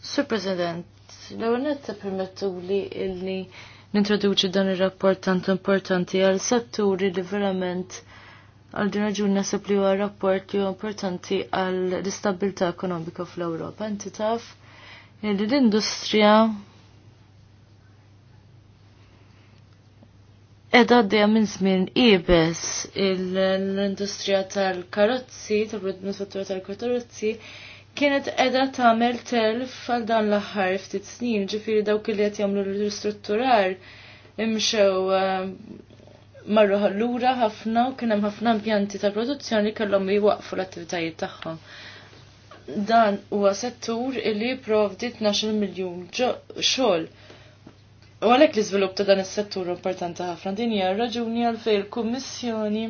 Sur President, l-għonet ta' permettu li illi nintroduċi dan il-rapport tant importanti għal setturi li verament għal din raġun nasib li huwa rapport li huwa importanti għal l-istabilità ekonomika fl-Ewropa. Inti taf li l-industrija edha għaddija minn żmien ibes l-industrija tal-karozzi, tal-produttura tal-karozzi, tal karozzi tal produttura tal tal tal karozzi kienet edha tagħmel telf għal dan l-aħħar ftit snin, ġifieri daw li qed jagħmlu l-istrutturar imxew eh, marru ħallura ħafna u kien hemm ħafna impjanti ta' produzzjoni kellhom jwaqfu l-attivitajiet tagħhom. Dan huwa settur li provdi 12 miljun xogħol. U għalhekk l-iżvilupp ta' dan is-settur importanti ħafna din hija raġuni għalfejn il-Kummissjoni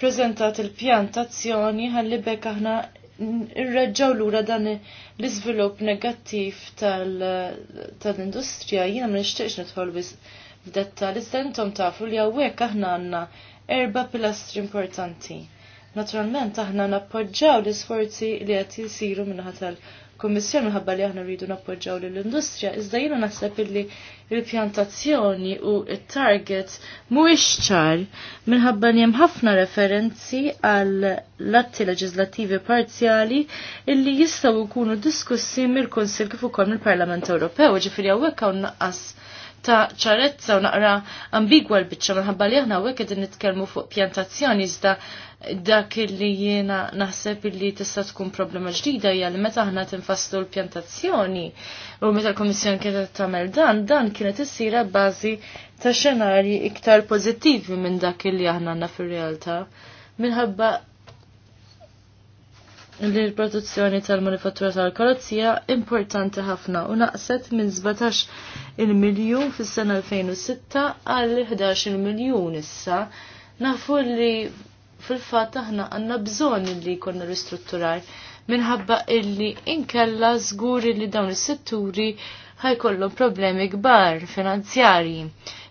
prezentat il-pjantazzjoni ħalli bekk aħna irreġġaw lura dan l izvilup negattiv tal-industrija jiena ma nixtieqx nidħol biss f'dettal iżda intom tafu li hawnhekk aħna għandna erba' pilastri importanti. Naturalment aħna nappoġġaw l-isforzi li qed jisiru minnaħa tal kummissjon minħabba li aħna rridu nappoġġaw lill industrija iżda jiena naħseb illi il-pjantazzjoni u il-target mhuwiex ċar minħabba li hemm ħafna referenzi għal latti leġislattivi parzjali illi jistgħu jkunu diskussi mill-Kunsill kif ukoll mill-Parlament Ewropew, ġifieri hawnhekk hawn naqqas ta' ċarezza u naqra ambigwa l-bicċa minħabba li aħna għek din nitkellmu fuq pjantazzjoni iżda dak li jiena naħseb li tista' tkun problema ġdida hija li meta aħna tinfasslu l-pjantazzjoni u meta l-Kummissjoni kienet tagħmel dan, dan kienet issir bażi ta' xenarji iktar pożittivi minn dak li aħna għandna fir-realtà minħabba li l-produzzjoni tal-manifattura tal-karozija importanti ħafna u naqset minn 17 il-miljun fis-sena 2006 għal 11 miljun issa. Nafu li fil-fatt aħna għandna bżonn li jkollna ristrutturar minħabba illi inkella żguri li dawn is-setturi ħajkollhom problemi kbar finanzjarji.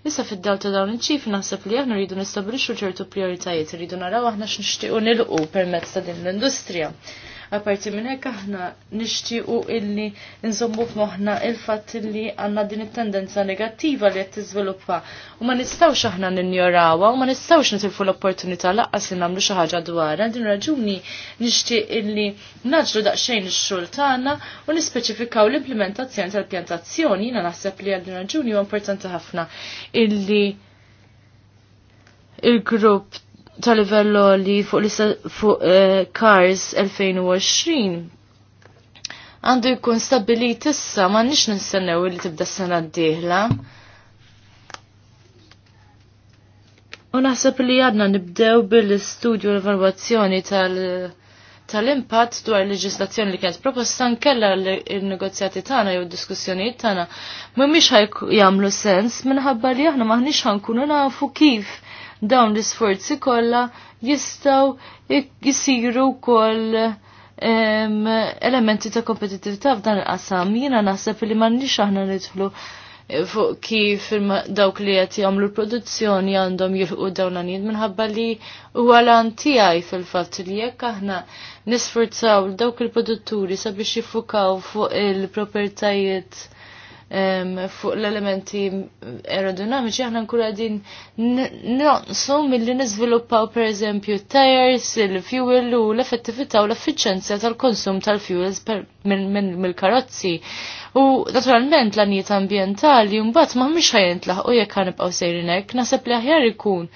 Issa fid-daw ta' dawn il-ċif naħseb li aħna rridu nistabilixxu ċertu prioritajiet, rridu naraw aħna x'nixtiequ nilqu permezz ta' din l-industrija għaparti minn hekk aħna nixtiequ illi nżommu f'moħħna il-fatt illi għandna din it-tendenza negattiva li qed tiżviluppa u ma nistgħux aħna ninjorawha u ma nistgħux nitilfu l-opportunità laqqas li nagħmlu xi ħaġa dwarha. Din raġuni nixtieq illi naġlu daqsxejn ix-xogħol tagħna u nispeċifikaw l-implementazzjoni tal-pjantazzjoni jiena naħseb li għal din raġuni huwa importanti ħafna illi il-grupp tal-livello li fuq fuq uh, Cars 2020 għandu jkun stabilit issa ma nix nistennew li tibda s-sena d-dieħla. U naħseb li għadna nibdew bil studio l evaluazzjoni tal- tal-impatt dwar il leġislazzjoni li kienet proposta nkella l-negozjati tagħna jew diskussjonijiet tagħna mhumiex ħajk jagħmlu sens minħabba li aħna maħniex ħankunu nafu kif dawn l-isforzi kollha jistgħu jisiru wkoll elementi ta' kompetitivita f'dan il-qasam. Jiena naħseb li m'għandniex aħna nidħlu fuq kif dawk li qed jagħmlu l-produzzjoni għandhom jilħqu dawn għanid minħabba li huwa lan tiegħi fil-fatt li jekk aħna nisfurzaw dawk il-produtturi sabiex jiffukaw fuq il-propertajiet fuq l-elementi aerodinamiċi aħna nkun għadin naqsu milli niżviluppaw pereżempju tires, il-fuel u l-effettività u l efficienza tal-konsum tal-fuels mill-karozzi. U naturalment l-anijiet ambientali mbagħad ma mhix ħajintlaħ u jekk ħanibqgħu sejrin hekk, naħseb li aħjar ikun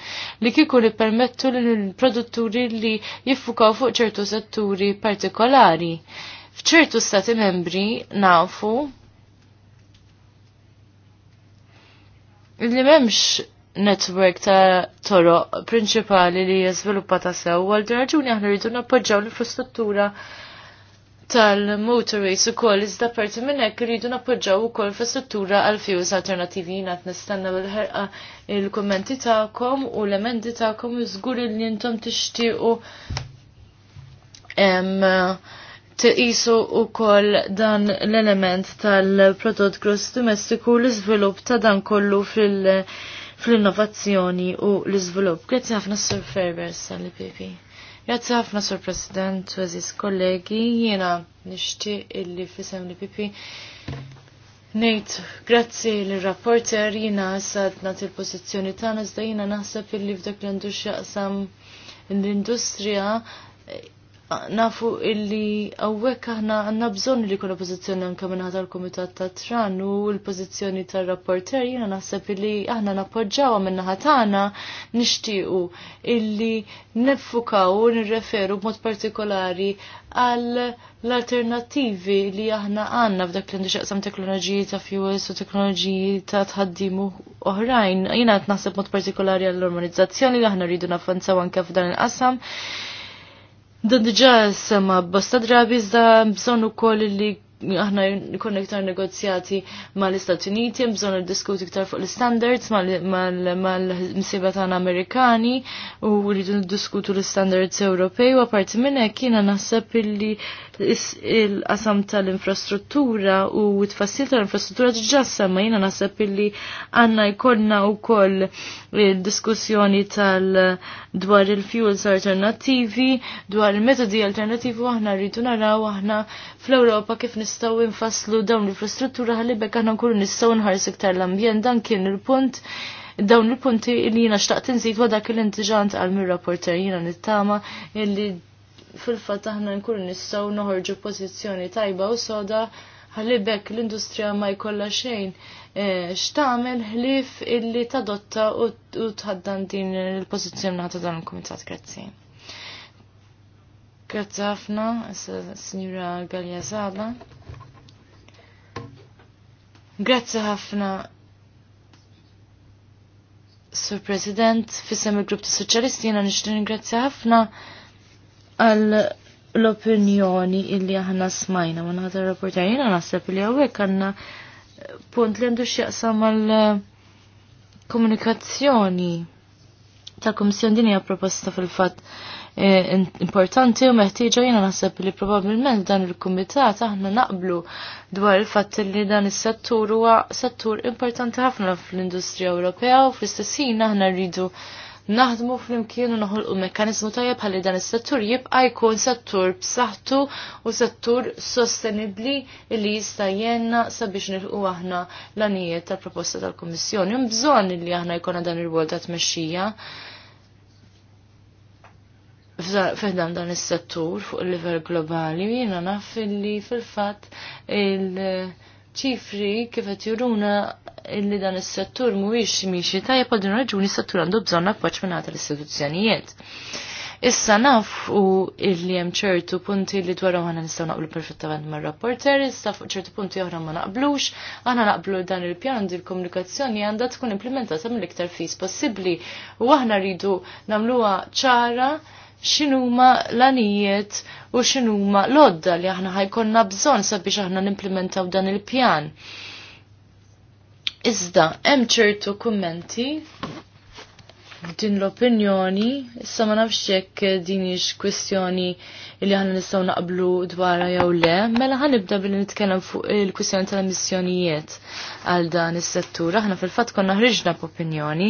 li kieku nippermettu lill produtturi li jiffukaw fuq ċertu setturi partikolari. F'ċertu stati membri nafu li memx network ta' toroq prinċipali li jizviluppa ta' sew, għal raġuni aħna rridu nappoġġaw l-infrastruttura tal-motorways u koll, iżda parti minnek rridu nappoġġaw u koll infrastruttura għal fjuż alternativi jina nistanna bil-ħerqa il-kommenti ta'kom u l-emendi ta'kom u zgur li jintom tixtiqu tiqisu wkoll dan l-element tal-prodott gross domestiku l-iżvilupp ta' dan kollu fl-innovazzjoni u l-iżvilupp. Grazzi ħafna Sur Ferber tal-IPP. Grazzi ħafna Sur President u għaziz kollegi jiena nixtieq illi fisem li ipp Nejt, grazzi l-rapporter jina għasad til pozizjoni tana, zda jina naħseb illi f'dak l-industrija qsam l-industrija nafu illi għawek aħna għanna bżon li kuna pozizjoni anka minna tal-Komitat ta' Tran u l-pozizjoni tal-rapporter jina naħseb illi aħna nappoġġawa minnaħat għana nishtiqu illi nefukaw u nirreferu b'mod partikolari għal l-alternativi li aħna għanna f'dak li ndixaqsam teknoloġiji ta' fuels u teknoloġiji ta' tħaddimu oħrajn. Jina għat naħseb mod partikolari għall-normalizzazzjoni li aħna rridu nafanzaw anke f'dan il-qasam. Dan diġa sema bosta drabi iżda bżonn ukoll li aħna jkun iktar negozjati mal-Istati Uniti, bżonn diskuti iktar fuq l-standards mal-msiba tagħna Amerikani u rridu diskutu l-standards Ewropej u apparti minn hekk jiena naħseb illi il-qasam tal-infrastruttura u t-fassil tal-infrastruttura ġassa ma jina nasab illi għanna jkollna u koll eh, diskussjoni tal- dwar il-fuels alternativi, dwar il-metodi alternativi u aħna rridu naraw aħna fl-Ewropa kif nistgħu infaslu dawn l-infrastruttura ħalibek għahna nkunu nistgħu nħarsu iktar l-ambjent dan kien il-punt dawn il-punti li jiena xtaqt inżid wa dak il-intiġant għal mir rapporter jiena nittama illi fil-fatt aħna nkunu nistgħu noħorġu pożizzjoni tajba u soda ħalli bekk l-industrija ma jkollha xejn eh, x'tagħmel ħlief illi tadotta u tħaddan din il-pożizzjoni ta' dan il-Kumitat Grazzi. Grazzi ħafna, Signora Galja Zala. Grazzi ħafna, Sur President, fissem il-Grupp ta' Soċjalisti jena nixtin grazzi ħafna għal l-opinjoni illi aħna smajna ma ħadd ir-rapporter. Jiena naħseb li hawnhekk għandna punt li għandu x'jaqsam għal komunikazzjoni ta' komissjon din proposta fil-fatt eh, importanti u meħtieġa jiena naħseb li probabbilment dan il-kumitat aħna naqblu dwar il fat li dan is-settur huwa settur importanti ħafna fl-industrija Ewropea u fl-istessin aħna rridu naħdmu flimkien u noħolqu mekkanizmu tajjeb ħalli dan is-settur jibqa' jkun settur b'saħħtu u settur sostenibbli li jista' jenna sabiex nilqu aħna l-anijiet tal-proposta tal-Kummissjoni. bżonn li aħna jkun dan ir-rwol ta' tmexxija f'dan dan is-settur fuq il-livell globali jiena naf li fil-fatt il-, -il ċifri kif qed juruna illi dan is-settur mhuwiex miexi tajjeb għal din raġuni s-settur għandu bżonn appoġġ minn għata l-istituzzjonijiet. Issa naf u illi hemm ċertu punti li dwar aħna nistgħu naqblu perfettament mar-rapporter, issa fuq ċertu punti oħra ma naqblux, aħna naqblu dan il-pjan di l-komunikazzjoni għandha tkun implementata mill-iktar fis possibbli u aħna rridu nagħmluha ċara x'inhuma l-anijiet u x'inhuma l-odda li aħna ħajkonna bżonn sabiex aħna nimplementaw dan il-pjan. Iżda hemm ċertu kummenti din l-opinjoni, issa ma nafx jekk din hix kwestjoni li ħana nistgħu naqblu dwarha jew le, mela ħanibda billi nitkellem fuq il-kwistjoni tal-emissjonijiet għal dan is-settur. Aħna fil-fatt konna ħriġna b'opinjoni,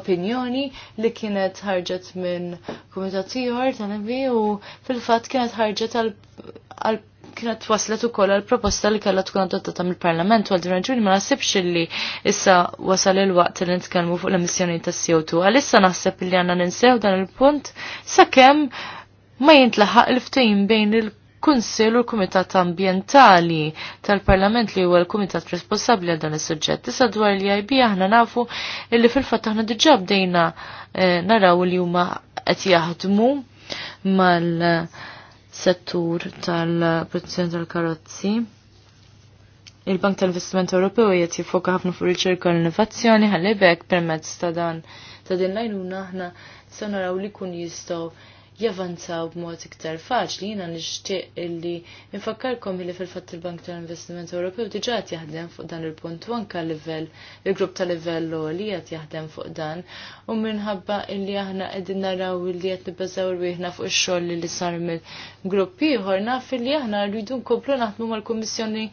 opinjoni li kienet ħarġet minn kumitat ieħor tal u fil-fatt kienet ħarġet għal kienet waslet ukoll għal proposta li kellha tkun adottata mill-Parlament għal din raġuni ma naħsibx li issa wasal il-waqt li nitkellmu fuq l-emissjoni ta' CO2. Għalissa naħseb li għandna ninsew dan il-punt sakemm ma jintlaħaq il ftajn bejn il- kunsil u l-Kumitat Ambientali tal-Parlament li huwa l-Kumitat responsabbli għal dan is-suġġett. Issa dwar l-IB aħna nafu li fil-fatt aħna diġà bdejna eh, naraw li huma qed jaħdmu mal- settur tal-produzzjoni tal-karozzi. Il-Bank tal-Investiment Ewropew qed jiffoka ħafna fuq riċerka u l-innovazzjoni ħalli bekk permezz ta' dan ta' din l l-għajnuna aħna se naraw li kun jistgħu javanzaw b'mod iktar faċli. Jiena nixtieq illi nfakkarkom illi fil-fatt il-Bank tal-Investiment Ewropew diġà qed jaħdem fuq dan il-punt u anke livell il-grupp ta' livell li qed jaħdem fuq dan. U minħabba illi aħna qegħdin naraw illi qed nibbeżaw rwieħna fuq ix-xogħol li sar mill-grupp ieħor naf illi aħna rridu nkomplu naħdmu mal-Kummissjoni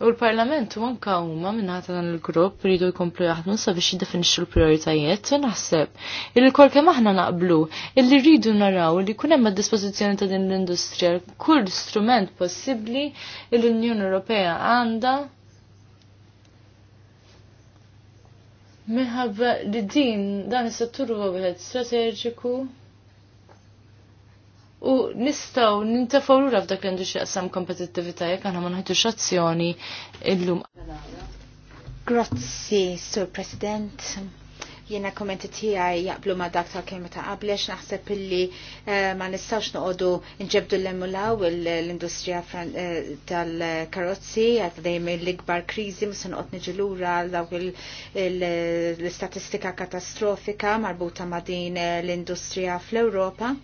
U l-Parlament u anka huma minnata dan il-grupp rridu jkomplu jaħdmu sabiex jiddefinixxu l-prijoritajiet u naħseb li kol kemm aħna naqblu illi rridu naraw li jkun hemm dispożizzjoni ta' din l-industrija kull strument possibbli li l-Unjoni Ewropea għandha Minħabba li din dan is-settur huwa wieħed strateġiku u nistaw nintafaw lura f'dak li għandu xieqsam kompetittivita jek għanna ma nħedux azzjoni illum. Grazzi, Sur President. Jena kommenti tijaj jaqblu ma dak tal kelma ta' qablex, naħseb illi eh, ma nistawx noqodu nġebdu l-emulaw l-industrija eh, tal-karozzi, għad dejjem l-ikbar krizi, mus noqot nġilura dawk l-istatistika katastrofika marbuta ma din eh, l-industrija fl-Europa.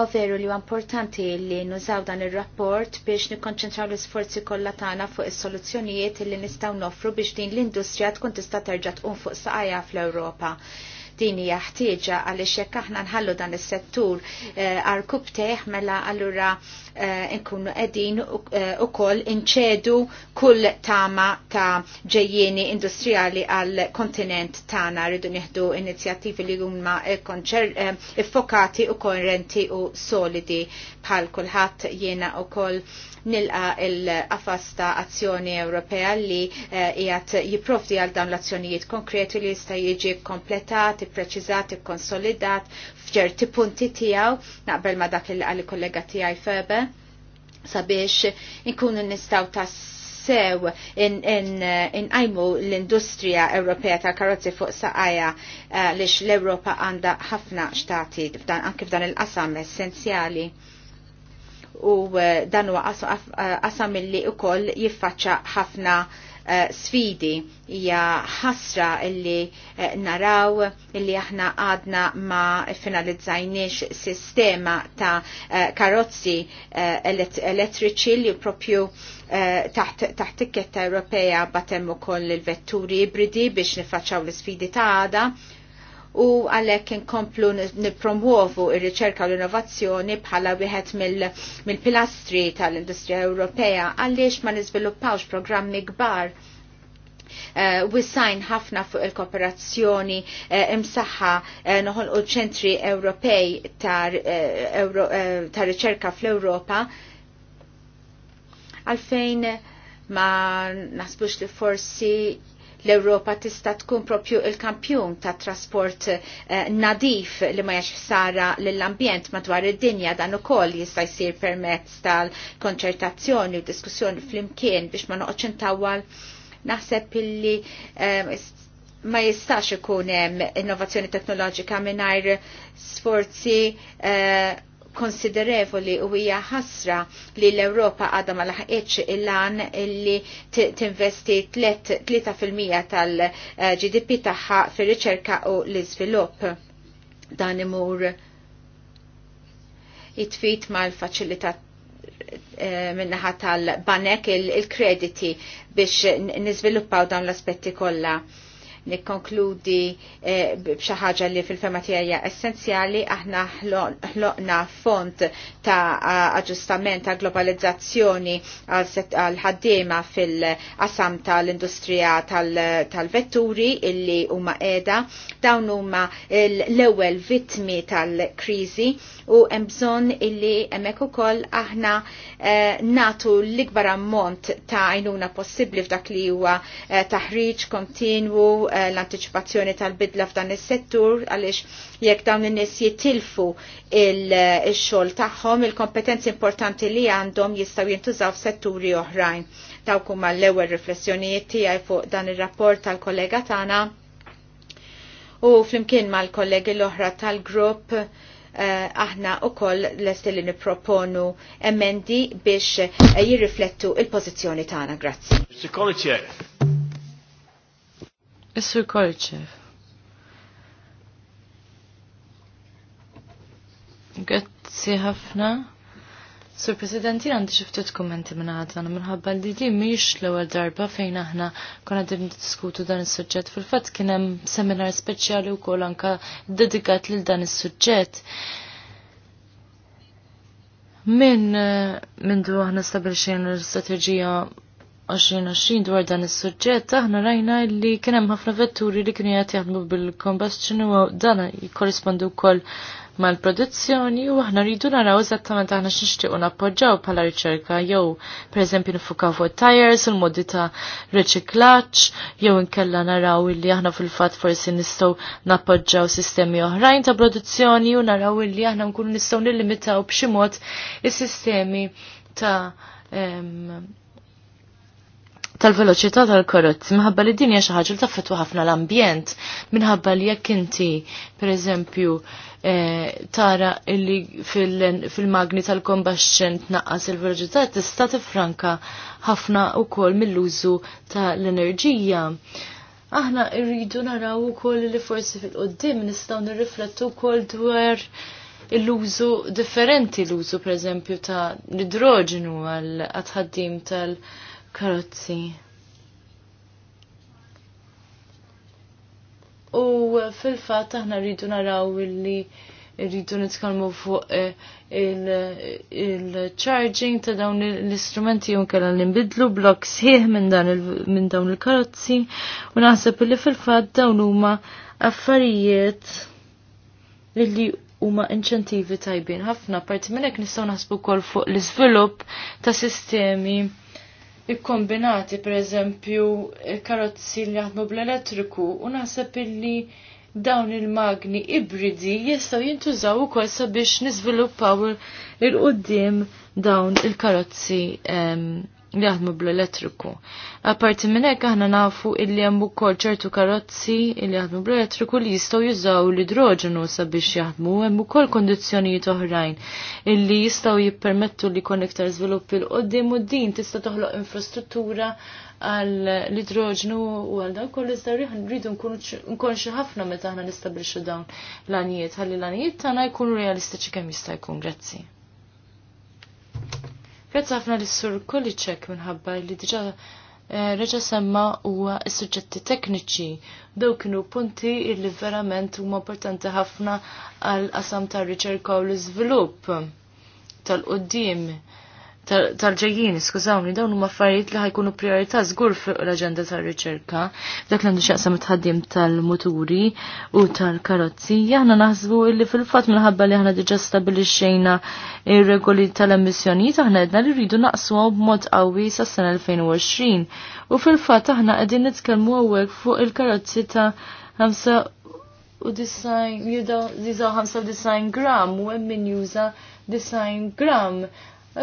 U veru li huwa importanti li nużaw dan ir-rapport biex nikkonċentraw l-isforzi kollha tagħna fuq is-soluzzjonijiet li nistgħu noffru biex din l-industrija tkun tista' terġa' tqum fuq saqajja fl-Ewropa din hija ħtieġa għaliex jekk aħna nħallu dan is-settur għal eh, kubteħ mela allura eh, nkunu qegħdin eh, ukoll inċedu kull tama ta' ġejjieni industrijali għal kontinent tagħna rridu nieħdu inizjattivi li huma iffokati u korrenti u solidi bħal kulħadd jiena ukoll nilqa il-qafas ta' azzjoni Ewropea li jgħat eh, jiprofdi għal dawn l-azzjonijiet konkreti li jista' jiġi kompletat, ippreċizat, ikkonsolidat f'ċerti punti tiegħu naqbel ma dak il għal kollega tiegħi febe, sabiex inkunu nistaw tas sew inqajmu in, in l-industrija Ewropea tal-karozzi fuq saqajja uh, lix l-Ewropa għandha ħafna xtati anke f'dan il-qasam essenzjali u eh, dan huwa eh, qasam illi wkoll jiffaċċa ħafna eh, sfidi hija ħasra illi naraw illi aħna għadna ma finalizzajniex sistema ta' karozzi elettriċi li propju taħt tikketta Ewropea batem ukoll il-vetturi ibridi biex nifaċċaw l-sfidi ta' għada u għalhekk inkomplu nipromuovu il riċerka u l-innovazzjoni bħala wieħed mill-pilastri mil tal-industrija Ewropea għaliex ma niżviluppawx programmi kbar Uh, eh, wissajn ħafna fuq il-kooperazzjoni uh, imsaħħa uh, eh, u ċentri Ewropej tar, Euro, uh, riċerka fl-Ewropa għalfejn ma nasbux li forsi L-Europa tista' tkun propju il-kampjun ta' trasport eh, nadif li ma jax ħsara l-ambjent madwar id-dinja dan ukoll jista' jsir permezz tal-konċertazzjoni u diskussjoni fl-imkien biex ma noqgħodx intawwal naħseb illi eh, ma jistax ikun hemm innovazzjoni teknoloġika mingħajr sforzi eh, konsiderevoli u hija ħasra li l-Ewropa għadha ma laħqitx il-lan li tinvesti 3% tal-GDP tagħha fir-riċerka u l-iżvilupp. Dan imur it it-tfit mal-faċilità minnaħa tal-banek il-krediti biex niżviluppaw dawn l-aspetti kollha nikkonkludi eh, b'xi ħaġa li fil-fema tiegħi essenzjali aħna ħloqna font ta' aġġustament ta' globalizzazzjoni għal ħaddiema fil-qasam tal-industrija tal-vetturi illi huma qiegħda dawn huma l-ewwel vittmi tal-kriżi u hemm bżonn illi hemmhekk ukoll aħna eh, natu l-ikbar ammont ta' għajnuna possibbli f'dak li huwa eh, taħriġ kontinwu Eh, l-antiċipazzjoni tal-bidla f'dan is-settur għaliex jekk dawn in-nies jitilfu eh, il-xogħol tagħhom, il-kompetenzi importanti li għandhom jistgħu jintużaw f'setturi oħrajn. Dawk huma l-ewwel riflessjonijiet tiegħi fuq dan ir-rapport tal-kollega tagħna. U flimkien mal-kollegi l-oħra tal-grupp eh, aħna u koll l li niproponu emendi biex jirriflettu il-pozizjoni tagħna. Grazzi. Is-Sur Kolċev. Grazzi ħafna. Sur President, jina għandi xiftit kommenti minn għadna minħabba li li miex l ewwel darba fejn aħna konna din diskutu dan is-suġġett. Fil-fatt kien hemm seminar speċjali wkoll anka dedikat lil dan is-suġġett. Min eh, min du aħna stabilxin l strategija 2020 dwar dan is-suġġett aħna rajna li kien hemm ħafna vetturi li kienu qed jaħdmu bil-combustion u dan jikkorrispondu wkoll mal-produzzjoni u aħna rridu naraw eżattament aħna x'nixtiequ nappoġġaw bħala riċerka jew pereżempju nifukaw fuq tires, il-modi ta' riċiklaġġ, jew inkella naraw illi aħna fil-fatt forsi nistgħu nappoġġaw sistemi oħrajn ta' produzzjoni u naraw illi aħna nkunu nistgħu nillimitaw b'xi mod is-sistemi ta' tal-veloċità tal-karozzi minħabba li din hija xi ħaġa li taffettwa ħafna l-ambjent minħabba li jekk inti pereżempju eh, tara illi fil-magni tal combustion tnaqqas il-veloċità tista' tifranka ħafna wkoll mill-użu tal-enerġija. Aħna rridu naraw ukoll li forsi fil-qoddim nistgħu nirriflettu wkoll dwar l-użu differenti l-użu per ta' l-idroġenu għal-atħaddim tal-, -tal karozzi. U fil-fat aħna rridu naraw illi rridu nitkallmu fuq eh, il-charging ta' dawn l-istrumenti unkella li nbidlu blok sħiħ minn dawn il-karozzi u naħseb li fil-fatt dawn huma affarijiet li huma inċentivi tajbin ħafna parti minn hekk nistgħu naħsbu wkoll fuq l-iżvilupp ta' sistemi ikkombinati pereżempju karozzi li jaħdmu bl-elettriku u naħseb illi dawn il-magni ibridi jistgħu jintużaw ukoll sabiex niżviluppaw il-qudiem dawn il-karozzi ehm, li jaħdmu bl-elettriku. Apparti minn hekk aħna nafu illi hemm ukoll ċertu karozzi li jaħdmu bl-elettriku li jistgħu jużaw l-idroġenu sabiex jaħdmu, hemm ukoll kondizzjonijiet oħrajn illi jistgħu jippermettu li jkun iktar żvilupp il-qoddim u din tista' toħloq infrastruttura għal l-idroġenu u għal dawn kollu iżda rridu nkun xi ħafna meta aħna nistabrixxu dawn l għanijiet ħalli l għanijiet tagħna jkunu realistiċi kemm jista' jkun. Grazzi. Grazzi ħafna li s sur kolli ċek minħabba li diġa eh, reġa semma huwa s-suġġetti tekniċi. Daw kienu punti illi verament huma importanti ħafna għal qasam ta' riċerka u l-iżvilupp tal-qoddim tal-ġejjien, skużawni, dawn huma affarijiet li ħajkunu priorità żgur fuq l-aġenda tar-riċerka, dak li għandu xaqsam it-ħaddiem tal-muturi u tal-karozzi, aħna naħsbu li fil-fatt minħabba li aħna diġà stabilixxejna ir-regoli tal-emissjonijiet aħna edna li rridu naqsuhom b'mod qawwi sas-sena 2020. U fil-fatt aħna qegħdin nitkellmu hawnhekk fuq il-karozzi ta' 95 jużaw 95 gram u hemm min juża design gram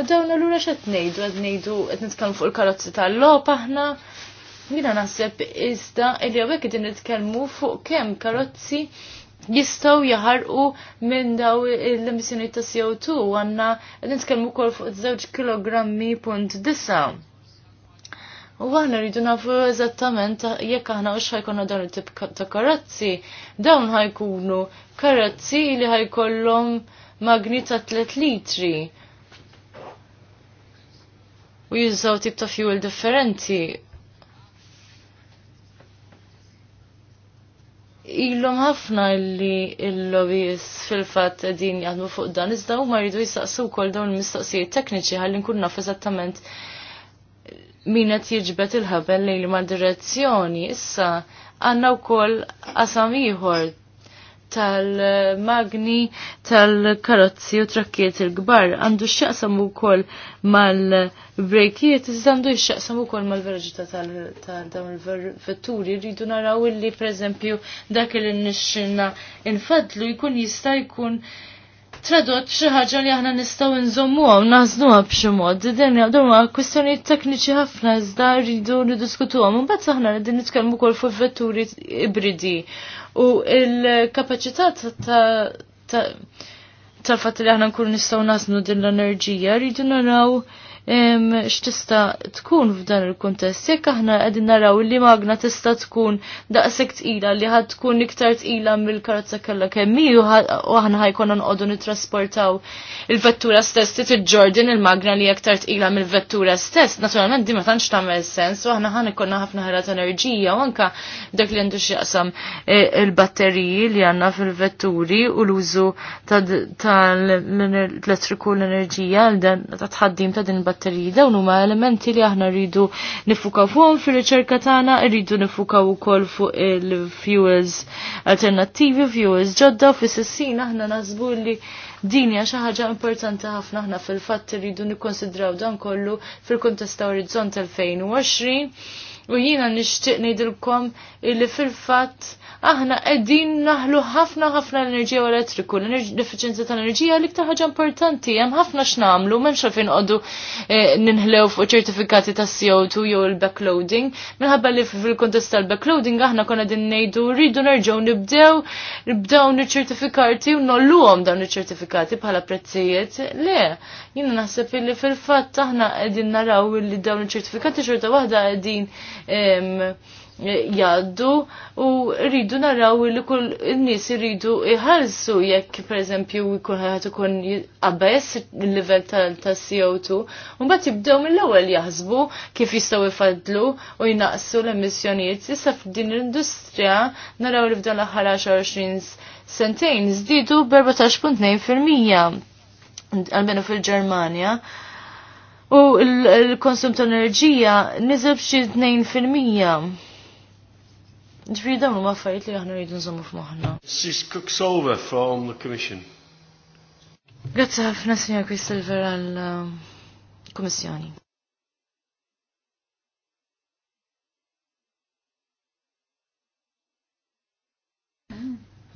Dawn allura x'ed ngħidu qed ngħidu qed nitkellmu fuq il-karozzi tal-logħob aħna. mina naħseb iżda li hawnhekk għed nitkellmu fuq kemm karozzi jistgħu jaħarqu minn daw l-emissjoni ta' CO2 għandna qed nitkellmu wkoll fuq żewġ kilogrammi punt disa'. U għahna rridu nafu eżattament jekk aħna u xħajkonna dawn it-tip ta' karozzi, dawn ħajkunu karozzi li ħajkollhom magni ta' 3 litri u jużaw tip ta' fuel differenti. Ilhom ħafna li il lobbies fil-fatt qegħdin jaħdmu fuq dan iżda huma jridu jistaqsu wkoll dawn il-mistoqsijiet tekniċi ħalli nkun naf eżattament min qed jiġbed il-ħabel lejli ma' direzzjoni. Issa għandna wkoll qasam ieħor tal-magni tal-karozzi u trakkiet il-gbar. Għandu x'jaqsam ukoll mal-brejkiet, iżda għandu x'jaqsam ukoll mal verġita tal-dawn il-vetturi. Rridu naraw illi pereżempju dak li nixxilna infadlu jkun jista' jkun Tradot xi ħaġa li aħna nistgħu nżommuha u nażnuha b'xi mod. Din huma kwistjonijiet tekniċi ħafna iżda rridu niddiskutuhom. mbagħad aħna qegħdin nitkellmu wkoll fuq vetturi ibridi u l-kapaċità ta' tal-fatt li aħna nkunu nistgħu nasnu din l-enerġija rridu naraw x'tista' tkun f'dan il-kuntest jekk aħna qegħdin naraw li magna tista' tkun daqshekk tqila li ħad tkun iktar tqila mill-karozza kellha kemm u aħna ħajkonna nqogħdu nittrasportaw il-vettura stess tit il il-magna li aktar tqila mill-vettura stess. Naturalment di ma tantx tagħmel sens u aħna ħan ikonna ħafna ħarat enerġija u anke dak li għandu x'jaqsam e, il-batteriji li għandna fil-vetturi u l-użu tal-elettriku l-enerġija ta' tħaddim ta' din batteriji dawn huma elementi li aħna rridu nifukaw fuqhom fir-riċerka tagħna, rridu nifukaw ukoll fuq il-fuels alternattivi, fuels ġodda u fis-sissin aħna nażbu li din hija xi ħaġa importanti ħafna aħna fil-fatt irridu nikkonsidraw dan kollu fil-kuntest ta' Orizzont 2020 u jiena nixtieq ngħidilkom illi fil-fatt aħna qegħdin naħlu ħafna ħafna enerġija elettriku, l-efficienza tal-enerġija li ktar ħaġa importanti, hemm ħafna x'namlu, m'hemmx għalfejn inqogħdu eh, ninħlew fuq ċertifikati ta' CO2 jew il-backloading, minħabba li fil-kontest tal-backloading aħna konna din ngħidu rridu nerġgħu nibdew nibdew niċ-ċertifikati u nolluhom dawn iċ-ċertifikati bħala prezzijiet. Le, jiena naħseb li fil-fatt aħna qegħdin naraw li dawn iċ-ċertifikati xorta waħda qegħdin ehm, jgħaddu u rridu naraw li kull n-nies rridu iħallsu jekk pereżempju jkun ħadd ikun qabeż il livell ta' tal-CO2 u mbagħad jibdew mill-ewwel jaħsbu kif jistgħu jfadlu u jnaqsu l-emissjonijiet issa f'din l-industrija naraw li f'dan l-aħħar 20 sentejn żdiedu b'14.2 għalmenu fil-Germania. U l-konsum ta' enerġija nizib xi 2%. Ġifiri dawn huma affarijiet li aħna rridu nżommu f'moħħna. Sis Cooksover from the Commission. Grazzi ħafna signor Christopher għal um, Kummissjoni.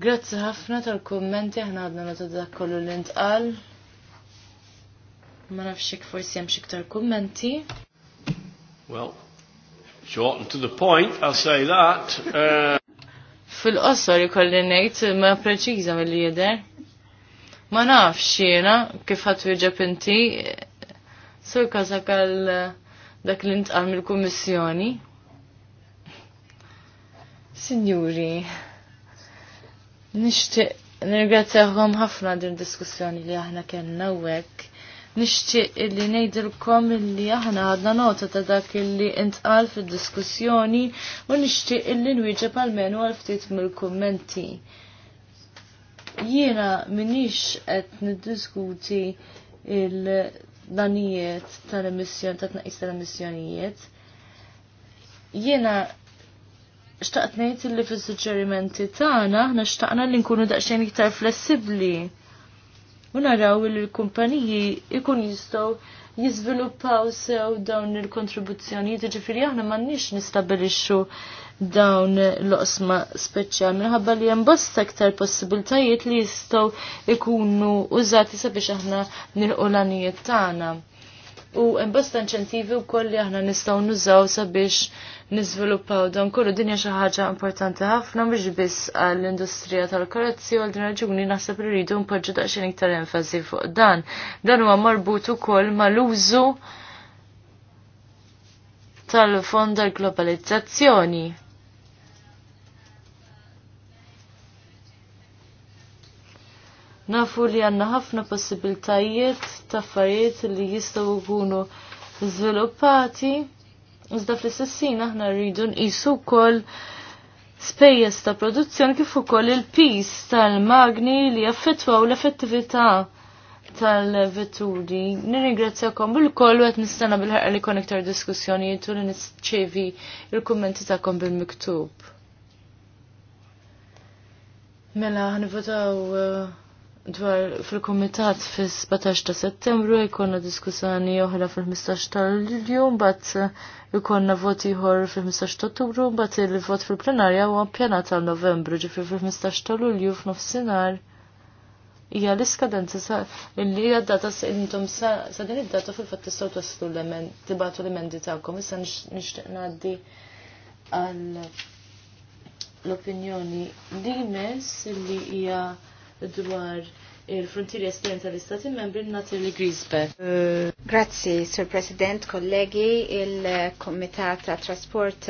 Grazzi ħafna tal-kommenti ħna għadna nota dak kollu li ntqal. Ma nafx forsi hemm xiktar kummenti. Well, Short and to the point, I'll say that. Uh... Fil-qossor ikolli ngħid ma preċiża milli jidher. Ma naf xiena kif ħadd wieġeb inti sur każak għal dak li ntqal mill-kummissjoni. Sinjuri, nixtieq nirgrazzjahom ħafna din diskussjoni li aħna kellna hawnhekk nixtieq illi ngħidilkom illi aħna għadna nota ta' dak illi intqal fid-diskussjoni u nixtieq illi nwieġeb għalmenu għal ftit mill-kummenti. Jiena minix qed niddiskuti il-danijiet tal-emissjon ta' tnaqis tal-emissjonijiet. Jiena xtaqt ngħid illi fis-suġġerimenti tagħna aħna xtaqna li nkunu daqsxejn iktar flessibbli u naraw li l-kumpaniji ikun jistgħu jizviluppaw sew dawn il-kontribuzzjoni, ġifiri aħna nix nistabilixxu dawn l-osma speċjal minħabba li hemm bosta aktar possibiltajiet li jistgħu ikunu użati sabiex aħna nil l tagħna u imbosta inċentivi wkoll li aħna nistgħu nużaw sabiex niżviluppaw dan kollu dinja xi ħaġa importanti ħafna mhux biss għall-industrija tal-karozzi għal din raġuni naħseb li rridu npoġġu daqsxejn iktar enfasi fuq dan. Dan huwa marbut ukoll mal-użu tal-fond tal-globalizzazzjoni Nafu li għanna ħafna possibiltajiet ta' affarijiet li jistaw ikunu żviluppati, iżda fl-istessin aħna rridu nqisu wkoll spejjeż ta' produzzjoni kif ukoll il-pis tal-magni li jaffettwaw l-effettività tal-vetturi. Nirringrazzjakom bil-koll u għet nistana bil-ħarqa li kon iktar diskussjonijiet u li nisċevi il-kommenti tagħkom bil-miktub. Mela, ħanvotaw uh, dwar fil-komitat fil-17 ta' settembru jkonna diskussjoni oħra fil-15 ta' lulju bat eh, jkonna voti ieħor fil-15 ta' ottubru bat il-vot fil-plenarja u għampjana għal novembru ġifier fil-15 ta' lulju f'nofsinhar hija l-iskadenza sa li hija data intom sa din id-data fil-fatt tistgħu twasslu l emend tibatu l-emendi tagħkom issa nixtieq ngħaddi għal l-opinjoni li mess li hija dwar il-frontieri estern tal-Istati membri Natalie Griesbeck. Grazzi, Sir President, kollegi, il-Komitat ta' Trasport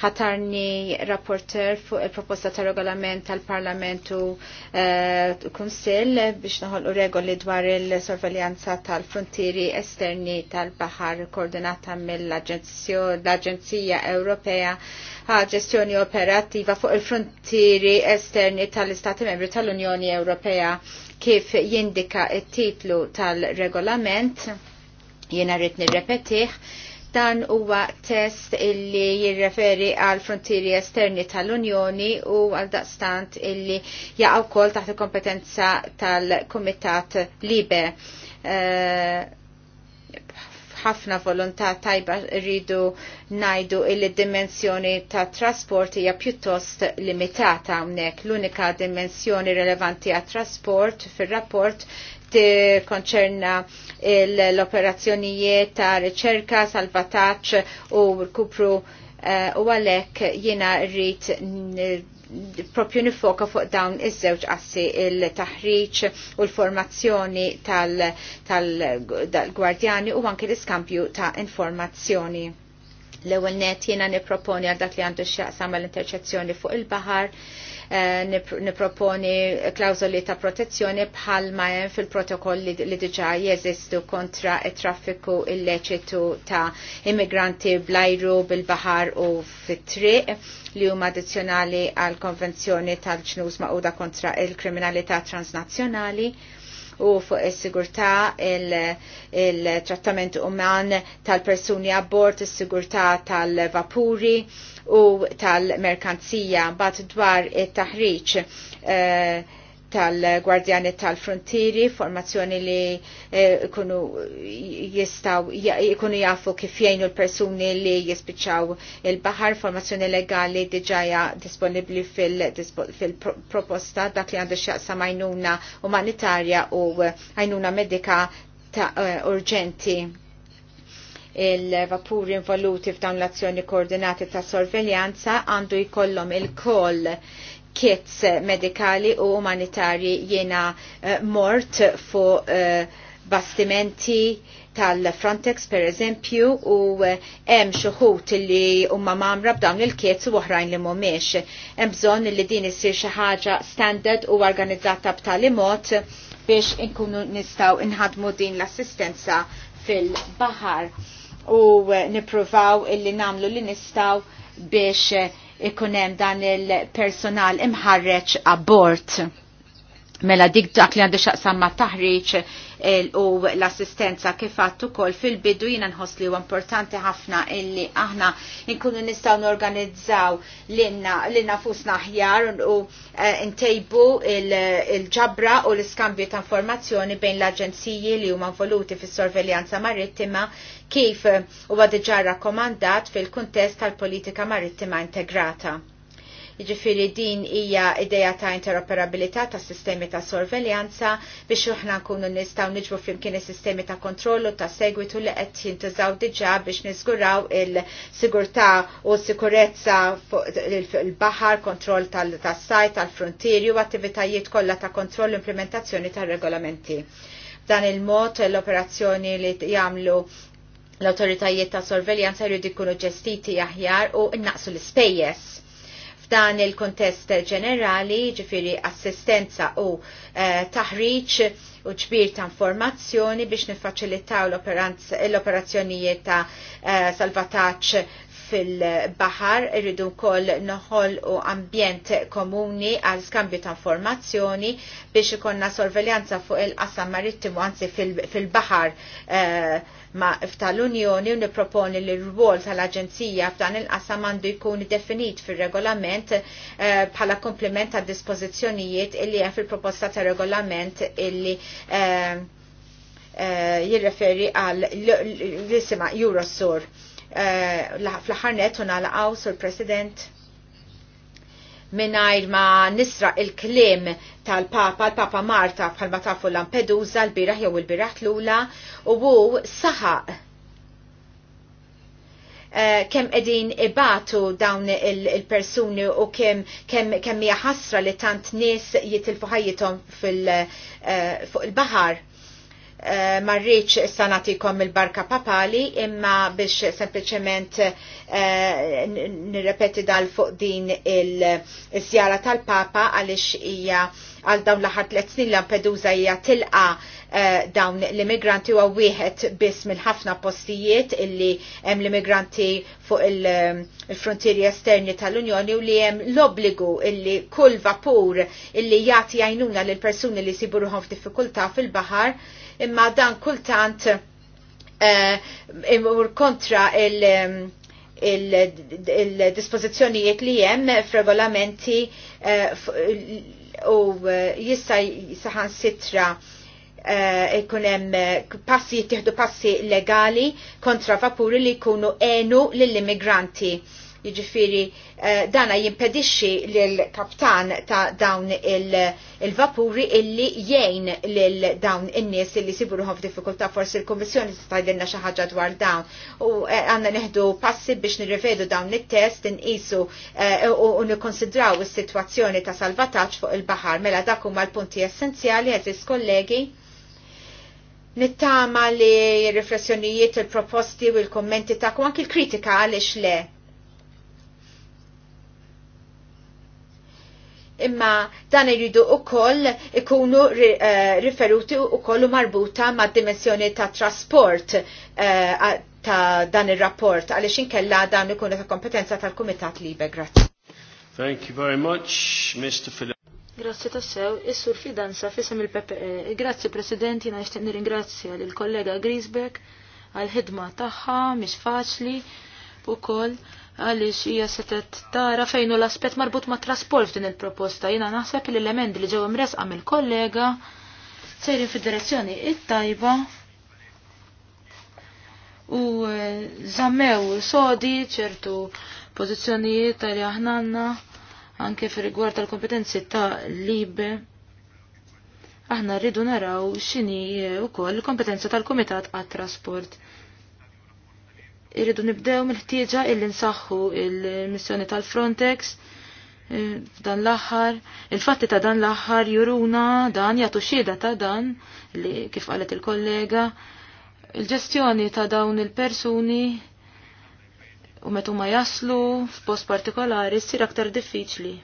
ħatarni rapporter fuq il-proposta ta' regolament tal-Parlamentu uh, Kunsill biex noħolqu regoli dwar il-sorveljanza tal-frontieri esterni tal-Bahar koordinata mill-Aġenzija Ewropea ġestjoni operattiva fuq il-frontieri esterni tal-Istati membri tal-Unjoni Ewropea kif jindika it-titlu tal-regolament, jena rrit nirrepetiħ, dan huwa test illi jirreferi għal frontieri esterni tal-Unjoni u għal daqstant illi jaqaw kol taħt il-kompetenza tal-Komitat Libe. Uh, ħafna volontà tajba rridu najdu il-dimensjoni ta' trasport hija pjuttost limitata hawnhekk. L-unika dimensjoni rilevanti għat trasport fir-rapport konċerna l-operazzjonijiet ta' riċerka, salvataċ u rkupru eh, u għalek jiena rrit propju nifoka fuq dawn iż-żewġ assi il-taħriġ u l-formazzjoni tal-gwardjani u anke l-iskampju ta' informazzjoni. L-ewwel net jiena nipproponi għal dak li għandu xaqsam l-interċezzjoni fuq il-baħar, eh, nipproponi klawżoli ta' protezzjoni bħal ma hemm fil-protokoll li diġà jeżistu kontra t traffiku illeċitu ta' immigranti blajru bil-baħar u fit-triq li huma addizzjonali għal konvenzjoni tal ġnuż Magħquda kontra il-kriminalità transnazzjonali u fuq is-sigurtà il-trattament il uman tal-persuni abbord, is-sigurtà tal-vapuri u tal-merkanzija bat dwar it-taħriġ uh, tal-Gwardjani tal-Frontieri, formazzjoni li jkunu eh, jistaw, jkunu jafu kif jgħinu l-persuni li jispiċaw il-bahar, formazzjoni legali diġaja disponibli fil-proposta dak li għandu xaqsa majnuna umanitarja u għajnuna medika ta' eh, urġenti il-vapuri involuti f'dawn l-azzjoni koordinati ta' sorveljanza għandu jkollhom il-koll kits medikali u umanitarji jiena eh, mort fu eh, bastimenti tal-Frontex per eżempju u eh, hemm xi xuħut li huma mamra b'dawn il kits u oħrajn li mhumiex. Hemm bżonn li din issir xi ħaġa standard u organizzata b'tali mod biex inkunu nistgħu inħadmu din l-assistenza fil-baħar u nippruvaw illi namlu li nistgħu biex ikunem dan il-personal imħarreċ abort. Mela dik dak li għandu xaqsam ma taħriċ u l-assistenza kif għattu kol fil-bidu jina nħos li u importanti ħafna illi aħna nkunu nistaw norganizzaw l-inna fusna ħjar u e, ntejbu il-ġabra u l-iskambju ta' informazzjoni bejn l-aġenziji li huma voluti fis sorveljanza marittima kif huwa diġà rakkomandat fil-kuntest tal-politika marittima integrata. Jiġifieri din hija ideja ta' interoperabilità ta' sistemi ta' sorveljanza biex aħna nkunu nistgħu niġbu flimkien is-sistemi ta' kontrollu ta' segwitu li qed jintużaw diġà biex niżguraw il-sigurtà u sikurezza il-baħar, kontroll tas-sajt, tal-frontieri u attivitajiet kollha ta' kontroll u implementazzjoni tar-regolamenti. Dan il-mod l-operazzjoni li jagħmlu L-autoritajiet ta' sorveljanza jridu jkunu ġestiti aħjar u innaqsu l-ispejjeż. F'dan il-kontest ġenerali, ġifiri assistenza u eh, taħriċ u ġbir ta' informazzjoni biex nifaċilitaw l-operazzjonijiet ta' eh, salvataċ fil-bahar irridu kol noħol u ambjent komuni għal skambju ta' informazzjoni biex ikonna sorveljanza fuq il-qasam marittimu għanzi fil-bahar fil eh, ma' tal-Unjoni u niproponi li l-rwol tal-Aġenzija f'dan il-qasam għandu jkun definit fil-regolament bħala komplement ta' dispożizzjonijiet illi hemm fil-proposta ta' regolament illi jirreferi għal l-isima Eurosur. Fl-ħarnet unalaqaw sur President minnajr ma nisra il-klim tal-Papa, l-Papa Marta bħalma tafu Lampedusa l-biraħ jew il-biraħ l-ula u wu saħaq eh, kem edin ibatu dawn il-persuni u kem kem kem li tant nis jitilfu ħajjithom fil eh, fuq il-bahar Uh, eh, marriċ sanatikom il-barka papali imma biex sempliciment eh, nirrepeti dal fuq din il-zjara tal-papa għalix hija għal dawn l-ħar tliet snin Lampedusa hija tilqa eh, dawn l-immigranti u wieħed biss minn ħafna postijiet illi hemm l-immigranti fuq il-frontieri esterni tal-Unjoni u li hemm l-obbligu illi kull vapur illi jagħti għajnuna lill persuni li siburuhom f'diffikultà fil-baħar imma dan kultant eh, imur kontra il- il-dispozizjonijiet li jem f-regolamenti eh, u eh, jista jisaħan sitra ikunem passi jittihdu passi legali kontra vapuri li jkunu enu lill-immigranti. Jiġifieri eh, dana jimpedixxi lil kaptan ta' dawn il-vapuri il illi jgħin lil dawn in-nies illi sibu f'diffikultà forsi l-Kummissjoni tgħidilna xi ħaġa dwar dawn. U eh, għandna eh, neħdu passi biex nirrivedu dawn it-test inqisu eh, u nikkonsidraw is-sitwazzjoni ta' salvataġġ fuq il-baħar. Mela dak huma l-punti essenzjali eżis kollegi. Nittama li riflessjonijiet il-proposti u l-kommenti ta' anki l-kritika għalix le. imma dan iridu u koll ikunu eh, riferuti u kollu marbuta ma' dimensjoni ta' trasport eh, ta' dan il-rapport għalix inkella dan ikunu ta' kompetenza tal-Kumitat Libe. Grazie. Thank you very much, Mr. Fidan. Grazie tassew, is-sur fidanza fisem il-PPE. Grazie Presidenti, jina nishtiq nirringrazzja lill kollega Grisbeck għal-ħidma tagħha mis faċli u koll għaliex hija setet tara fejnu l-aspett marbut ma' trasport f'din il-proposta. Jiena naħseb li l-emendi li ġew res għamil kollega sejrin fid-direzzjoni it-tajba u eh, zammew sodi ċertu pożizzjonijiet tal aħnanna anke fir-rigward tal-kompetenzi ta' libe aħna rridu naraw xini eh, u koll kompetenza tal-Komitat għat trasport Irridu nibdew mill-ħtieġa illi nsaħħu il-missjoni tal-Frontex eh, dan l-aħħar, il-fatti ta' dan l-aħħar juruna dan jagħtu xieda ta' dan li kif qalet il-kollega il-ġestjoni ta' dawn il-persuni u metu ma jaslu f'post partikolari ssir aktar diffiċli.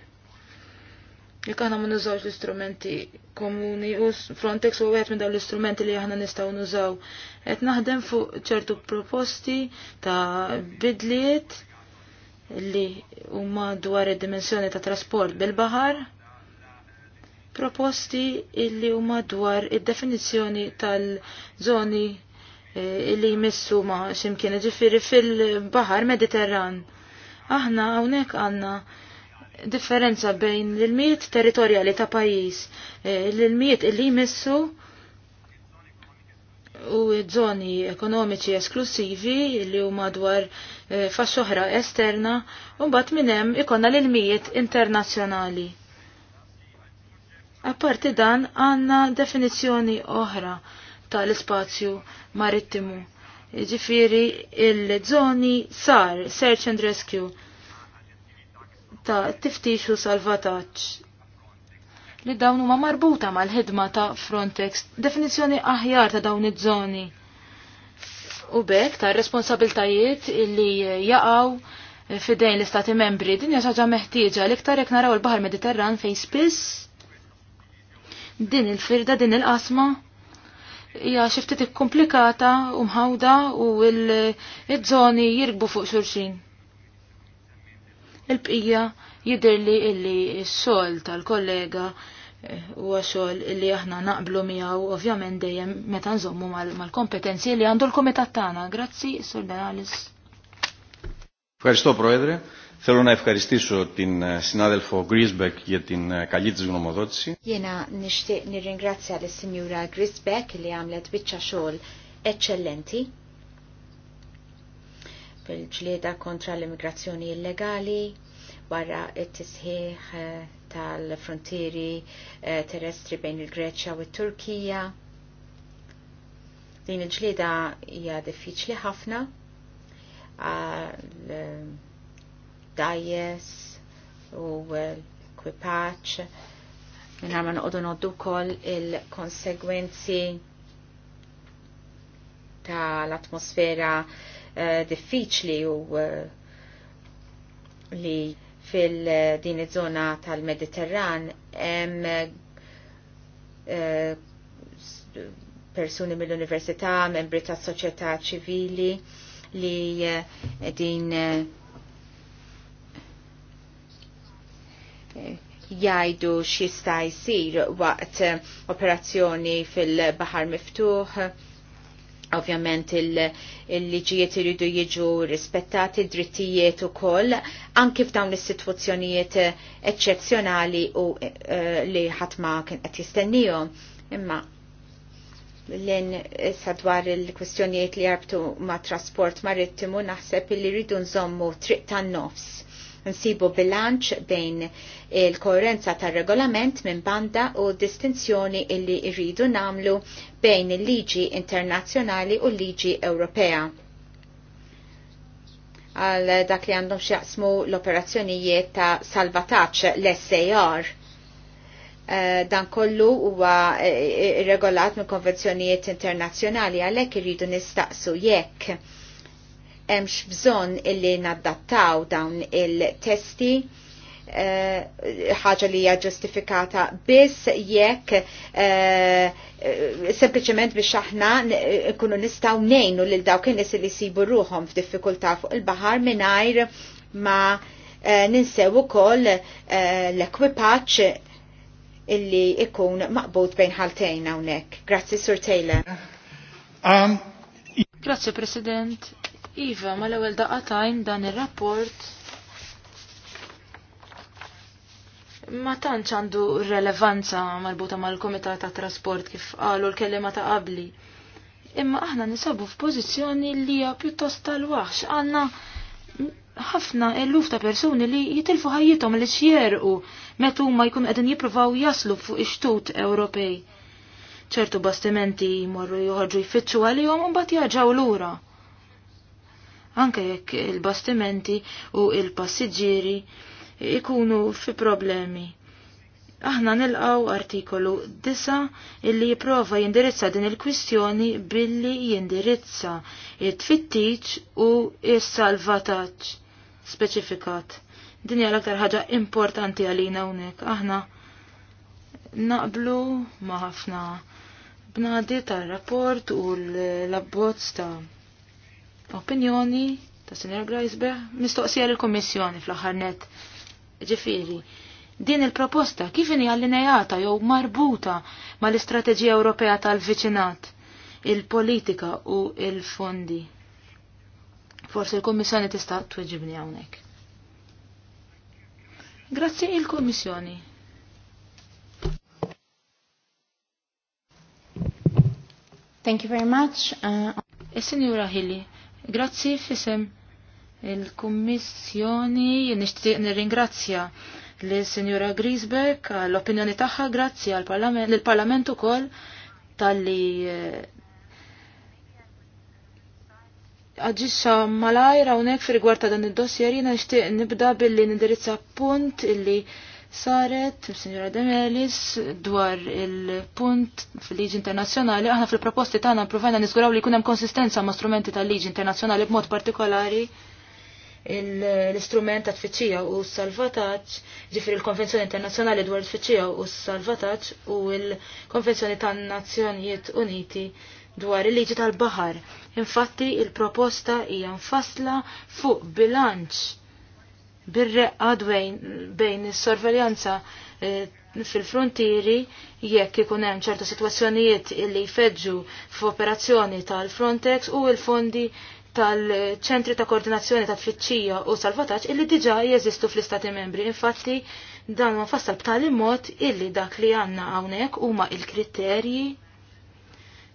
Jek għana ma nużawx l-istrumenti komuni u Frontex u għet minn dawn l-istrumenti li aħna nistgħu nużaw. Qed naħdem fuq ċertu proposti ta' bidliet li huma dwar id-dimensjoni ta' trasport bil-baħar. Proposti illi huma dwar id-definizzjoni tal-żoni eh, illi jmissu ma' ximkien ġifiri fil-baħar Mediterran. Aħna hawnhekk għandna differenza bejn l-miet territorjali ta' pajis, eh, l-miet illi jmissu u zoni ekonomiċi esklusivi li huma dwar eh, faxxoħra esterna u bat minn hemm ikonna l-miet internazzjonali. Apparti dan għandna definizzjoni oħra tal-ispazju marittimu. Ġifiri il-żoni SAR, Search and Rescue, ta' tiftix u salvataġġ li dawn huma marbuta mal-ħidma ta' Frontex, definizzjoni aħjar ta' dawn iż-żoni. U bekk ta' responsabiltajiet illi jaqaw fidejn l-istati membri din hija meħtieġa li ktar jek naraw il-Baħar Mediterran fejn spiss din il-firda din il-qasma hija xi ftit ikkomplikata u mħawda u l-żoni jirbu fuq xulxin il-bqija jidirli illi s-sol tal-kollega eh, u għasol illi aħna naqblu miegħu ovvjament dejjem meta nżommu mal-kompetenzi li għandu l komitat tagħna. Grazzi, Sur Benalis. Ευχαριστώ, Πρόεδρε. Θέλω να ευχαριστήσω την συνάδελφο Γκρίσμπεκ για την καλή της γνωμοδότηση. Jena nishtiq nirringrazzja l-Sinjura Grisbeck li għamlet biċċa σόλ, εξελέντη fil-ġlieda kontra l-immigrazzjoni illegali barra it-tisħiħ eh, tal-frontieri eh, terrestri bejn il-Greċja u t-Turkija. Din il-ġlieda hija diffiċli ħafna eh, dajes u l ekwipaġġ mingħajr ma noqdu noddu kol il-konsegwenzi tal-atmosfera Eh, diffiċli u eh, li fil-din eh, iż-żona tal-Mediterran hemm persuni mill-università, membri tas-soċjetà ċivili li din jajdu xista jsir waqt operazzjoni fil bahar Miftuħ Ovvjament il-liġijiet il iridu jiġu rispettati, drittijiet u koll, anki f'dawn is-sitwazzjonijiet eccezzjonali u eh, li ħatma kien qed jistennijhom. Imma l-in issa eh, dwar il-kwistjonijiet li jarbtu ma' trasport marittimu naħseb li rridu nżommu triq tan-nofs nsibu bilanċ bejn il-koerenza tar-regolament minn banda u distinzjoni illi rridu namlu bejn il-liġi internazzjonali u l-liġi Ewropea għal dak li għandhom xjaqsmu l-operazzjonijiet ta' salvataċ l-SAR. Eh, dan kollu huwa eh, regolat minn konvenzjonijiet internazzjonali għalhekk irridu nistaqsu jekk hemmx bżonn illi naddattaw dawn il-testi eh, ħaġa li hija ġustifikata biss jekk eh, sempliċement biex aħna nkunu nistgħu ngħinu lil dawk in-nies li jsibu ruhom f'diffikultà fuq il-baħar mingħajr ma eh, ninsew ukoll l-ekwipaġġ illi ikun maqbud bejn ħaltejn hawnhekk. Grazzi Sur Taylor. Um, Grazzi President Iva, ma l-ewel daqatajn dan il-rapport ma tantx għandu relevanza marbuta mal-Komitat ta' Trasport kif qalu l-kellima ta' qabli. Imma aħna nisabu f'pożizzjoni li hija pjuttost tal-waħx. Għandna ħafna eluf ta' persuni li jitilfu ħajjithom li xjerqu metu ma jkun qegħdin jippruvaw jaslu fuq ix-xtut Ewropej. ċertu bastimenti jmorru joħorġu jfittxu għalihom u mbagħad jaġaw lura anke jekk il-bastimenti u il-passiġġieri ikunu fi problemi. Aħna nilqaw artikolu 9 illi jiprofa jindirizza din il-kwistjoni billi jindirizza it-tfittiċ u s salvataċ speċifikat. Din hija l-aktar ħaġa importanti għalina hawnhekk. Aħna naqblu ma' ħafna bnadi tal rapport u l-abbozz ta' Opinjoni ta' Sr. Grisbeħ mistoqsija l komissjoni fl-aħħar net. ġifiri. din il-proposta kif inhi allinejata jew marbuta mal-Istrateġija Ewropea tal-Viċinat, il-politika u il-fondi. Forsi l komissjoni tista' tweġibni hawnhekk. Grazzi il komissjoni Thank you very much. Uh... E signora Hilli, Grazzi fisem il-Kummissjoni nixtieq nirringrazzja li senjora Grisbeck għall-opinjoni tagħha grazzi għall-Parlament ukoll tal-li eh, aġġisċa malajr hawnhekk fi rigward dan id-dossier jiena nixtieq nibda billi nindirizza punt illi saret sinjora Demelis dwar il-punt fil-liġi internazzjonali. Aħna fil-proposti tagħna pprovajna niżguraw li jkun hemm konsistenza ma' strumenti tal-liġi internazzjonali b'mod partikolari l-istrument ta' tfittxija u s-salvataġġ, ġifir il-Konvenzjoni Internazzjonali dwar tfittxija u s-salvataġġ u l-Konvenzjoni tan Nazzjonijiet Uniti dwar il-liġi tal-baħar. Infatti, il-proposta hija mfassla fuq bilanċ bir-reqqa bejn is-sorveljanza eh, fil-frontieri jekk ikun hemm ċertu sitwazzjonijiet illi jfeġġu f'operazzjoni tal-Frontex u l-fondi tal-ċentri ta' koordinazzjoni ta' tfittxija u salvataġġ illi diġà jeżistu fl-istati membri. Infatti, dan ma fassal b'tali mod illi dak li għanna hawnhekk huma il-kriterji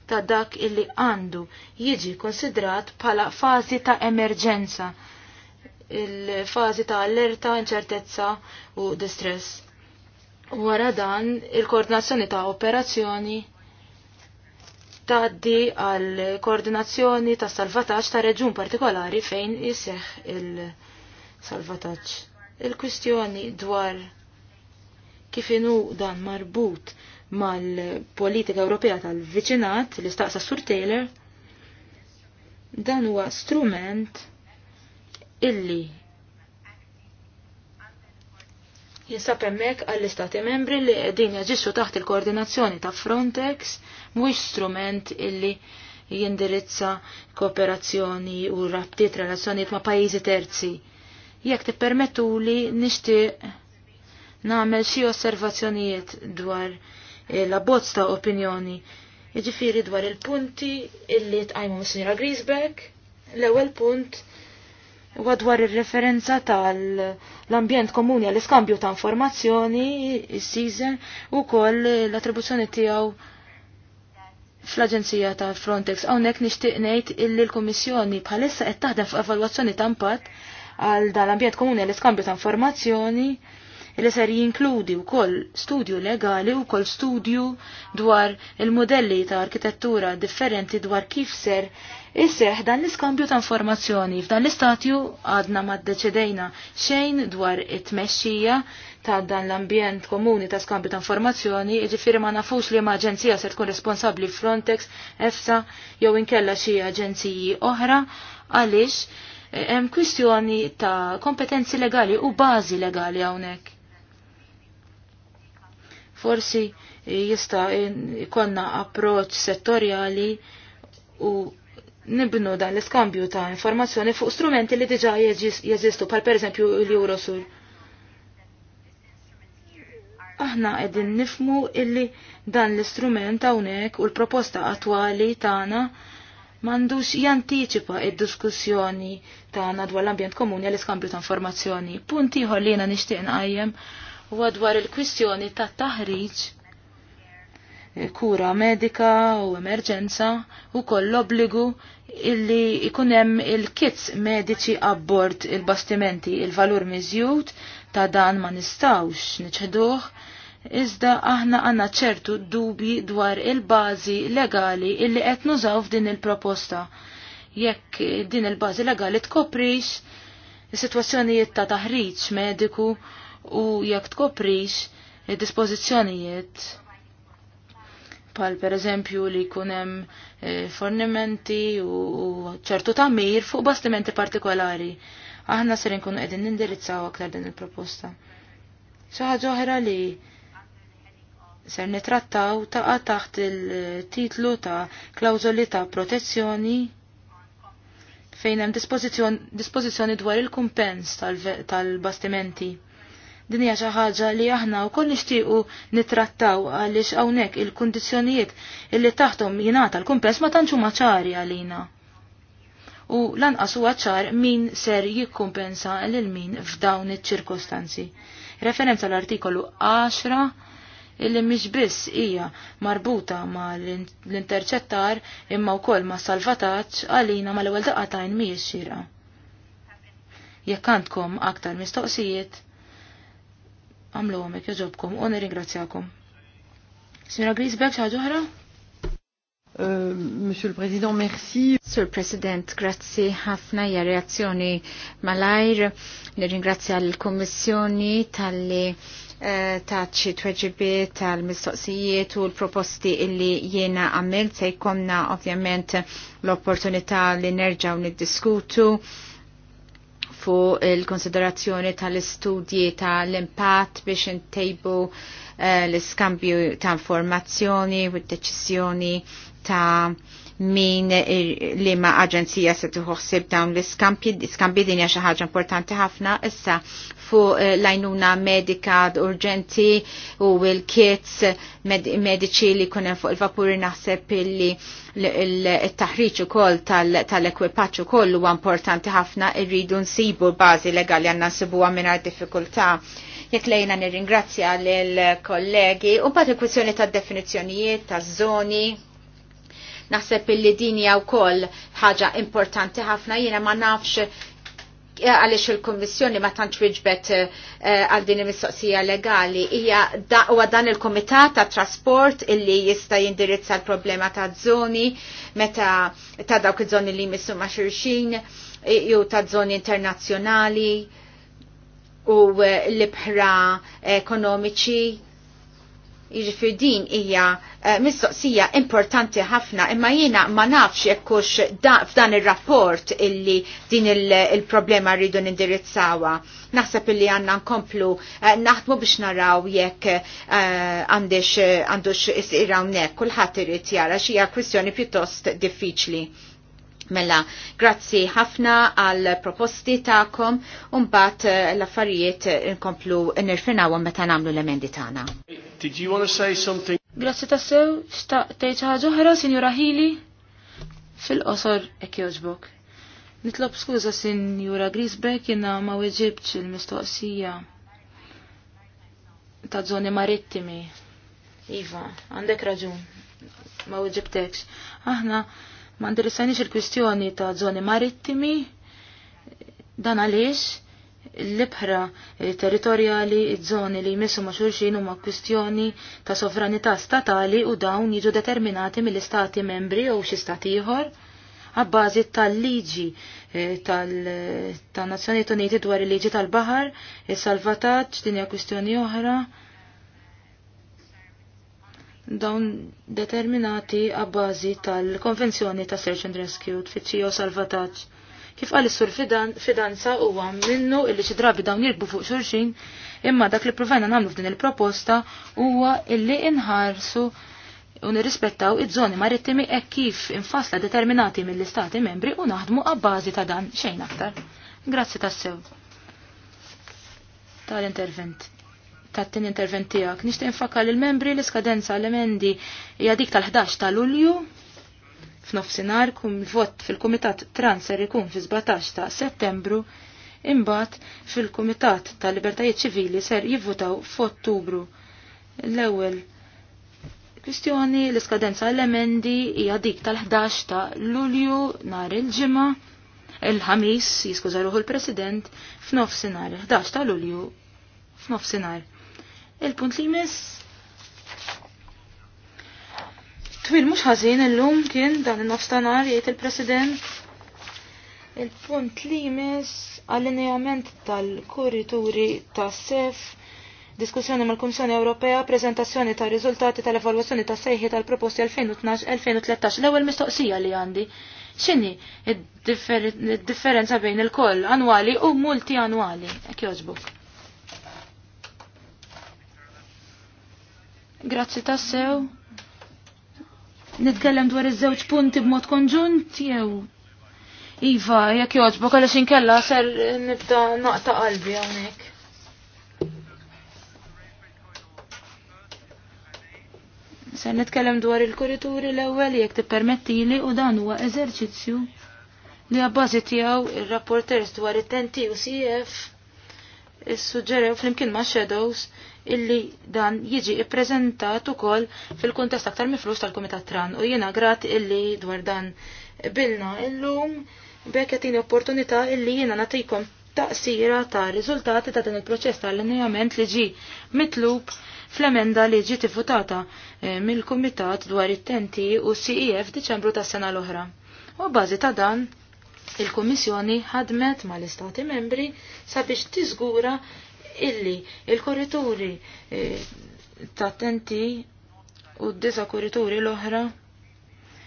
ta' dak illi għandu jiġi konsidrat bħala fażi ta' emerġenza il-fazi ta' allerta, inċertezza u distress. Wara dan, il-koordinazzjoni ta' operazzjoni taddi għal koordinazzjoni ta' salvataġġ ta' reġun partikolari fejn jiseħ il-salvataġġ. Il-kwistjoni dwar kif dan marbut mal-politika Ewropea tal-viċinat li istaqsa Sur Taylor, dan huwa strument illi Jinsab hemmhekk għall-istati membri li qegħdin jaġissu taħt il-koordinazzjoni ta' Frontex mu strument illi jindirizza kooperazzjoni u rabtiet relazzjonijiet ma' pajjiżi terzi. Jekk li nixtieq nagħmel xi osservazzjonijiet dwar eh, l-abbozz ta' opinjoni. Jiġifieri dwar il-punti illi tqajmu Sinjora Griesbeck, l-ewwel punt Wadwar il ir-referenza tal-ambjent komuni għall-iskambju ta' informazzjoni, il-sizen, u koll l-attribuzzjoni tiegħu fl-Aġenzija ta' Frontex. Hawnhekk nixtieq ngħid illi l-Kummissjoni bħalissa qed taħdem evalwazzjoni ta' impatt għal dal-ambjent komuni għall-iskambju ta' informazzjoni li ser jinkludi wkoll studju legali u kol studju dwar il-modelli ta' arkitettura differenti dwar kif ser Isseħ dan l-iskambju ta' informazzjoni f'dan l-istatju għadna ma' deċedejna xejn dwar it-tmexxija ta' dan l-ambjent komuni ta' skambju ta' informazzjoni, ġifiri ma' nafux li ma' aġenzija se tkun responsabli Frontex, EFSA, jew inkella xi aġenziji oħra, għaliex eh, hemm kwistjoni ta' kompetenzi legali u bażi legali hawnhekk. Forsi jista' konna approċ settorjali u nibnu dan l-iskambju ta' informazzjoni fuq strumenti li diġa jeżistu, pal per eżempju l-Eurosur. Aħna qegħdin nifmu illi dan l-istrument hawnhekk u l-proposta attwali tagħna m'għandux jantiċipa id-diskussjoni tagħna dwar l-ambjent komuni għall-iskambju ta' informazzjoni. Punt ieħor li jiena nixtieq nqajjem huwa dwar il-kwistjoni ta' taħriġ kura medika u emerġenza u koll obbligu illi ikunem il-kits mediċi abbord il-bastimenti il-valur miżjud ta' dan ma nistawx niċħduh, iżda aħna għanna ċertu dubi dwar il-bazi legali illi qed nużaw f'din il-proposta. Jekk din il-bazi legali tkoprix is-sitwazzjonijiet ta' taħriġ mediku u jekk tkoprix id-dispożizzjonijiet pal per eżempju li kunem eh, fornimenti u ċertu tamir fuq bastimenti partikolari. Aħna ser nkunu qegħdin nindirizzaw aktar din il-proposta. Xi ħaġa oħra li ser nitrattaw taqa' taħt il-titlu ta' klawżoli ta' protezzjoni fejn hemm dispożizzjoni dwar il-kumpens tal-bastimenti. Tal Din hija xi ħaġa li aħna wkoll nixtiequ nitrattaw għaliex hawnhekk il-kundizzjonijiet illi taħtom jingħata l-kumpens ma tantxu maċari ċari għalina. U lanqas huwa ċar min ser jikkumpensa lil min f'dawn iċ-ċirkostanzi. Referenza l-artikolu 10 illi mhix biss hija marbuta ma l-interċettar imma wkoll ma salvataġġ għalina mal ewwel daqatajn mhijiex xira. Jekk għandkom aktar mistoqsijiet, għamlu għamek joġobkom u nirringrazzjakom. Signora Grisbeck, xaġuħra? Uh, Monsieur le Président, merci. Sur President, grazzi ħafna ja reazzjoni malajr. Nirringrazzja l-Kommissjoni tal-li eh, taċċi tweġibiet tal-mistoqsijiet u l-proposti illi jiena għamilt se ovvjament l-opportunità li nerġaw niddiskutu fuq il-konsiderazzjoni tal-istudji tal-impatt biex intejbu eh, l-iskambju ta' informazzjoni u d-deċizjoni ta' min li ma aġenzija se tuħuħsib dawn l-iskampji, din dinja xi ħaġa importanti ħafna issa fuq eh, l-għajnuna medika urġenti u l-kits mediċi medici li kunem fuq il-vapuri naħseb li il-taħriċ u koll tal ekwipaċu u koll u importanti ħafna irridu nsibu bazi legali għanna nsibu għamina diffikulta jek lejna nirringrazzja l-kollegi u bat il-kwissjoni ta' definizjonijiet, ta' zoni, Naħseb illi din hija wkoll ħaġa importanti ħafna jiena ma nafx eh, għalix il-Kommissjoni ma tantx wieġbet eh, għal din il-mistoqsija legali hija huwa dan il-Kumitat ta' Trasport illi jista' jindirizza l-problema ta' żoni meta ta' dawk iż-żoni li jmissu ma' xirxin eh, jew ta' żoni internazzjonali u l-ibħra ekonomiċi Jiġifier din hija eh, mistoqsija importanti ħafna imma jiena ma nafx jekkux hux f'dan ir-rapport illi din il-problema rridu nindirizzawa. Naħseb illi għandna nkomplu eh, naħdmu biex naraw jekk eh, għandux uh, isir hawnhekk kulħadd irid jara xi hija kwistjoni pjuttost diffiċli. Mela, grazzi ħafna għal proposti ta'kom un-bat eh, l-affarijiet eh, nkomplu nirfinawom meta namlu l-emendi ta'na. Did you want to say something? Grazzi tassew, xtaqtejt ħagħa ġohra, Signora Hili, Fil-qosor ek joġbok. Nitlob skuza Signora Grisbeck jina ma weġibċ il-mistoqsija ta' zoni marittimi. Iva, għandek raġun, ma weġibtekx. Aħna, ma interessajniex il-kwistjoni ta' zoni marittimi, dan għaliex l-ibħra territorjali, iż-żoni li jmissu ma' xulxin huma kwistjoni ta' sovranità statali u dawn jiġu determinati mill-istati membri u xi stat ieħor għabbażi tal-liġi eh, tal-Nazzjonijiet Uniti dwar il-liġi tal-baħar, is-salvataġġ din hija kwistjoni oħra dawn determinati għabbażi tal-Konvenzjoni ta' Search and Rescue tfittxijo salvataġġ. Kif għal sur fidanza huwa minnu illi xi drabi dawn jirbu fuq xulxin, imma dak li provajna nagħmlu f'din il-proposta huwa illi inħarsu u nirrispettaw iż-żoni marittimi hekk kif infasla determinati mill-istati membri u naħdmu għabbażi ta' dan xejn aktar. Grazzi tassew. Tal-intervent tat-tin intervent tiegħek. Nixtieq infakkar il-membri l-iskadenza l-emendi hija dik tal-11 ta' Lulju f'nofsinhar kum vot fil-Kumitat Transer ikun fi 17 ta' Settembru imbagħad fil-Kumitat tal Libertajiet Ċivili ser jivvutaw f'Ottubru. L-ewwel kwistjoni l-iskadenza l-emendi hija dik tal-11 ta' Lulju nhar il-ġimgħa il-ħamis, jiskuża ruħu l-President, f'nofsinhar, 11 ta' Lulju f'nofsinhar. Il-punt li jmiss. Twil mhux ħażin illum kien dan in-nofstanhar jgħid il-President. Il-punt li jmiss għallinjament tal kurrituri tas-sef diskussjoni mal-Kummissjoni Ewropea, prezentazzjoni ta' riżultati tal-evalwazzjoni ta' sejħi tal-proposti 2012-2013. L-ewwel mistoqsija li għandi. X'inhi id-differenza bejn il-koll annwali u multi annwali? Ek Grazzi tassew. Nitkellem dwar iż-żewġ punti b'mod konġunt jew. Iva, jekk joġbok għaliex inkella ser nibda naqta qalbi hawnhekk. Se nitkellem dwar il-kurituri l-ewwel jekk tippermettili u dan huwa eżerċizzju li għabbażi tiegħu ir-rapporters dwar it-tenti u CF issuġġerew flimkien ma' Shadows illi dan jiġi ippreżentat ukoll fil-kuntest aktar miflus tal-Kumitat Tran u jiena grat illi dwar dan bilna illum bekk qed opportunità illi jiena nagħtikom taqsira ta' riżultati ta' din il-proċess tal-allineament li ġi mitlub fl-emenda li ġiet ivutata eh, mill-Kumitat dwar it-tenti u CEF Diċembru tas sena l-oħra. U bażi ta' dan, il-Kummissjoni ħadmet mal-Istati membri sabiex tiżgura illi il-korrituri eh, ta' tenti u d-disa korrituri l-oħra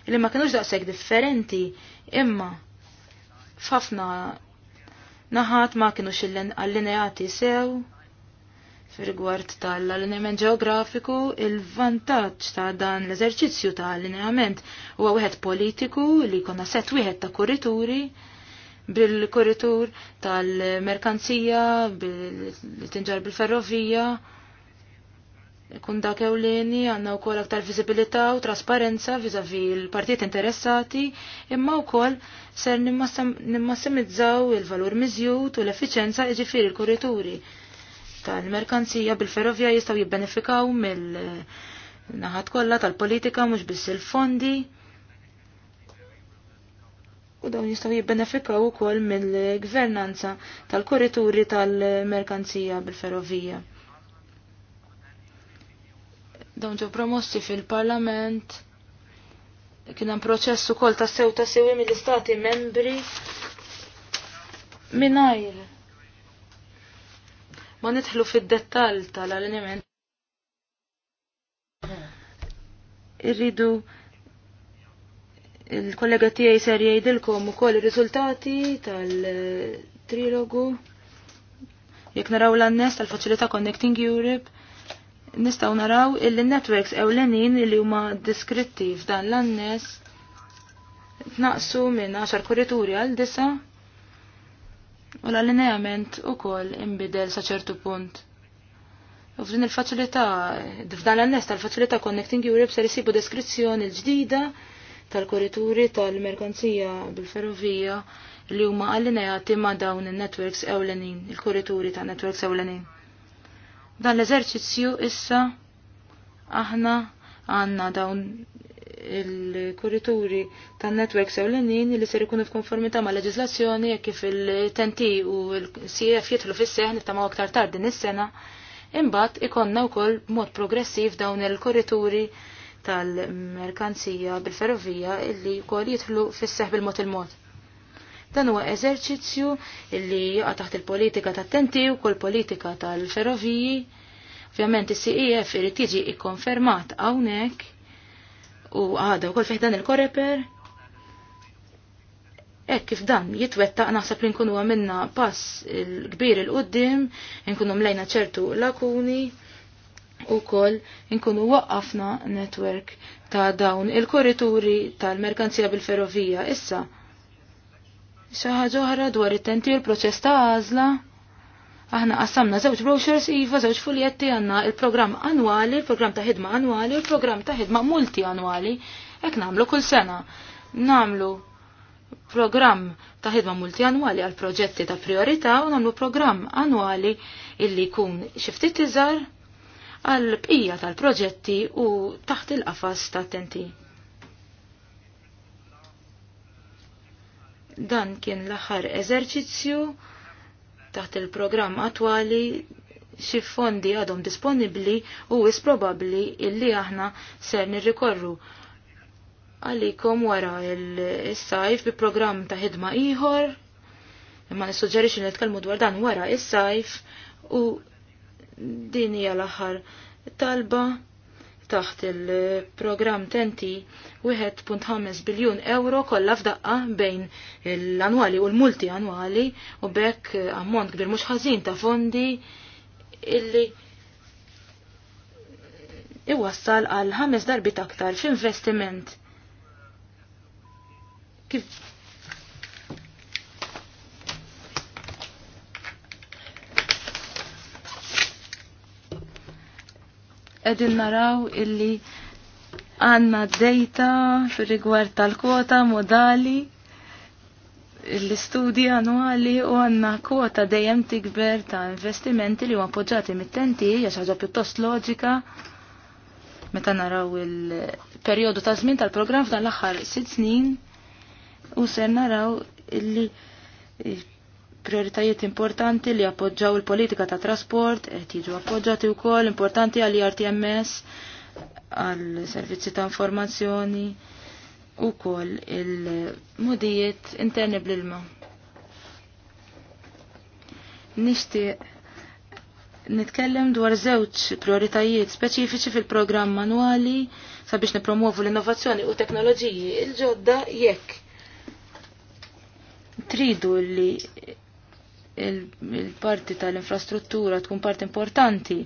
illi ma kienux daqshekk differenti imma fafna naħat ma kienux allineati sew fil-rigward tal-allineament ġeografiku, il-vantaġġ ta' dan l-eżerċizzju ta' allineament huwa wieħed politiku li konna set wieħed ta' korrituri bil-korritur tal-merkanzija, bil-tinġar bil-ferrovija, kun dak ewleni għanna u kol aktar vizibilita u trasparenza vizavi l-partijiet interessati, imma u kol ser nimmassimizzaw il-valur mizjut u l-efficienza iġifiri l-korrituri tal-merkanzija bil-ferrovija jistaw jibbenefikaw mill-naħat kollha tal-politika mhux biss il-fondi u dawn jistaw jibbenefikaw ukoll mill-gvernanza tal-korrituri tal-merkanzija bil-ferrovija. Dawn ġew promossi fil-Parlament, kien hemm proċess ukoll ta' sew ta' mill-istati membri mingħajr. Ma nidħlu fid-dettall tal-alleniment. Irridu Il-kollega tiegħi ser jgħidilkom ukoll ir-riżultati tal-trilogu jekk naraw l-annes tal-faċilità Connecting Europe, nistgħu naraw illi networks ewlenin li huma diskritti f'dan l-annes tnaqsu minn 10 korrituri għal disa u l-allineament ukoll imbidel sa ċertu punt. U f'din il-faċilità, f'dan l-annes tal-faċilità Connecting Europe ser isibu deskrizzjoni l-ġdida tal-kurituri tal-merkanzija bil-ferrovija li huma allineati ma' dawn in-networks ewlenin, il-kurituri ta' networks ewlenin. Dan l-eżerċizzju issa aħna għanna dawn il-kurituri ta' networks ewlenin li ser ikunu f'konformità ma' leġislazzjoni jekk kif il-TNT u l-CF jitħlu fis-seħ nittama' aktar tard din is-sena, imbagħad ikonna wkoll mod progressiv dawn il-kurituri tal-merkanzija bil-ferrovija illi kol jidħlu fis bil-mod il-mod. Dan huwa eżerċizzju illi jaqa' taħt il-politika tat-tenti u kol politika tal-ferroviji. Ovvjament is-CEF irid jiġi ikkonfermat hawnhekk u għada wkoll fih dan il-koreper. Ek kif dan jitwettaq naħseb li nkunu għamilna pass il-kbir il-qoddim, nkunu mlejna ċertu lakuni u koll inkunu waqqafna netwerk ta' dawn il-korrituri tal-merkanzija bil-ferrovija issa. ħaġa oħra dwar it-tenti il l-proċess ta' għażla. Aħna qassamna żewġ brochures iva, żewġ fuljetti għandna il-programm annwali, il program ta' ħidma annwali, il-programm ta' ħidma multi annwali. Hekk nagħmlu kull sena. Nagħmlu programm ta' ħidma multi annwali għal proġetti ta' priorità u nagħmlu programm annwali illi jkun xi ftit iżgħar għal bqija tal-proġetti u taħt il-qafas ta' tenti. Dan kien l-aħħar eżerċizzju taħt il-programm attwali xi fondi għadhom disponibbli u wis probabbli illi aħna ser nirrikorru għalikom wara il-sajf bi programm ta' ħidma ieħor imma li tkellmu dwar dan wara il sajf u din hija l-aħħar talba taħt il-programm tenti 1.5 biljun euro kollha f'daqqa bejn l-annwali u l-multi annwali u bekk eh, ammont kbir mhux ħażin ta' fondi illi iwassal għal ħames darbit aktar f'investiment kif edin naraw illi għanna d-dejta fil-rigward tal-kwota modali l-istudji annuali u għanna kwota dejjem tikber ta' investimenti li huma appoġġati mit-tenti hija pjuttost loġika meta naraw il-perjodu ta' żmien tal-programm f'dan l-aħħar sitt snin u ser naraw illi prioritajiet importanti li appoġġaw il-politika ta' trasport, qed jiġu appoġġati wkoll importanti għal e RTMS, għal servizzi ta' informazzjoni u koll il-modijiet interni bl-ilma. Nixtieq nitkellem dwar żewġ prioritajiet speċifiċi fil-programm manwali sabiex nipromuovu l-innovazzjoni u teknoloġiji il-ġodda jekk tridu li il-parti tal-infrastruttura tkun parti importanti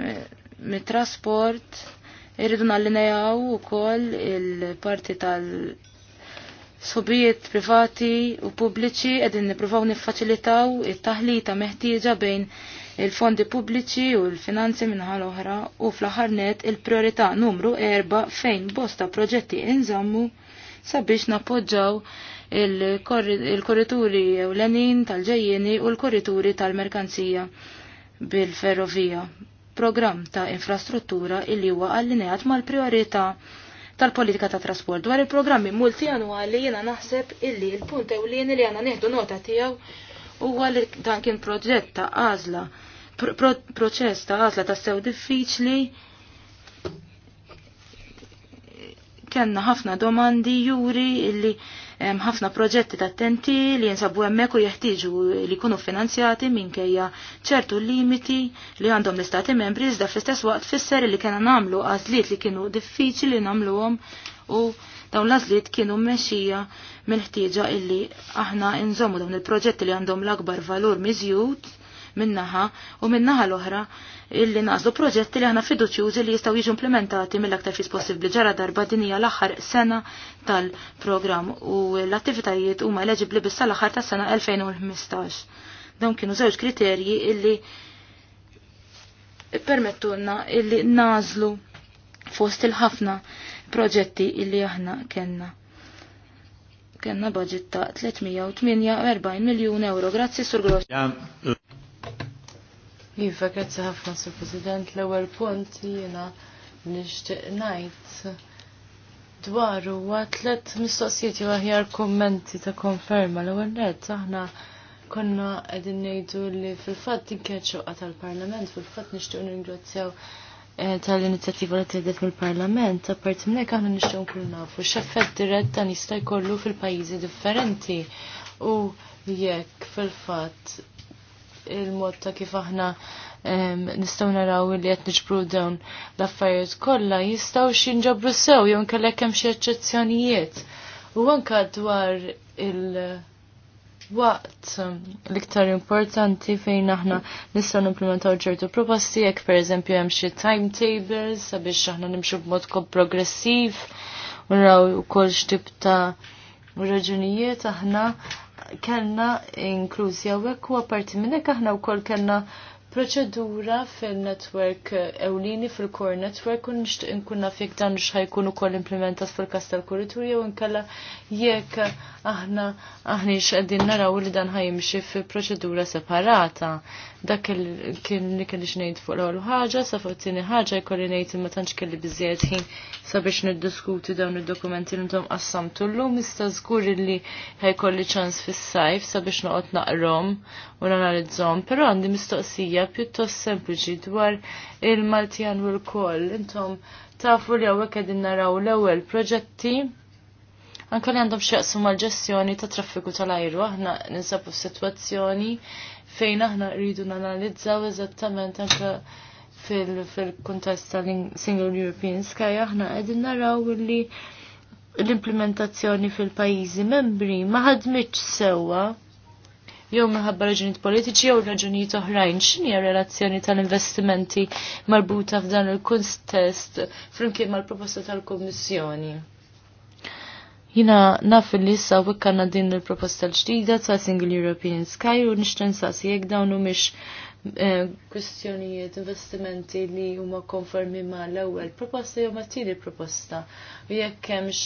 eh, mit-trasport, irridu nallinejaw u koll il-parti tal- sobijiet privati u pubbliċi edin nipruvaw niffaċilitaw it-taħlita meħtieġa bejn il-fondi pubbliċi u l-finanzi minnħal oħra u fl-aħħar net il-priorità numru erba' fejn bosta proġetti inżammu sabiex napoġġaw il-korrituri ewlenin tal-ġejjeni u l-korrituri tal-merkanzija bil-ferrovija. Program ta' infrastruttura illi huwa allineat mal-priorità tal-politika ta' trasport. Dwar il-programmi multijanwali jiena naħseb illi il-punt ewlieni li għana neħdu nota tiegħu huwa li dan kien proġett ta' għażla, proċess ta' għażla ta' sew diffiċli. Kenna ħafna domandi juri illi ħafna proġetti ta' tenti li jinsabu hemmhekk u jeħtieġu li jkunu finanzjati minkejja ċertu limiti li għandhom l-istati membri iżda fl-istess waqt fisser li kena nagħmlu għażliet li kienu diffiċli nagħmluhom u dawn l għazliet kienu meċija mill-ħtieġa illi aħna nżommu dawn il-proġetti li għandhom l-akbar valur miżjud minnaħa u minnaħa l-oħra illi nażlu proġetti li aħna fiduċjużi li jistgħu jiġu implementati mill-aktar fis possibbli ġara darba din hija l-aħħar sena tal-programm u l-attivitajiet huma eleġibbli bissa l aħħar tas-sena 2015. Dawn kienu żewġ kriterji illi permettulna illi nażlu fost il-ħafna proġetti illi aħna kenna. Kenna budget ta' 348 miljon euro. Grazzi, Sur Gross. Iva, grazie ħafna, Sir President. L-ewwel punt jiena nixtieq ngħid dwar huwa tliet mistoqsijiet jew aħjar kummenti ta' konferma l-ewwel nett aħna konna qegħdin ngħidu li fil-fatt inkjed xoqqa tal-Parlament, fil-fatt nixtieq ningrazzjaw eh, tal-inizjattiva li tiedet mill-Parlament, apparti minn hekk aħna nixtieq nkunu nafu x'effett dirett dan jista' jkollu fil-pajjiżi differenti. U jekk fil-fatt il-mod ta' kif aħna nistgħu naraw li qed niġbru dawn l-affarijiet kollha jistgħu xinġabru sew jew kellek hemm xi eċċezzjonijiet. U anka dwar il-waqt l-iktar importanti fejn aħna nistgħu nimplementaw ċertu proposti jekk pereżempju hemm xi timetables sabiex aħna nimxu b'mod progressiv u naraw ukoll x'tib ta' raġunijiet aħna kellna inklużi hawnhekk u apparti minn hekk aħna wkoll kellna proċedura fil-network ewlini fil-core network u nixtieq inkun naf jekk dan jkun ukoll implementat fil-kas tal-kuritur jew inkella jekk aħna aħniex qegħdin naraw li dan ħajimxi fil-proċedura separata dak kien li kelli xnejt fuq l għol ħaġa, sa fuq tieni ħaġa jkolli ngħid imma tantx kelli biżjed ħin sabiex niddiskuti dawn id-dokumenti li ntom qassamtu llum iżda żgur li ħajkolli ċans fis-sajf sabiex noqgħod naqrom u nanalizzhom, però għandi mistoqsija pjuttost sempliċi dwar il-Maltijan u l-koll. Intom tafu li għawek għedin naraw l-ewwel proġetti anka li għandhom xieqsu mal-ġestjoni ta' traffiku tal-ajru, aħna ninsabu situazzjoni fejn aħna rridu nanalizzaw eżattament anke fil-kuntest tal-Single European Sky aħna qegħdin naraw li l-implementazzjoni fil-pajjiżi membri ma ħadmitx sewwa jew minħabba raġunijiet politiċi jew raġunijiet oħrajn x'inhi relazzjoni tal-investimenti marbuta f'dan il-kuntest flimkien mal-proposta tal-Kummissjoni. Jina naf li lissa u kanna din il-proposta l-ġdida ta' Single European Sky u nishtan si jek dawnu miex eh, kustjonijiet, investimenti li huma konformi ma l-ewwel proposta jew ma tiri proposta. U jekk hemmx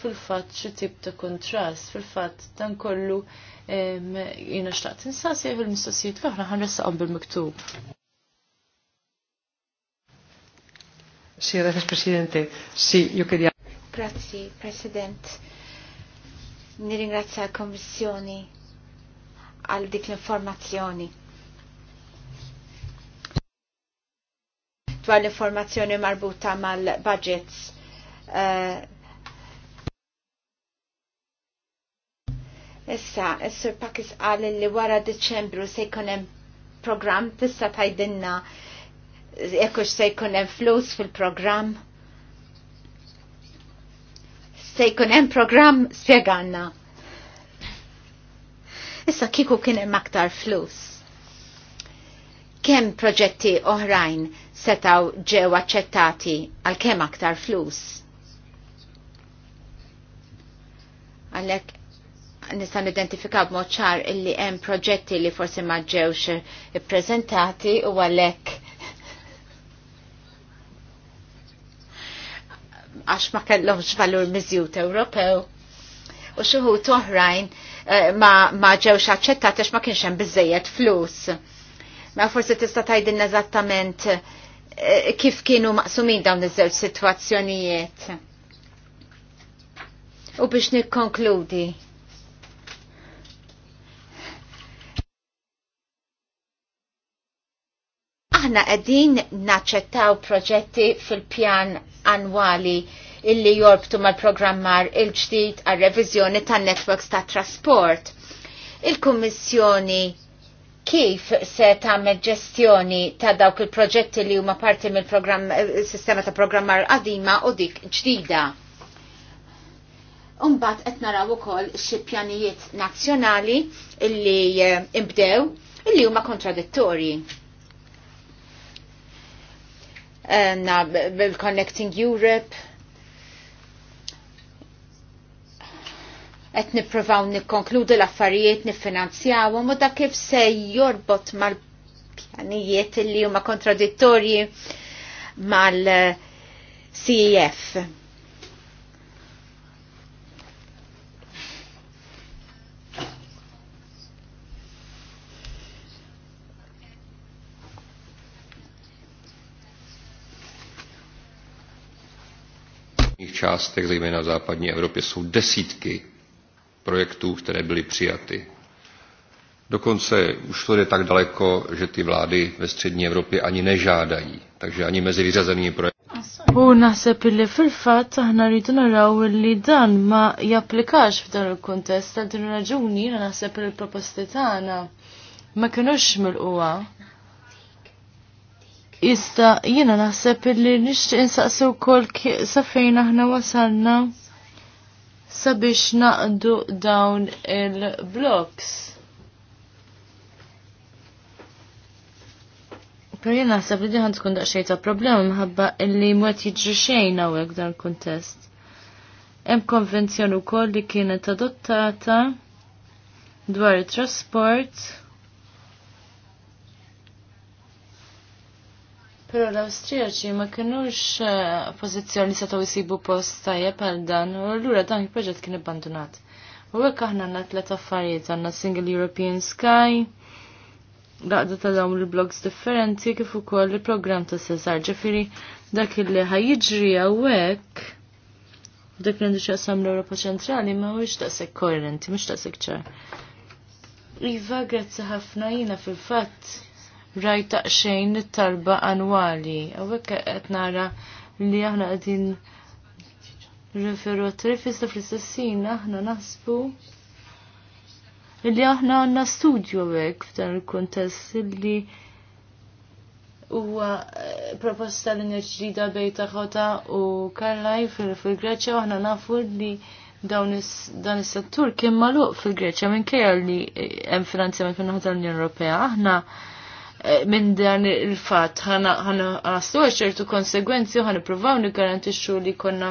fil-fatt xi tip ta' kontrast, fil-fatt dan kollu jiena xtaqt insaqsi fil-mistoqsijiet l-oħra għom bil-miktub. Sì, grazie Presidente. Sì, io queria... Grazzi, President. Nirringrazzja l-Kommissjoni għal dik l-informazzjoni. Dwar l-informazzjoni marbuta mal-budgets. Eh, issa, s Pakis għal li wara Deċembru se jkunem program tista tajdinna ekkux se jkunem flus fil-program se jkun hemm programm spjeganna. Issa kiku kien hemm aktar flus. Kemm proġetti oħrajn setaw ġew aċċettati għal kemm aktar flus? Għalhekk nista' identifikaw b'mod ċar illi hemm proġetti li forsi ma ġewx ippreżentati u għalhekk għax ma kellhomx valur miżjut Ewropew. U xi ħut oħrajn eh, ma, ma ġewx aċċettat għax ma kienx hemm biżejjed flus. Ma forsi tista' tgħidilna eżattament eh, kif kienu maqsumin dawn iż-żewġ sitwazzjonijiet. U biex nikkonkludi. aħna qegħdin naċċettaw proġetti fil-pjan annwali illi jorbtu mal-programmar il-ġdid għal reviżjoni tan-networks ta' trasport. Il-Kummissjoni kif se tagħmel ġestjoni ta' dawk il-proġetti li huma parti mill-programm sistema ta' programmar qadima u dik ġdida. Umbat qed naraw ukoll xi pjanijiet nazzjonali illi eh, imbdew illi huma kontradittorji na uh, bil-Connecting Europe. Et niprofaw nikkonkludu l-affarijiet nifinanzjawhom u dak kif se jorbot mal-pjanijiet li huma kontradittorji mal-CEF částech, zejména v západní Evropě, jsou desítky projektů, které byly přijaty. Dokonce už to jde tak daleko, že ty vlády ve střední Evropě ani nežádají, takže ani mezi vyřazenými projekty. U naħseb illi fil fat aħna rridu naraw li dan ma japplikax f'dan il-kontest, għal din raġuni se il-proposti tagħna ma kenux mill-qwa Ista' jiena naħseb illi nixtieq insaqsu wkoll safejn aħna wasalna sabiex naqdu dawn il blocks Per jien naħseb li diħan tkun xejn ta' problema minħabba illi mwet jiġri xejn hawnhekk dan kuntest. Hemm konvenzjoni wkoll li kienet adottata dwar it-trasport Pero l austriaċi ma kienux eh, pozizjoni setaw jisibu post tajjeb għal dan u l-lura dan il-proġett kien abbandonat. U għek aħna għanna tlet affarijiet għanna Single European Sky, laqda ta' dawn il-blogs differenti kif ukoll il-programm ta' Cesar ġifiri dak il-li ħajġri għawek. Dak li xasam l-Europa ċentrali ma mhux daqshekk koerenti, mhux ċar. Iva, grazzi ħafna jina fil-fatt rajt xejn it-talba annwali. Għawek qed nara li aħna qegħdin referu trifis li fl-istessin aħna nasbu li aħna għanna studju għek f'dan il-kontest li huwa eh, proposta l ġdida bej taħota u Karlaj fil-Greċja u aħna nafu li dan is-settur kien magħluq fil-Greċja minkejja li eh, hemm finanzjament minn l unjoni Ewropea aħna Eh, minn dan il-fat ħanastu ċertu konsegwenzi u provaw li li konna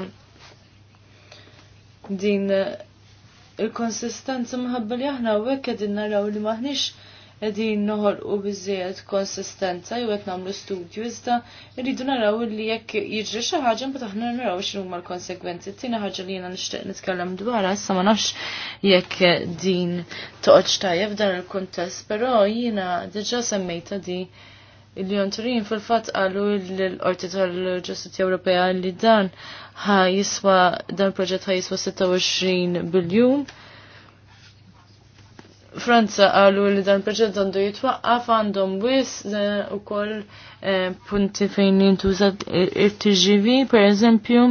din eh, il-konsistenza mħabba li aħna u għek naraw li maħnix qegħdin noħolqu biżejjed konsistenza jew qed nagħmlu studju iżda rridu naraw li jekk jiġri xi ħaġa mbagħad aħna naraw x'inhuma l-konsegwenzi. Tieni ħaġa li jiena nixtieq nitkellem dwarha issa ma nafx jekk din toqgħod xtajja f'dan il-kuntest, però jiena diġà semmejta di il Turin fil-fat għallu l-Orti tal-Ġustizja Ewropea li dan ħa jiswa dan proġett ħa jiswa 26 biljum Franza għalu li dan proġett għandu jitwaqqaf għandhom wis eh, u koll eh, punti fejn jintużat il-TGV, per eżempju,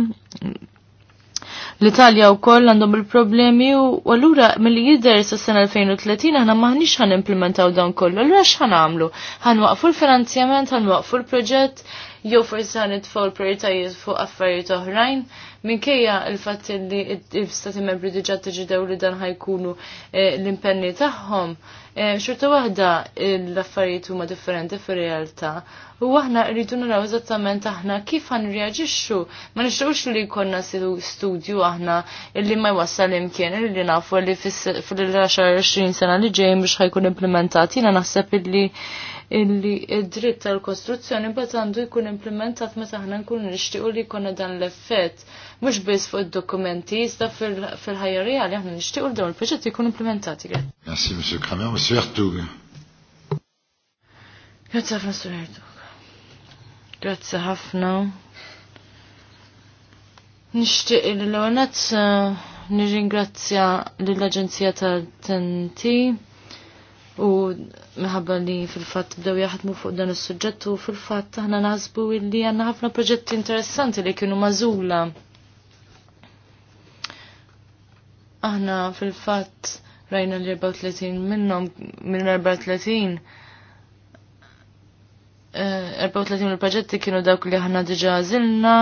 l-Italja u koll għandhom il-problemi u għallura mill-li jider sa sena 2030 għana maħnix għan implementaw dan kollu, għallura xħan għamlu, għan waqfu l-finanzjament, għan waqfu l-proġett, jew forsi għan it l-prioritajiet fuq affarijiet oħrajn minkejja il fat li l stati membri diġa tiġidew li dan ħajkunu l-impenni tagħhom. Xorta waħda l-affarijiet huma differenti fir-realtà u aħna rridu naraw eżattament aħna kif għan reagġixxu. Ma nixtrawx li jkollna studju aħna illi ma jwassal imkien illi nafu li fil-10-20 sena li ġejjin biex ħajkun implementati. Jiena naħseb illi illi id-dritt tal-kostruzzjoni bat għandu jkun implementat meta aħna nkunu nixtiequ li jkollna dan l-effett mhux biss fuq id-dokumenti iżda fil-ħajja reali aħna nixtiequ li dawn il-proġetti jkun implementati. Grazie, Mr. Kramer, Monsieur Hertug. Grazie ħafna Sur Hertug. Grazie ħafna. Nixtieq il-lonet eh, nirringrazzja l-Aġenzija tal-TNT u minħabba li fil-fatt bdew jaħdmu fuq dan is-suġġett u fil-fatt aħna naħsbu li għandna ħafna proġetti interessanti li kienu mażula. Aħna fil-fatt rajna l-34 minnhom minn 34 34 il-proġetti kienu dawk li ħana diġa zilna,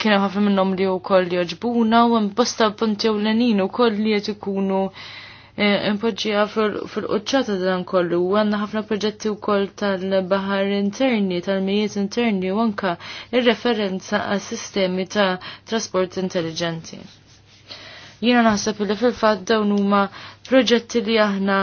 kienu ħafna minnom li u koll joġbuna, u mbosta punti u l-enin u koll li jtikunu ikunu E, impoġġija fil-qoċċata dan kollu u għanna ħafna proġetti u koll tal-bahar interni, tal-mijiet interni u anka il-referenza għal sistemi ta' trasport intelligenti. Jiena naħseb li fil-fat dawn huma proġetti li aħna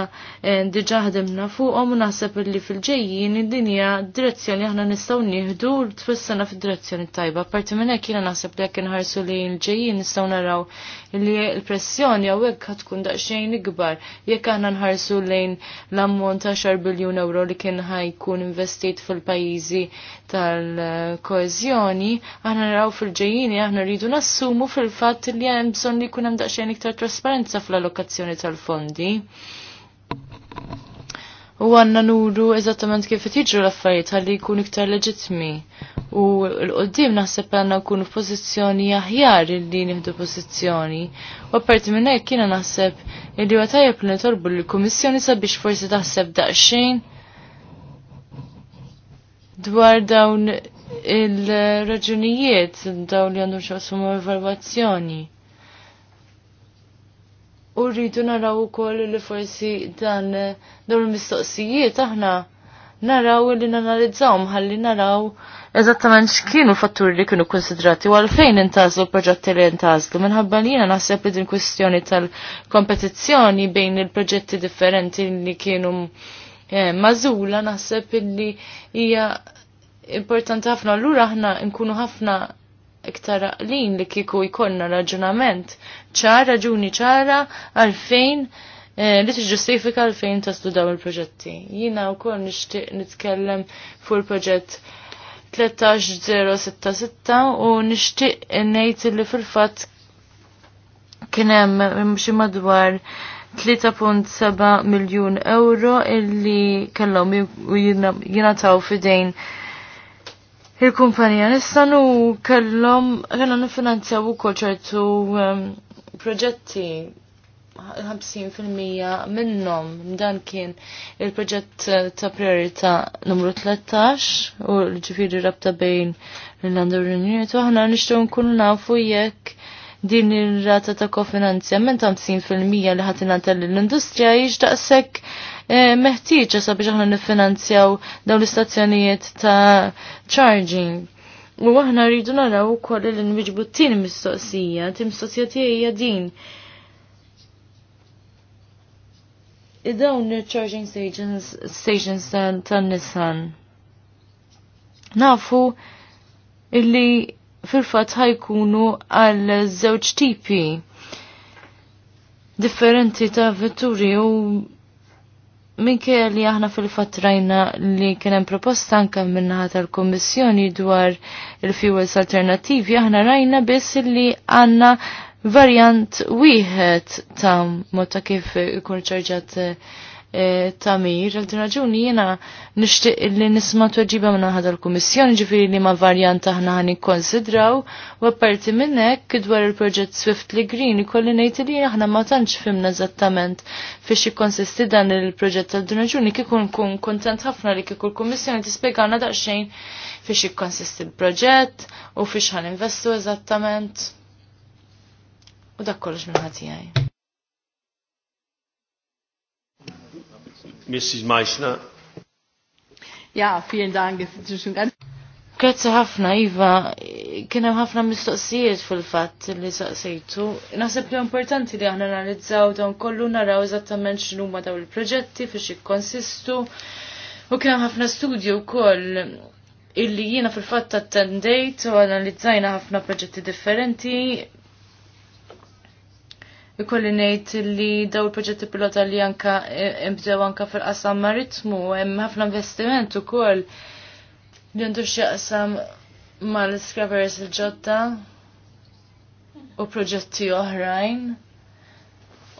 eh, diġa ħdimna fuqhom u naħseb li fil-ġejjin id-dinja direzzjoni aħna nistgħu nieħdu u tfissana fid-direzzjoni tajba. Parti minn hekk jiena naħseb li jekk inħarsu li l-ġejjin nistgħu naraw li l-pressjoni hekk ħatkun daqsxejn ikbar jekk aħna nħarsu lejn l-ammont ta' xar biljun euro li kien ħajkun investit fil-pajjiżi tal-koeżjoni, aħna naraw fil-ġejjini aħna rridu nassumu fil-fatt li hemm bżonn li jkun hemm daqsxejn iktar trasparenza fl-allokazzjoni tal-fondi fondi. U għanna nuru eżattament kif tiġru l-affarijiet għalli jkun iktar leġitmi. U l-qoddim naħseb għanna nkunu f'pożizzjoni aħjar illi nieħdu pożizzjoni. U apparti minn hekk jiena naħseb illi huwa tajjeb li torbu l-Kummissjoni sabiex forsi taħseb daqsxejn dwar dawn il-raġunijiet dawn li għandu xaqsmu evalwazzjoni u rridu naraw ukoll li forsi dan dawn il-mistoqsijiet aħna naraw li nanalizzawhom ħalli naraw eżattament x'kienu fatturi li kienu konsidrati u għalfejn intażlu proġetti li intażlu minħabba li jiena naħseb li din kwistjoni tal-kompetizzjoni bejn il-proġetti differenti li kienu eh, mażula naħseb li hija importanti ħafna allura aħna nkunu ħafna iktar aqlin li kiku jkollna raġunament ċar, raġuni ċara għalfejn eh, li tiġġustifika għalfejn taslu daw il-proġetti. Jina u koll nishtiq nitkellem fuq il-proġett 13066 u nishtiq nejt li fil-fat kienem xi madwar 3.7 miljun euro illi kellhom taw fidejn il-kumpanija nistanu kellhom għanna nifinanzjaw ukoll ċertu um, proġetti 50% minnhom dan kien il-proġett ta' priorità numru 13 u l-ġifiri rabta bejn l-Irlanda u l nishtu aħna nkunu nafu jekk din ir-rata ta' kofinanzjament 50% li ħatinata lill-industrija jiġdaqshekk Eh, meħtieġa sabiex aħna niffinanzjaw dawn l-istazzjonijiet ta' charging. U aħna rridu naraw ukoll li nwiġbu t-tieni mistoqsija, tim mistoqsija tiegħi hija din. Id-dawn charging stations, stations tan-Nissan. Nafu illi fil-fat ħajkunu għal żewġ tipi differenti ta' vetturi u Minkejja li aħna fil-fatrajna li kienem proposta anka minnaħat tal-Kommissjoni dwar il-fuels alternativi, aħna rajna biss li għanna varjant wieħed ta' mod kif ikun ċarġat uh, E, tamir, għal din raġuni jena nishtiq li nisma tweġiba minna ħada l-Kummissjoni ġifiri li ma varjant aħna ħan ikkonsidraw u apparti minnek dwar il-proġett Swiftly Green ikolli ngħid li aħna ma tantx fimna eżattament fiex ikkonsisti dan il-proġett għal din raġuni kieku kontent ħafna li kieku l-Kummissjoni tispjegana daqsxejn fiex ikkonsisti l-proġett u fiex ħan investu eżattament. U dak kollox minn ħatijaj. Mrs. Meissner. Ja, vielen Dank. Grazzi ħafna, Iva. Kien hemm ħafna mistoqsijiet fil-fatt li saqsejtu. Naħseb li importanti li aħna analizzaw dawn kollu naraw eżattament x'inhuma dawn il-proġetti fiex jikkonsistu. U kien hemm ħafna studju wkoll illi jiena fil-fatt attendejt u analizzajna ħafna proġetti differenti ikolli ngħid li daw il-proġetti pilota li anka e, imbdew anka fil-qasam maritmu hemm ħafna investiment ukoll li għandu x'jaqsam mal-scrubbers il-ġodda u proġetti oħrajn.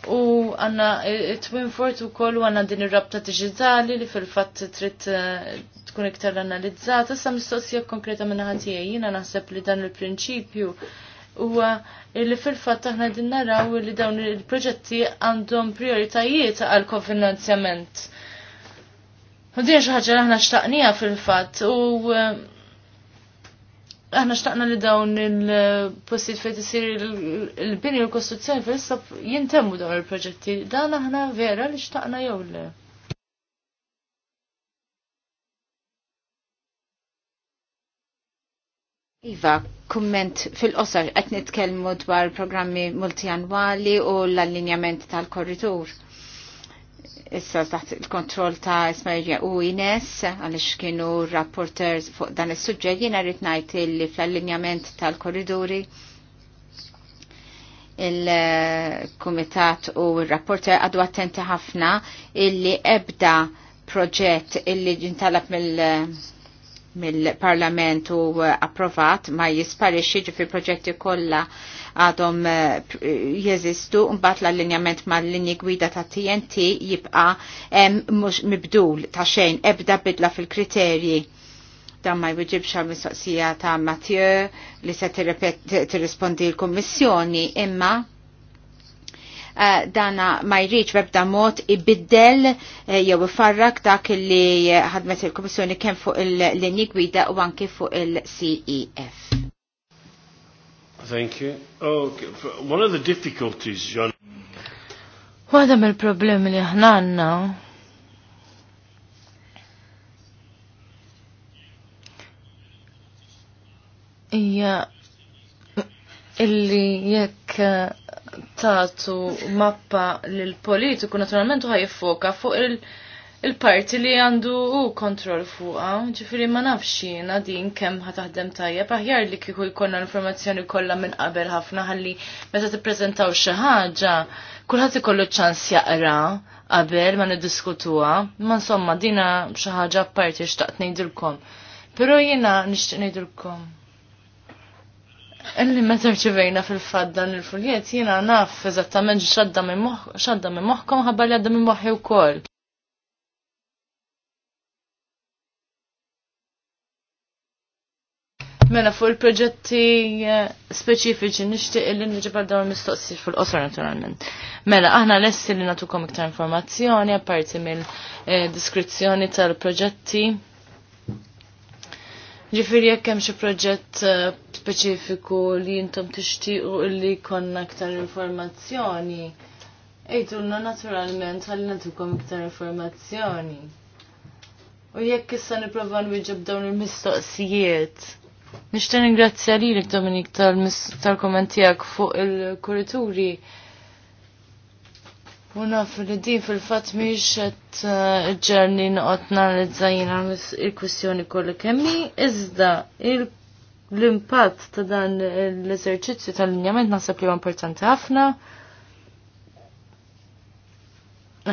U għanna it-Twin e, e, Fort u koll għanna din ir-rabta digitali li fil-fatt trid tkun iktar analizzata, sa mistoqsija konkreta minna ħatija jina naħseb li dan il-prinċipju huwa li fil-fatt aħna din naraw li dawn il-proġetti għandhom prioritajiet għal kofinanzjament. U din xi ħaġa li aħna xtaqnija fil-fatt u eh, aħna xtaqna li dawn il-postijiet fejn isir il-bini u l-kostruzzjoni fil jintemmu dawn il-proġetti. Dan aħna vera li xtaqna jew le. Iva, kumment fil-qosar, qed nitkellmu dwar programmi multianwali u l-allinjament tal-korritur. Issa taħt il-kontroll ta' Ismailja u Ines, għalix kienu rapporters fuq dan is-suġġett jiena rrid ngħid li fl-allinjament tal-korriduri il-komitat u il-rapporter għadu attenti ħafna illi ebda proġett illi ġintalab mill- mill-parlamentu uh, approvat ma jisparixi ġifir proġetti kollha għadhom uh, jeżistu mbagħad l-allinjament mal-linji gwida ta' TNT jibqa' hemm mhux mibdul ta' xejn ebda bidla fil-kriterji dan ma jwiġibx għal mistoqsija ta' Mathieu li se tirrispondi l-Kummissjoni imma Eh, dana ma jriċ bebda mod ibiddel eh, jew ifarrak dak li ħadmet il-Komissjoni kemm fuq il-linji gwida u anke fuq il-CEF. Thank you. okay. One of the difficulties, John. Għada mill-problemi li ħnanna Yeah illi jekk eh, tatu mappa l-politiku naturalment ħaj jiffoka fuq il-parti li għandu u kontrol fuqa, ġifiri ma jiena din kem ħataħdem tajja, paħjar li kiku jkollna l-informazzjoni kollha minn qabel ħafna ħalli meta tippreżentaw xi ħaġa, kulħadd ikollu ċans jaqra qabel ma niddiskutuha, ma insomma dina xi ħaġa apparti xtaqt ngħidilkom. Però jiena nixtieq ngħidilkom Illi meta ċivejna fil-fatt dan il-fuljet jiena naf eżattament xadda minn moħkom ħabbar li għadda minn moħħi wkoll. Mela fuq il-proġetti eh, speċifiċi nixtieq illi nġibal dawn mistoqsijiet fil-qosor naturalment. Mela aħna lessi li natukom iktar informazzjoni apparti mill-diskrizzjoni eh, tal-proġetti Ġifiri jekk hemm xi proġett eh, speċifiku li intom tixtiequ li jkollna aktar informazzjoni, ejtulna naturalment ħalli nagħtukom iktar informazzjoni. U jekk issa nipprova nwieġeb dawn il-mistoqsijiet. Nixtieq ningrazzja lilek Dominik tal-kommentijak fuq il-kurituri. il kurituri U naf li din fil-fat miex qed eh, ġerni noqgħod analizza jiena il-kwistjoni kolli kemmi, iżda l-impatt ta' dan l-eżerċizzju tal-linjament naħseb li huwa importanti ħafna.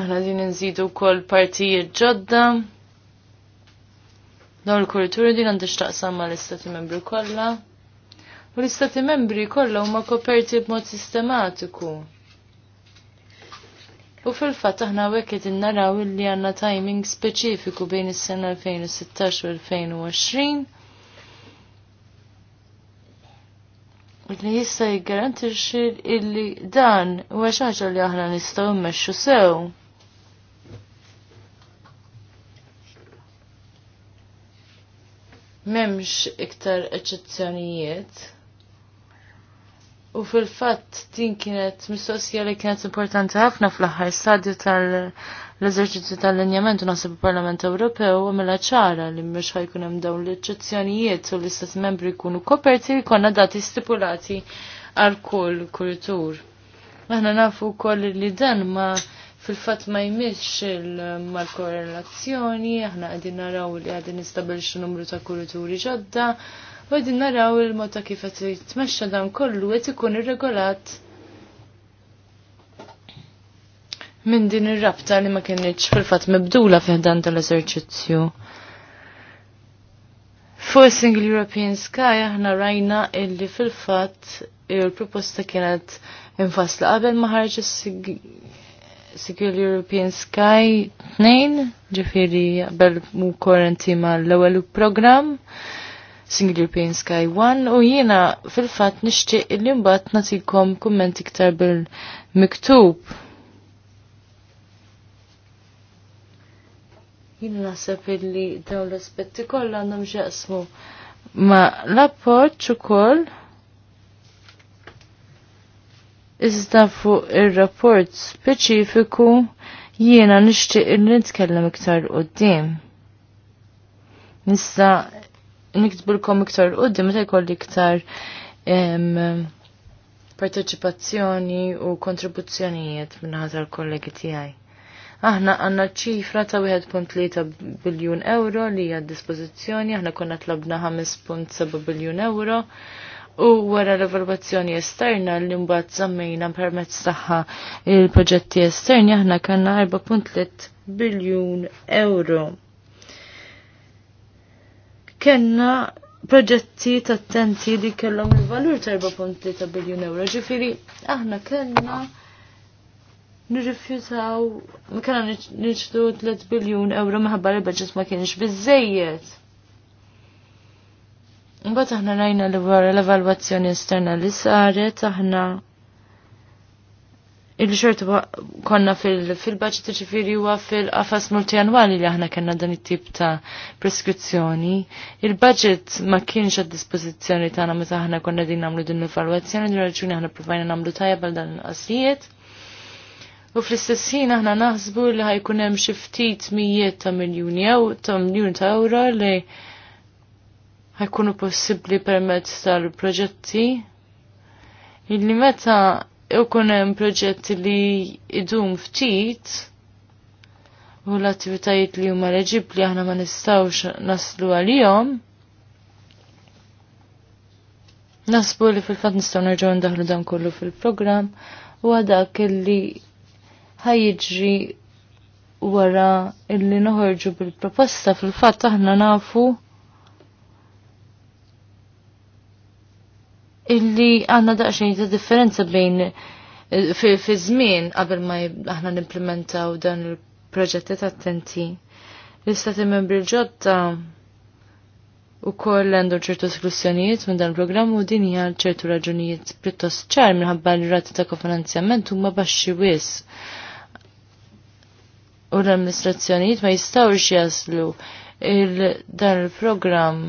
Aħna din nżidu wkoll partijiet ġodda. Dawn il-kulturi din għandha x'taqsam mal-istati membri kollha. U l-istati membri kollha huma koperti b'mod sistematiku. U fil-fatt aħna wek innaraw naraw illi għandna timing speċifiku bejn is-sena 2016 u 2020. Illi jista' jiggarantixxi illi dan huwa xi ħaġa li aħna nistgħu mmexxu sew. M'hemmx iktar eċċezzjonijiet. U fil-fatt din kienet mistoqsija li kienet importanti ħafna fl-aħħar stadju tal-eżerċizzju tal linjamentu u naħseb il-Parlament Ewropew u mela ċara li mhux ħajkun hemm dawn l-eċċezzjonijiet u l-istat membri jkunu koperti jkollna dati stipulati għal kull kultur. Aħna nafu wkoll li dan ma fil-fatt ma il mal-korrelazzjoni, aħna qegħdin naraw li qegħdin nistabilixxu numru ta' kulturi ġodda U naraw il mota kif qed jitmexxa dan kollu qed ikun irregolat minn din ir-rabta li ma kienx fil-fatt mibdula fiħdan tal-eżerċizzju. Fuq Single European Sky aħna rajna illi fil-fatt il-proposta kienet infasla qabel ma ħarġ Single European Sky 2, ġifiri qabel mu korrenti mal ewwel programm. Single European Sky One u jiena fil-fat nishtiq li mbagħad nagħtikom kummenti iktar bil-miktub. Jiena naħseb li dawn l-aspetti kollha għandhom x'jaqsmu ma l-appoġġ ukoll iżda fuq ir-rapport speċifiku jiena nixtieq li nitkellem iktar d-dim. Nista' niktbulkom iktar qoddim meta jkolli iktar parteċipazzjoni u kontribuzzjonijiet minn tal-kollegi tiegħi. Aħna għanna ċifra ta' 1.3 biljun euro li hija dispożizzjoni, aħna konna tlabna 5.7 biljun euro. U wara l-evalwazzjoni esterna li mbagħad żammejna permezz tagħha il-proġetti esterni aħna kellna 4.3 biljun euro kena proġetti ta' tenti li kellhom il-valur ta' 4.3 biljun euro. Ġifiri, aħna kellna nirrifjutaw, ma kellna nirċdu 3 biljun euro maħabba li budget ma kienx biżejjed. Mbagħad aħna rajna l-evalwazzjoni esterna li saret, aħna il-xort konna fil-budget ċifiri huwa fil-qafas multijanwali li aħna kena dan it-tip ta' preskrizzjoni. Il-budget ma kienx għad dispożizzjoni tagħna meta aħna konna din nagħmlu din l-evalwazzjoni din raġuni aħna provajna nagħmlu tajja għal dan il-qasijiet. U fl-istess ħin aħna naħsbu li ħajkun hemm xi ftit mijiet ta' miljoni ew ta' miljun ta' euro li ħajkunu possibbli permezz tal-proġetti li meta u kunem proġett li idum ftit u l-attivitajiet li huma li aħna ma nistawx naslu għalihom. Nasbu li fil-fat nistaw nerġgħu ndaħlu dan kollu fil-programm u għadak li ħajġri wara illi noħorġu bil-proposta fil-fatt aħna nafu illi għanna daqxejn ta' differenza bejn eh, fi żmien qabel ma aħna nimplementaw dan il-proġetti ta' tenti. L-istati membri ġodda u koll għandu ċertu esklussjonijiet minn dan il-programm u din hija ċertu raġunijiet pjuttost ċar minħabba l rati ta' kofinanzjament huma baxxi wis. U l-amministrazzjonijiet ma jistawx jaslu il-dan il-programm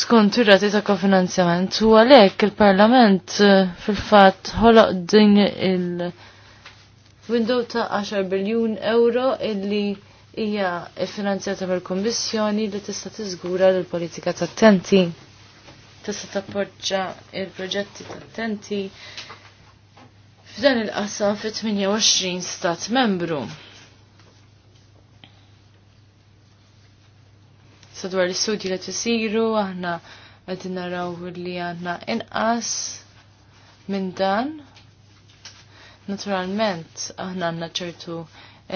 skont ir-rati ta' kofinanzjament u għalhekk il-Parlament eh, fil-fatt ħoloq din il-window ta' 10 biljun euro illi hija finanzjata mill-Kummissjoni li tista' tiżgura l politika ta' tenti tista' tappoġġa il-proġetti ta' tenti f'dan il-qasam fit-28 stat membru. sadwar l-istudji li t-siru, aħna għedin naraw li għanna inqas minn dan. Naturalment, aħna għanna ċertu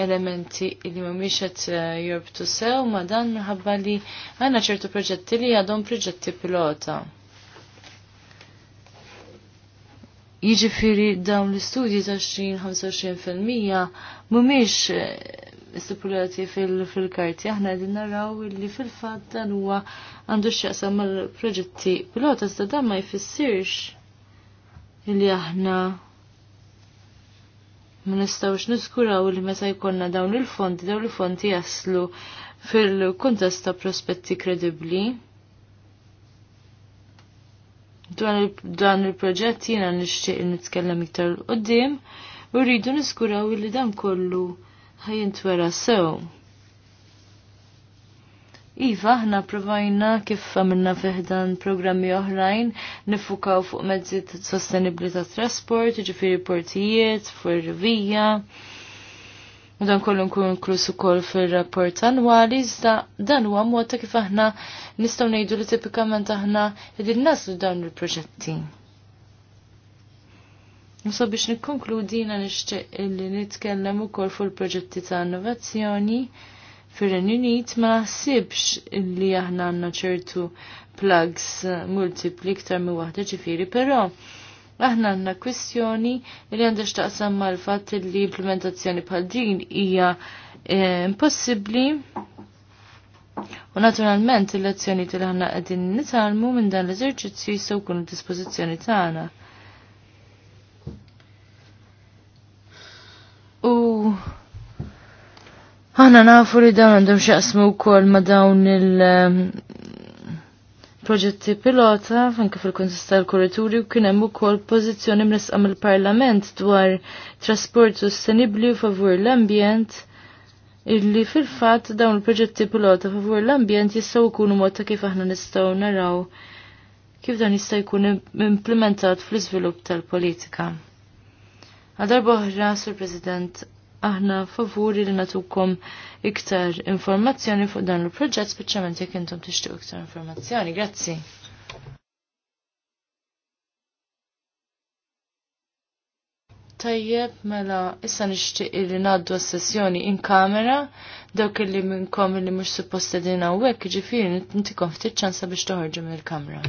elementi li mumiex qed eh, jorbtu sew ma dan minħabba li għanna ċertu proġetti li għadhom proġetti pilota. Jiġifieri dawn l-istudji ta' 20-25% mhumiex eh, stipulati fil-karti, aħna din naraw li fil-fat dan huwa għandu x'jaqsam mal-proġetti pilota iżda dan ma jfissirx li aħna ma nistgħux niskuraw li meta jkollna dawn il-fondi, dawn il-fondi jaslu fil-kuntest ta' prospetti kredibbli. Dan il-proġett jiena nixtieq nitkellem iktar l-qoddim u rridu niskuraw li dan kollu ħajintwera sew. Iva, ħna provajna kif għamilna fiħdan programmi oħrajn, nifukaw fuq mezzi sostenibli ta' trasport, ġifiri portijiet, furrivija. U dan kollu nkun inkluż ukoll fir-rapport annwali, iżda dan huwa mod kif aħna nistgħu ngħidu li tipikament aħna qegħdin dinnaslu dawn il-proġetti. So biex nikkonkludina nishtiq illi nitkellem ukoll fuq il-proġetti ta' innovazzjoni fir-Renju Unit ma naħsibx illi aħna għandna ċertu plugs multipli iktar minn waħda ġifieri, però aħna għandna kwistjoni li għandha x'taqsam mal-fatt li implementazzjoni bħal din hija eh, impossibbli U naturalment il-lezzjoni li ħanna qegħdin nitalmu minn dan l-eżerċizzju jistgħu kunu dispożizzjoni tagħna. U ħana nafu li dawn għandhom xaqsmu wkoll ma dawn il- ehm, proġetti pilota fanka fil-kontest tal-kurituri u kien hemm ukoll pożizzjoni mnisqam mill-Parlament dwar trasport sostenibbli u favur l-ambjent illi fil-fatt dawn il-proġetti pilota favur l-ambjent jistgħu jkunu mod ta' kif aħna nistgħu naraw kif dan jista' jkun implementat fl-iżvilupp tal-politika. Għadar boħra, Sur President, aħna favuri li natukom iktar informazzjoni fuq dan il-proġett, speċjalment jekk intom tixtiequ iktar informazzjoni. Grazzi. Tajjeb, mela, issa nixtieq li ngħaddu s-sessjoni in kamera, dawk li minnkom li mhux supposta din hawnhekk, ġifieri ntikom ftit ċansa biex toħorġu mill-kamra.